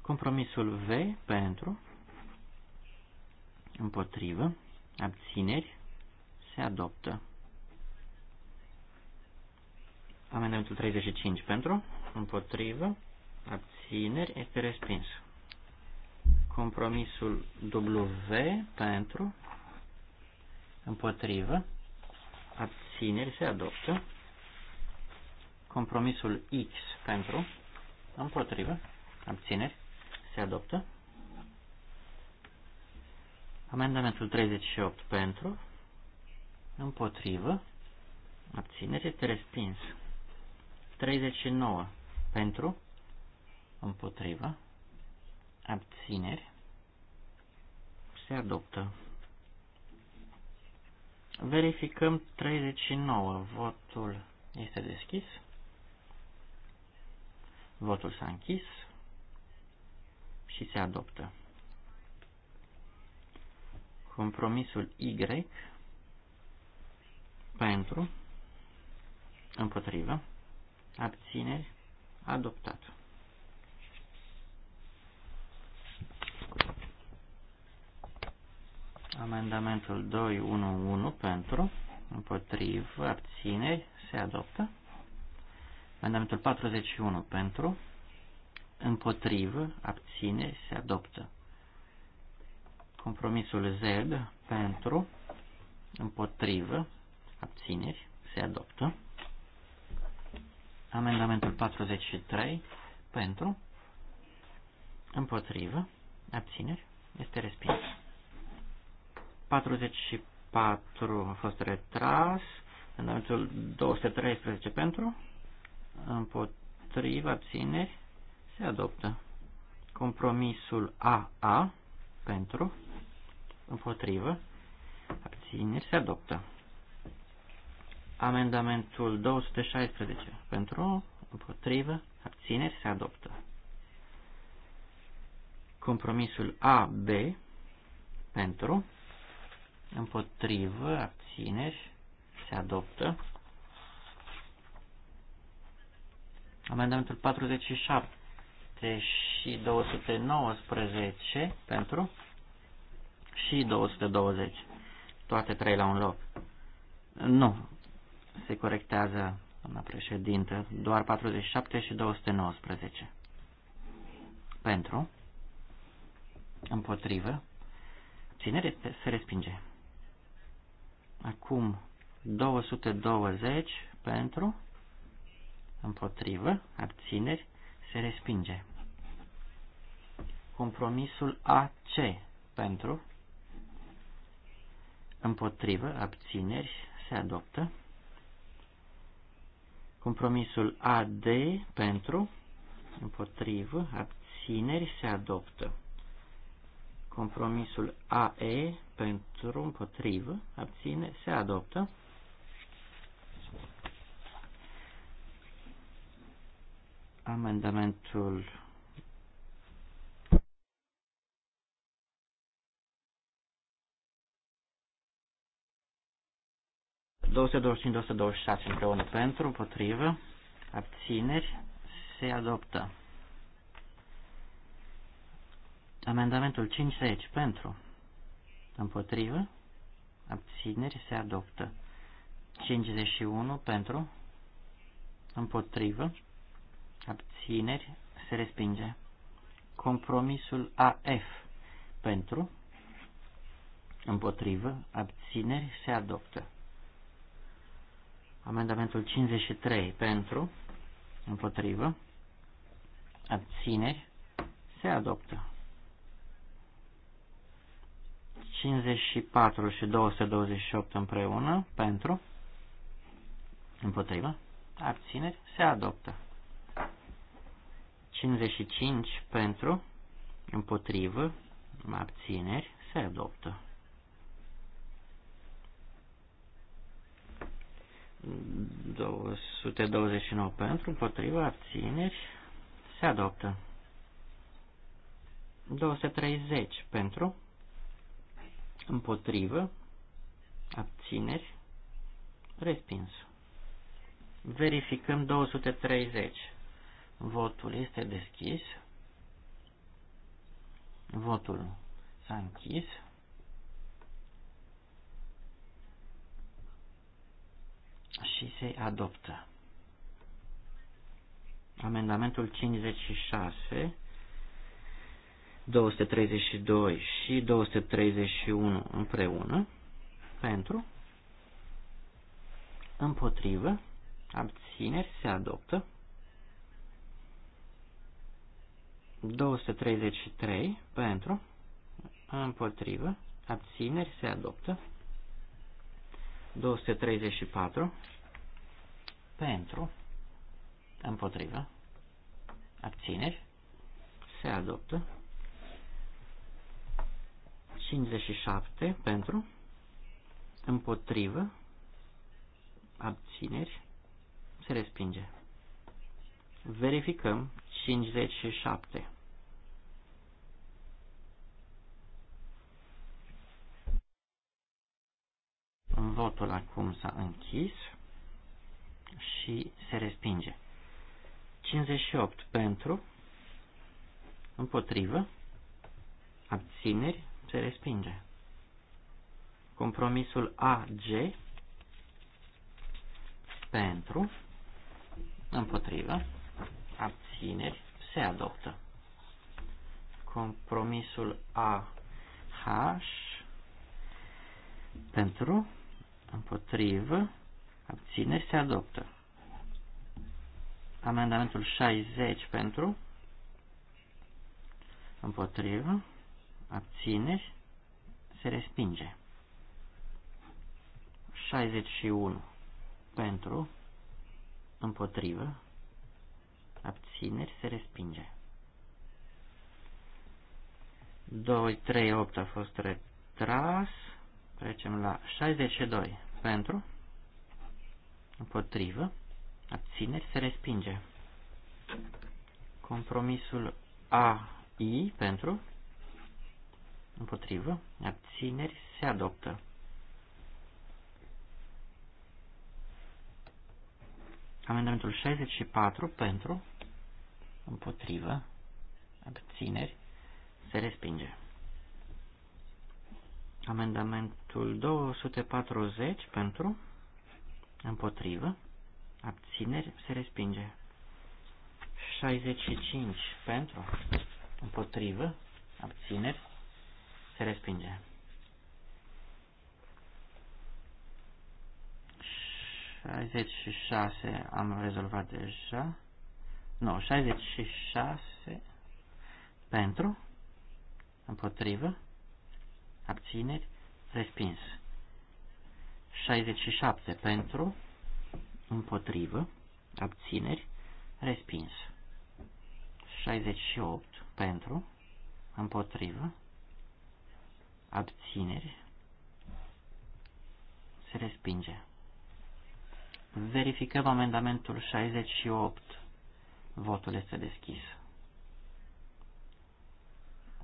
Compromisul V pentru împotrivă, abțineri, se adoptă. Amendamentul 35 pentru, împotrivă, abțineri, este respins. Compromisul W pentru, împotrivă, abțineri, se adoptă. Compromisul X pentru, împotrivă, abțineri, se adoptă. Amendamentul 38 pentru, împotrivă, abținere, este respins. 39 pentru, împotrivă, abțineri, se adoptă. Verificăm 39. Votul este deschis. Votul s-a închis și se adoptă. Compromisul Y pentru, împotrivă, abțineri, adoptat. Amendamentul 211 pentru, împotrivă, abțineri, se adoptă. Amendamentul 41 pentru, împotrivă, abțineri, se adoptă. Compromisul Z pentru, împotrivă, abțineri, se adoptă. Amendamentul 43 pentru, împotrivă, abțineri, este respins. 44 a fost retras, amendamentul 213 pentru, împotrivă, abțineri, se adoptă. Compromisul AA pentru, Împotrivă. Abțineri se adoptă. Amendamentul 216 pentru, împotrivă, abțineri se adoptă. Compromisul AB pentru, împotrivă, abțineri se adoptă. Amendamentul 47 și 219 pentru, și 220. Toate trei la un loc. Nu. Se corectează, doamna președintă, doar 47 și 219. Pentru. Împotrivă. cine se respinge. Acum 220 pentru, împotrivă, abțineri, se respinge. Compromisul AC pentru, împotrivă, abțineri, se adoptă. Compromisul AD pentru, împotrivă, abțineri, se adoptă. Compromisul AE pentru, împotrivă, abține, se adoptă. Amendamentul 225-226 împreună pentru, împotrivă, abțineri, se adoptă. Amendamentul 50 pentru, împotrivă, abțineri, se adoptă. 51 pentru, împotrivă, abțineri, se respinge. Compromisul AF pentru, împotrivă, abțineri, se adoptă. Amendamentul 53 pentru, împotrivă, abțineri, se adoptă. 54 și 228 împreună, pentru, împotrivă, abțineri, se adoptă. 55 pentru, împotrivă, abțineri, se adoptă. 229 pentru, împotriva, abțineri, se adoptă. 230 pentru, împotrivă, abțineri, respins. Verificăm 230. Votul este deschis. Votul s-a închis. și se adoptă. Amendamentul 56, 232 și 231 împreună, pentru, împotrivă, abțineri, se adoptă. 233 pentru, împotrivă, abțineri, se adoptă. 234 pentru, împotrivă, abțineri, se adoptă. 57 pentru, împotrivă, abțineri, se respinge. Verificăm 57. Votul acum s-a închis și se respinge. 58 pentru, împotrivă, abțineri, se respinge. Compromisul AG pentru, împotrivă, abțineri, se adoptă. Compromisul AH pentru, împotrivă, abțineri se adoptă. Amendamentul 60 pentru, împotrivă, abțineri se respinge. 61 pentru, împotrivă, abțineri se respinge. 2, 3, 8 a fost retras. Trecem la 62. Pentru, împotrivă, abțineri, se respinge. Compromisul AI pentru, împotrivă, abțineri, se adoptă. Amendamentul 64 pentru, împotrivă, abțineri, se respinge. Amendamentul 240 pentru, împotrivă, abțineri, se respinge. 65 pentru, împotrivă, abțineri, se respinge. 66 am rezolvat deja. Nu, 66 pentru, împotrivă, abțineri, respins. 67 pentru, împotrivă, abțineri, respins. 68 pentru, împotrivă, abțineri, se respinge. Verificăm amendamentul 68. Votul este deschis.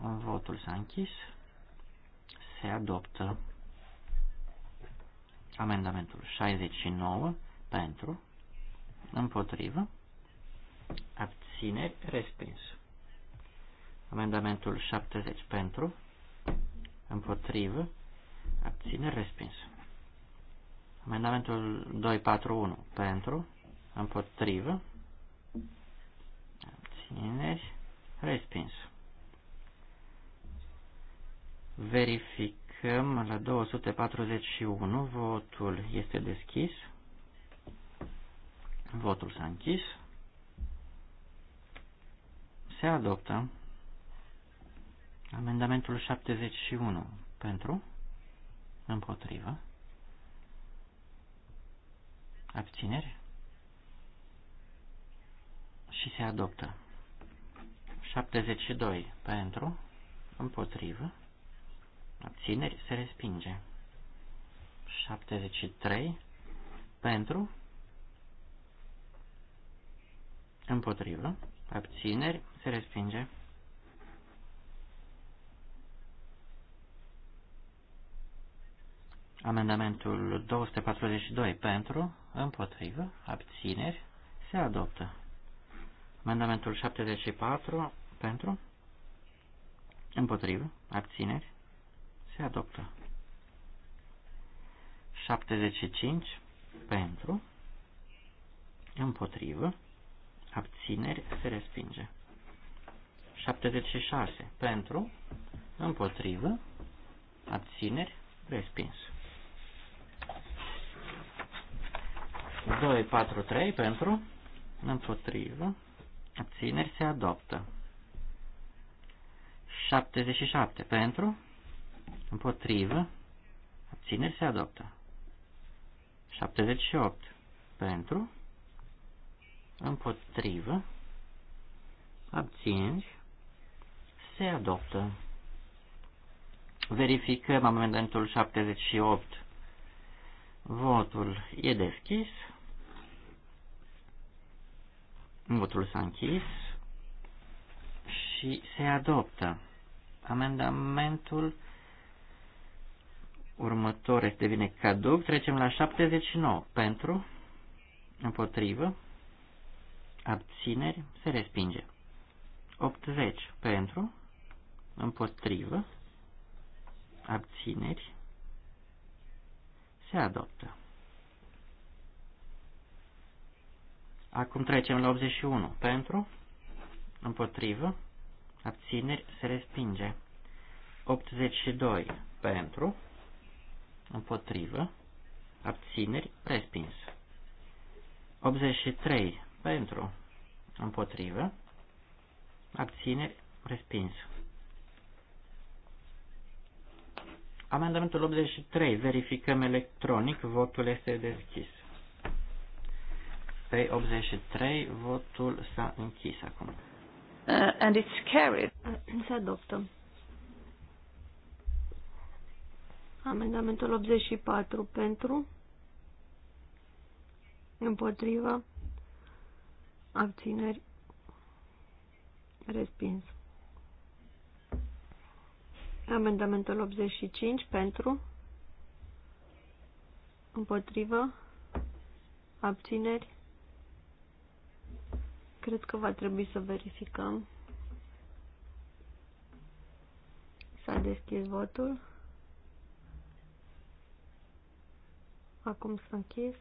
Votul s-a închis se adoptă amendamentul 69 pentru, împotrivă, abțineri, respins. Amendamentul 70 pentru, împotrivă, abțineri, respins. Amendamentul 241 pentru, împotrivă, abțineri, respins. Verificăm la 241. Votul este deschis. Votul s-a închis. Se adoptă amendamentul 71 pentru, împotrivă, abțineri și se adoptă. 72 pentru, împotrivă, Abțineri se respinge. 73 pentru, împotrivă, abțineri se respinge. Amendamentul 242 pentru, împotrivă, abțineri se adoptă. Amendamentul 74 pentru, împotrivă, abțineri se adoptă. 75 pentru, împotrivă, abțineri, se respinge. 76 pentru, împotrivă, abțineri, respins. 2, 4, 3 pentru, împotrivă, abțineri se adoptă. 77 pentru, Împotrivă. Abțineri se adoptă. 78. Pentru. Împotrivă. Abțineri. Se adoptă. Verificăm amendamentul 78. Votul e deschis. Votul s-a închis și se adoptă amendamentul Următor este devine caduc. Trecem la 79. Pentru, împotrivă, abțineri, se respinge. 80. Pentru, împotrivă, abțineri, se adoptă. Acum trecem la 81. Pentru, împotrivă, abțineri, se respinge. 82. Pentru, împotrivă, abțineri, respins. 83 pentru, împotrivă, abțineri, respins. Amendamentul 83. Verificăm electronic. Votul este deschis. Pe 83, votul s-a închis acum. Uh, and it's carried. Se adoptă. Amendamentul 84 pentru, împotrivă, abțineri, respins. Amendamentul 85 pentru, împotrivă, abțineri. Cred că va trebui să verificăm. S-a deschis votul. Acum s-a închis.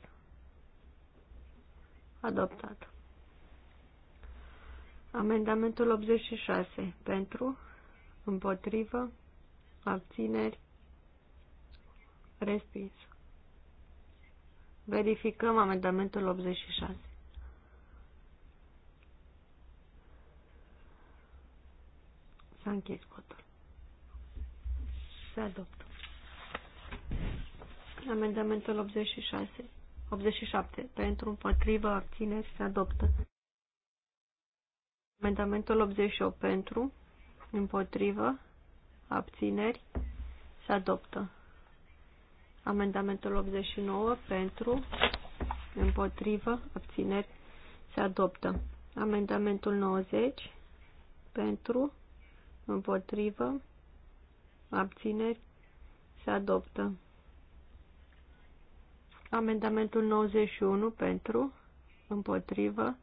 Adoptat. Amendamentul 86. Pentru, împotrivă, abțineri, respins. Verificăm amendamentul 86. S-a închis votul. Se adoptă. Amendamentul 86. 87. Pentru împotrivă abțineri se adoptă. Amendamentul 88. Pentru împotrivă abțineri se adoptă. Amendamentul 89. Pentru împotrivă abțineri se adoptă. Amendamentul 90. Pentru împotrivă abțineri se adoptă. Amendamentul 91 pentru, împotrivă,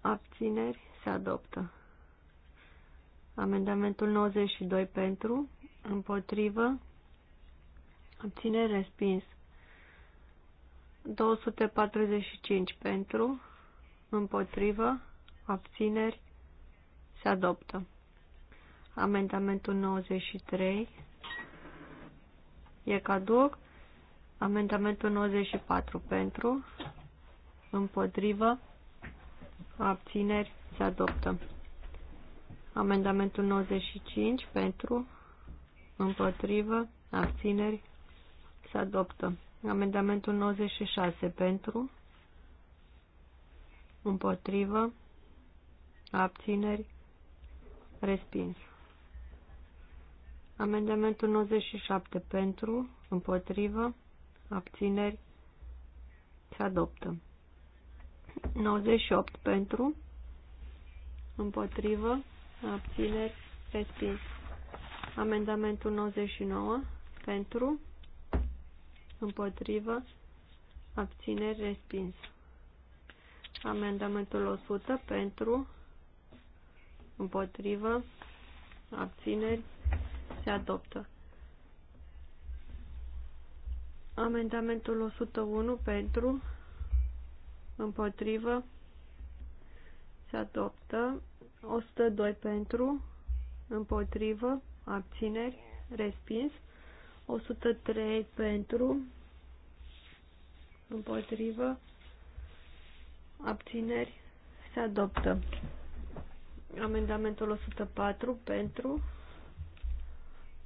abțineri, se adoptă. Amendamentul 92 pentru, împotrivă, abțineri, respins. 245 pentru, împotrivă, abțineri, se adoptă. Amendamentul 93 e caduc. Amendamentul 94 pentru, împotrivă, abțineri, se adoptă. Amendamentul 95 pentru, împotrivă, abțineri, se adoptă. Amendamentul 96 pentru, împotrivă, abțineri, respins. Amendamentul 97 pentru, împotrivă, abțineri, se adoptă. 98 pentru, împotrivă, abțineri, respins. Amendamentul 99 pentru, împotrivă, abțineri, respins. Amendamentul 100 pentru, împotrivă, abțineri, se adoptă. Amendamentul 101 pentru, împotrivă, se adoptă. 102 pentru, împotrivă, abțineri, respins. 103 pentru, împotrivă, abțineri, se adoptă. Amendamentul 104 pentru,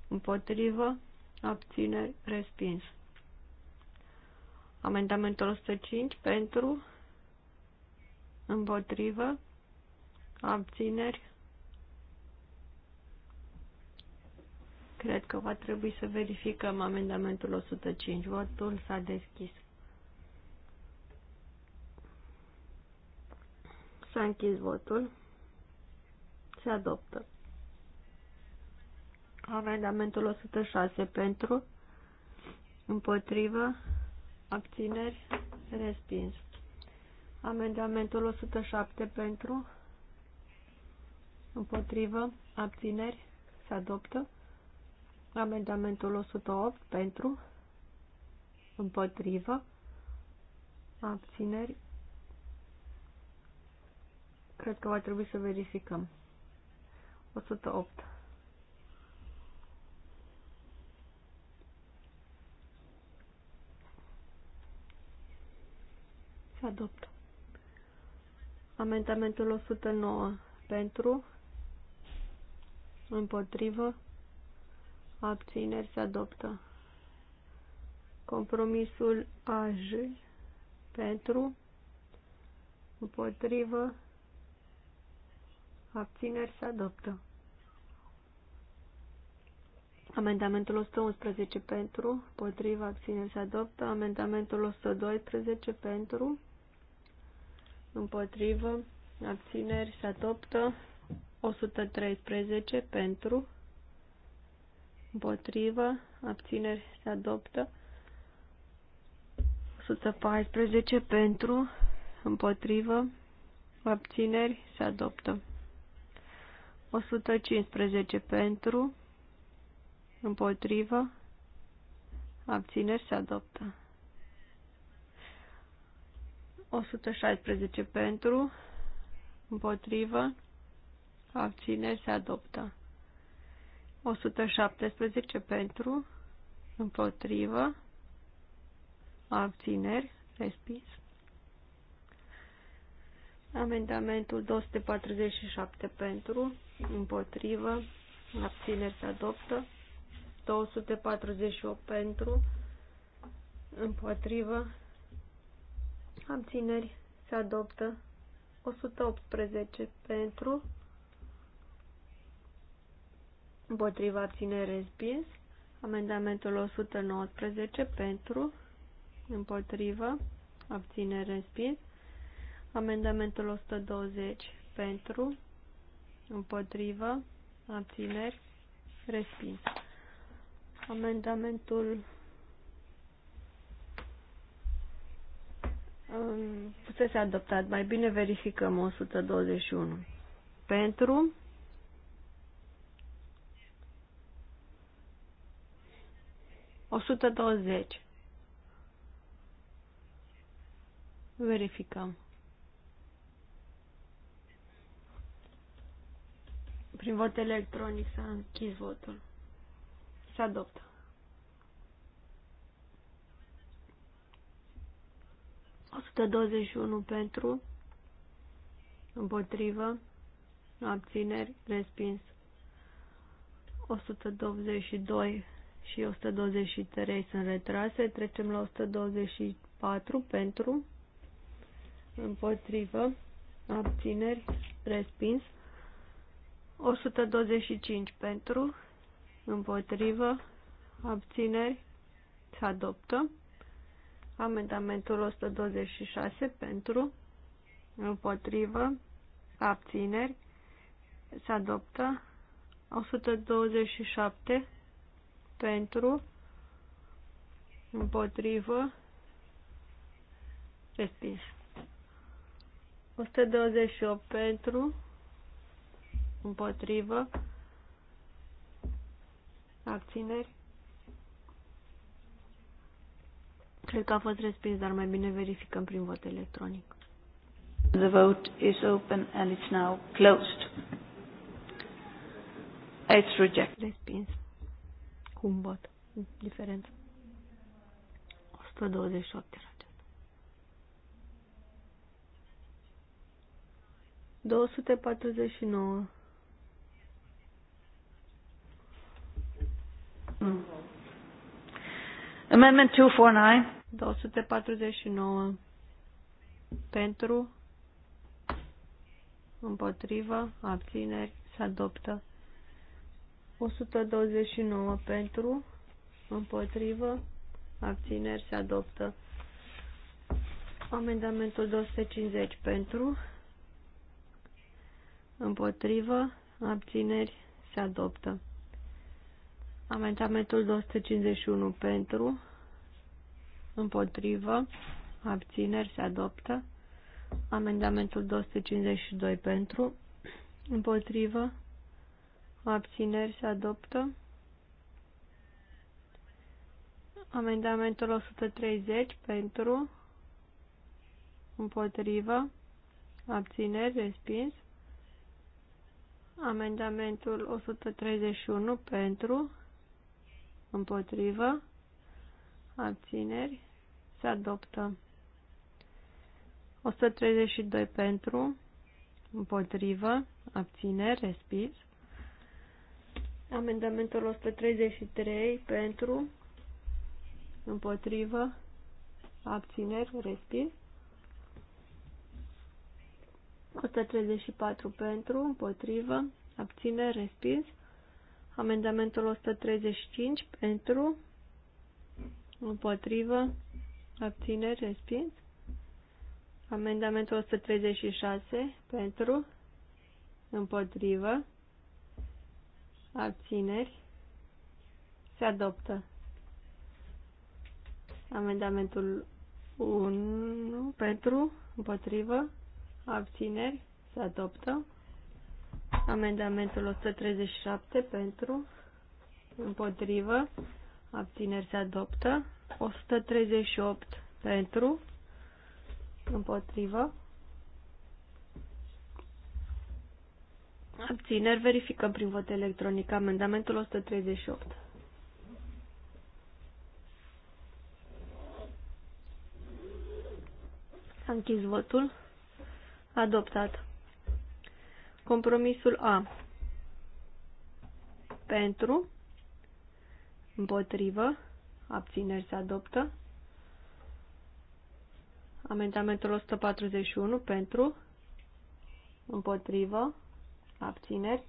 împotrivă, abțineri, respins. Amendamentul 105 pentru, împotrivă, abțineri. Cred că va trebui să verificăm amendamentul 105. Votul s-a deschis. S-a închis votul. Se adoptă. Amendamentul 106 pentru, împotrivă, abțineri, respins. Amendamentul 107 pentru, împotrivă, abțineri, se adoptă. Amendamentul 108 pentru, împotrivă, abțineri, cred că va trebui să verificăm. 108. Se adoptă. Amendamentul 109 pentru, împotrivă, abțineri se adoptă. Compromisul AJ pentru, împotrivă, abțineri se adoptă. Amendamentul 111 pentru, împotrivă, abțineri se adoptă. Amendamentul 112 pentru, împotrivă, abțineri, se adoptă. 113 pentru, împotrivă, abțineri, se adoptă. 114 pentru, împotrivă, abțineri, se adoptă. 115 pentru, împotrivă, abțineri, se adoptă. 116 pentru, împotrivă, abțineri se adoptă. 117 pentru, împotrivă, abțineri, respins. Amendamentul 247 pentru, împotrivă, abțineri se adoptă. 248 pentru, împotrivă, abțineri, se adoptă. 118 pentru, împotriva abținere respins. Amendamentul 119 pentru, împotriva, abținere respins. Amendamentul 120 pentru, împotriva abțineri, respins. Amendamentul fusese adoptat. Mai bine verificăm 121. Pentru O douăzeci. Verificăm. Prin vot electronic s-a închis votul. s adoptă. 121 pentru, împotrivă, abțineri, respins. 122 și 123 sunt retrase. Trecem la 124 pentru, împotrivă, abțineri, respins. 125 pentru, împotrivă, abțineri, se adoptă. Amendamentul 126 pentru, împotrivă, abțineri, se adoptă. 127 pentru, împotrivă, respins. 128 pentru, împotrivă, abțineri, Cred că a fost respins, dar mai bine verificăm prin vot electronic. The vote is open and it's now closed. It's rejected. Respins. Cu un vot. Diferență. 128 era 249. Mm. Amendment 249. 249 pentru, împotrivă, abțineri, se adoptă. 129 pentru, împotrivă, abțineri, se adoptă. Amendamentul 250 pentru, împotrivă, abțineri, se adoptă. Amendamentul 251 pentru, împotrivă, abțineri, se adoptă. Amendamentul 252 pentru, împotrivă, abțineri, se adoptă. Amendamentul 130 pentru, împotrivă, abțineri, respins. Amendamentul 131 pentru, împotrivă, abțineri, se adoptă. 132 pentru, împotrivă, abțineri, respins. Amendamentul 133 pentru, împotrivă, abțineri, respins. 134 pentru, împotrivă, abțineri, respins. Amendamentul 135 pentru, împotrivă, abțineri, respins. Amendamentul 136 pentru, împotrivă, abțineri, se adoptă. Amendamentul 1 pentru, împotrivă, abțineri, se adoptă. Amendamentul 137 pentru, împotrivă, abțineri se adoptă. 138 pentru, împotrivă. Abțineri, verificăm prin vot electronic amendamentul 138. S-a închis votul. Adoptat. Compromisul A. Pentru. Împotrivă abțineri se adoptă. Amendamentul 141 pentru, împotrivă, abțineri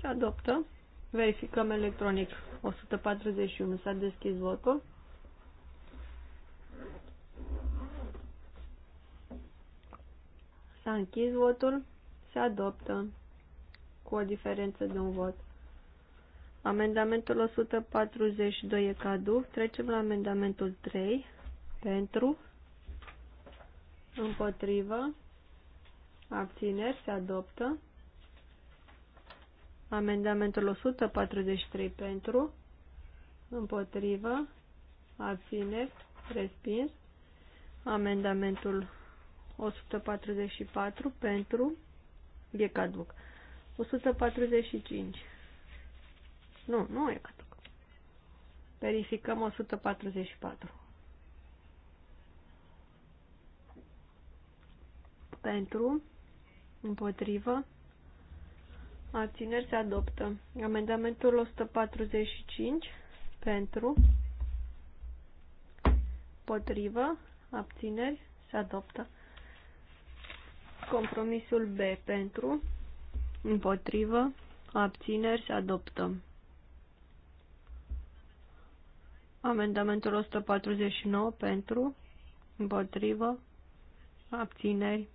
se adoptă. Verificăm electronic 141. S-a deschis votul. S-a închis votul. Se adoptă cu o diferență de un vot. Amendamentul 142 e caduc. Trecem la amendamentul 3. Pentru. Împotrivă. Abțineri. Se adoptă. Amendamentul 143 pentru. Împotrivă. Abțineri. Respins. Amendamentul 144 pentru. E caduc. 145 nu, nu e caduc. Verificăm 144. Pentru, împotrivă, abțineri se adoptă. Amendamentul 145, pentru, împotrivă, abțineri se adoptă. Compromisul B pentru, împotrivă, abțineri se adoptă. Amendamentul 149 pentru, împotrivă, abțineri,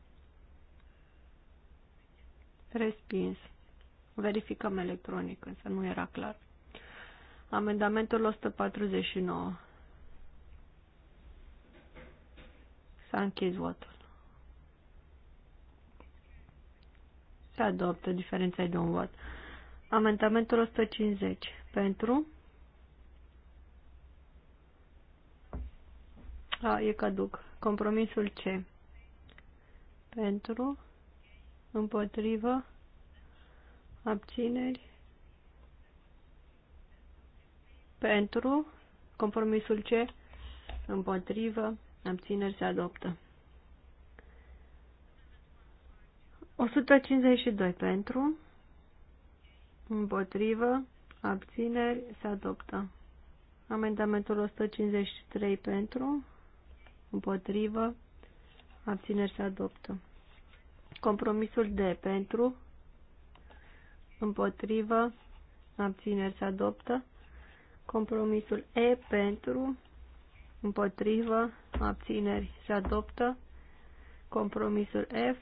respins. Verificăm electronic, însă nu era clar. Amendamentul 149. S-a închis votul. Se adoptă diferența de un vot. Amendamentul 150 pentru A, e caduc. Compromisul C. Pentru, împotrivă, abțineri, pentru, compromisul C, împotrivă, abțineri se adoptă. 152 pentru, împotrivă, abțineri se adoptă. Amendamentul 153 pentru, împotrivă, abțineri se adoptă. Compromisul D pentru, împotrivă, abțineri se adoptă. Compromisul E pentru, împotrivă, abțineri se adoptă. Compromisul F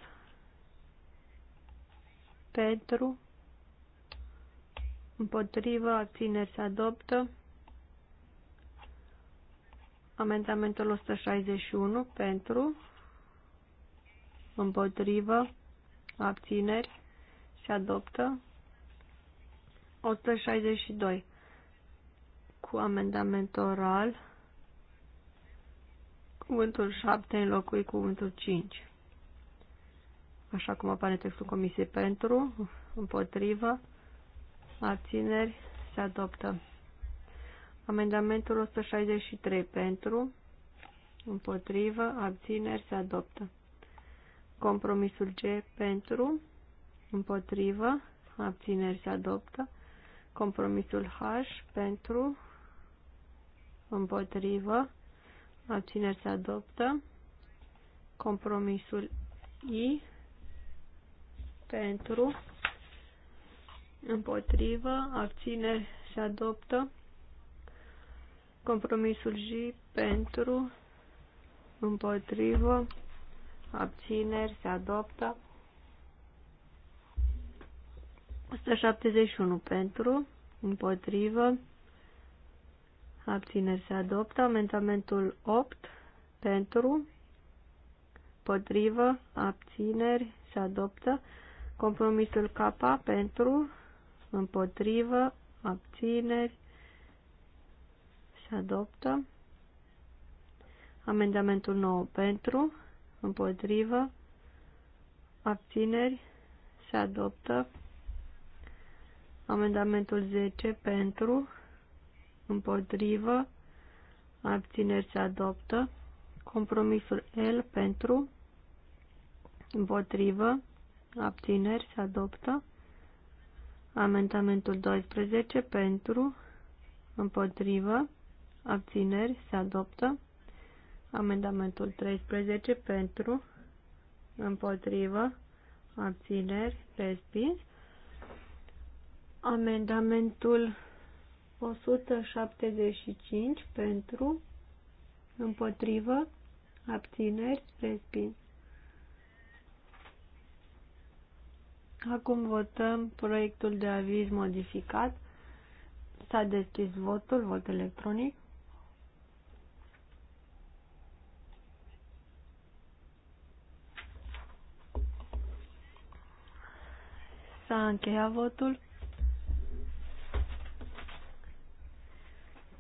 pentru, împotrivă, abțineri se adoptă. Amendamentul 161 pentru, împotrivă, abțineri, se adoptă. 162 cu amendament oral, cuvântul 7 înlocui cuvântul 5. Așa cum apare textul comisiei pentru, împotrivă, abțineri, se adoptă. Amendamentul 163 pentru, împotrivă, abțineri, se adoptă. Compromisul G pentru, împotrivă, abțineri, se adoptă. Compromisul H pentru, împotrivă, abțineri, se adoptă. Compromisul I pentru, împotrivă, abțineri, se adoptă. Compromisul J pentru, împotrivă, abțineri, se adoptă. 171 pentru, împotrivă, abțineri, se adoptă. Amendamentul 8 pentru, împotrivă, abțineri, se adoptă. Compromisul K pentru, împotrivă, abțineri, se adoptă. Amendamentul 9 pentru, împotrivă, abțineri, se adoptă. Amendamentul 10 pentru, împotrivă, abțineri, se adoptă. Compromisul L pentru, împotrivă, abțineri, se adoptă. Amendamentul 12 pentru, împotrivă, abțineri, se adoptă. Amendamentul 13 pentru, împotrivă, abțineri, respins. Amendamentul 175 pentru, împotrivă, abțineri, respins. Acum votăm proiectul de aviz modificat. S-a deschis votul, vot electronic. S-a încheiat votul.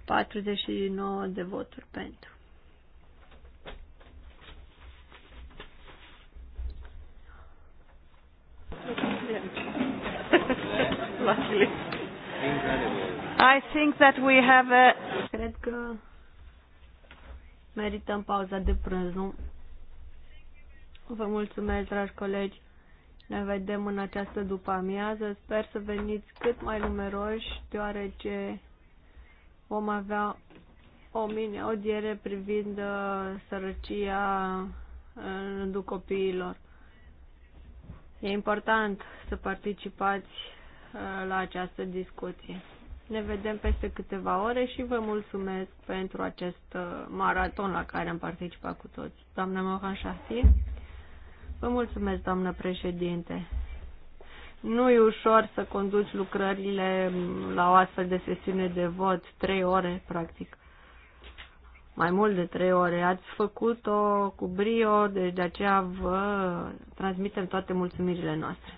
49 de voturi pentru. I think that we have a... Cred că merităm pauza de prânz, nu? Vă mulțumesc, dragi colegi ne vedem în această după-amiază. Sper să veniți cât mai numeroși, deoarece vom avea o mini-audiere privind uh, sărăcia uh, în rândul copiilor. E important să participați uh, la această discuție. Ne vedem peste câteva ore și vă mulțumesc pentru acest maraton la care am participat cu toți. Doamna Mohan Shahir. Vă mulțumesc, doamnă președinte. Nu e ușor să conduci lucrările la o astfel de sesiune de vot, trei ore, practic. Mai mult de trei ore. Ați făcut-o cu brio, deci de aceea vă transmitem toate mulțumirile noastre.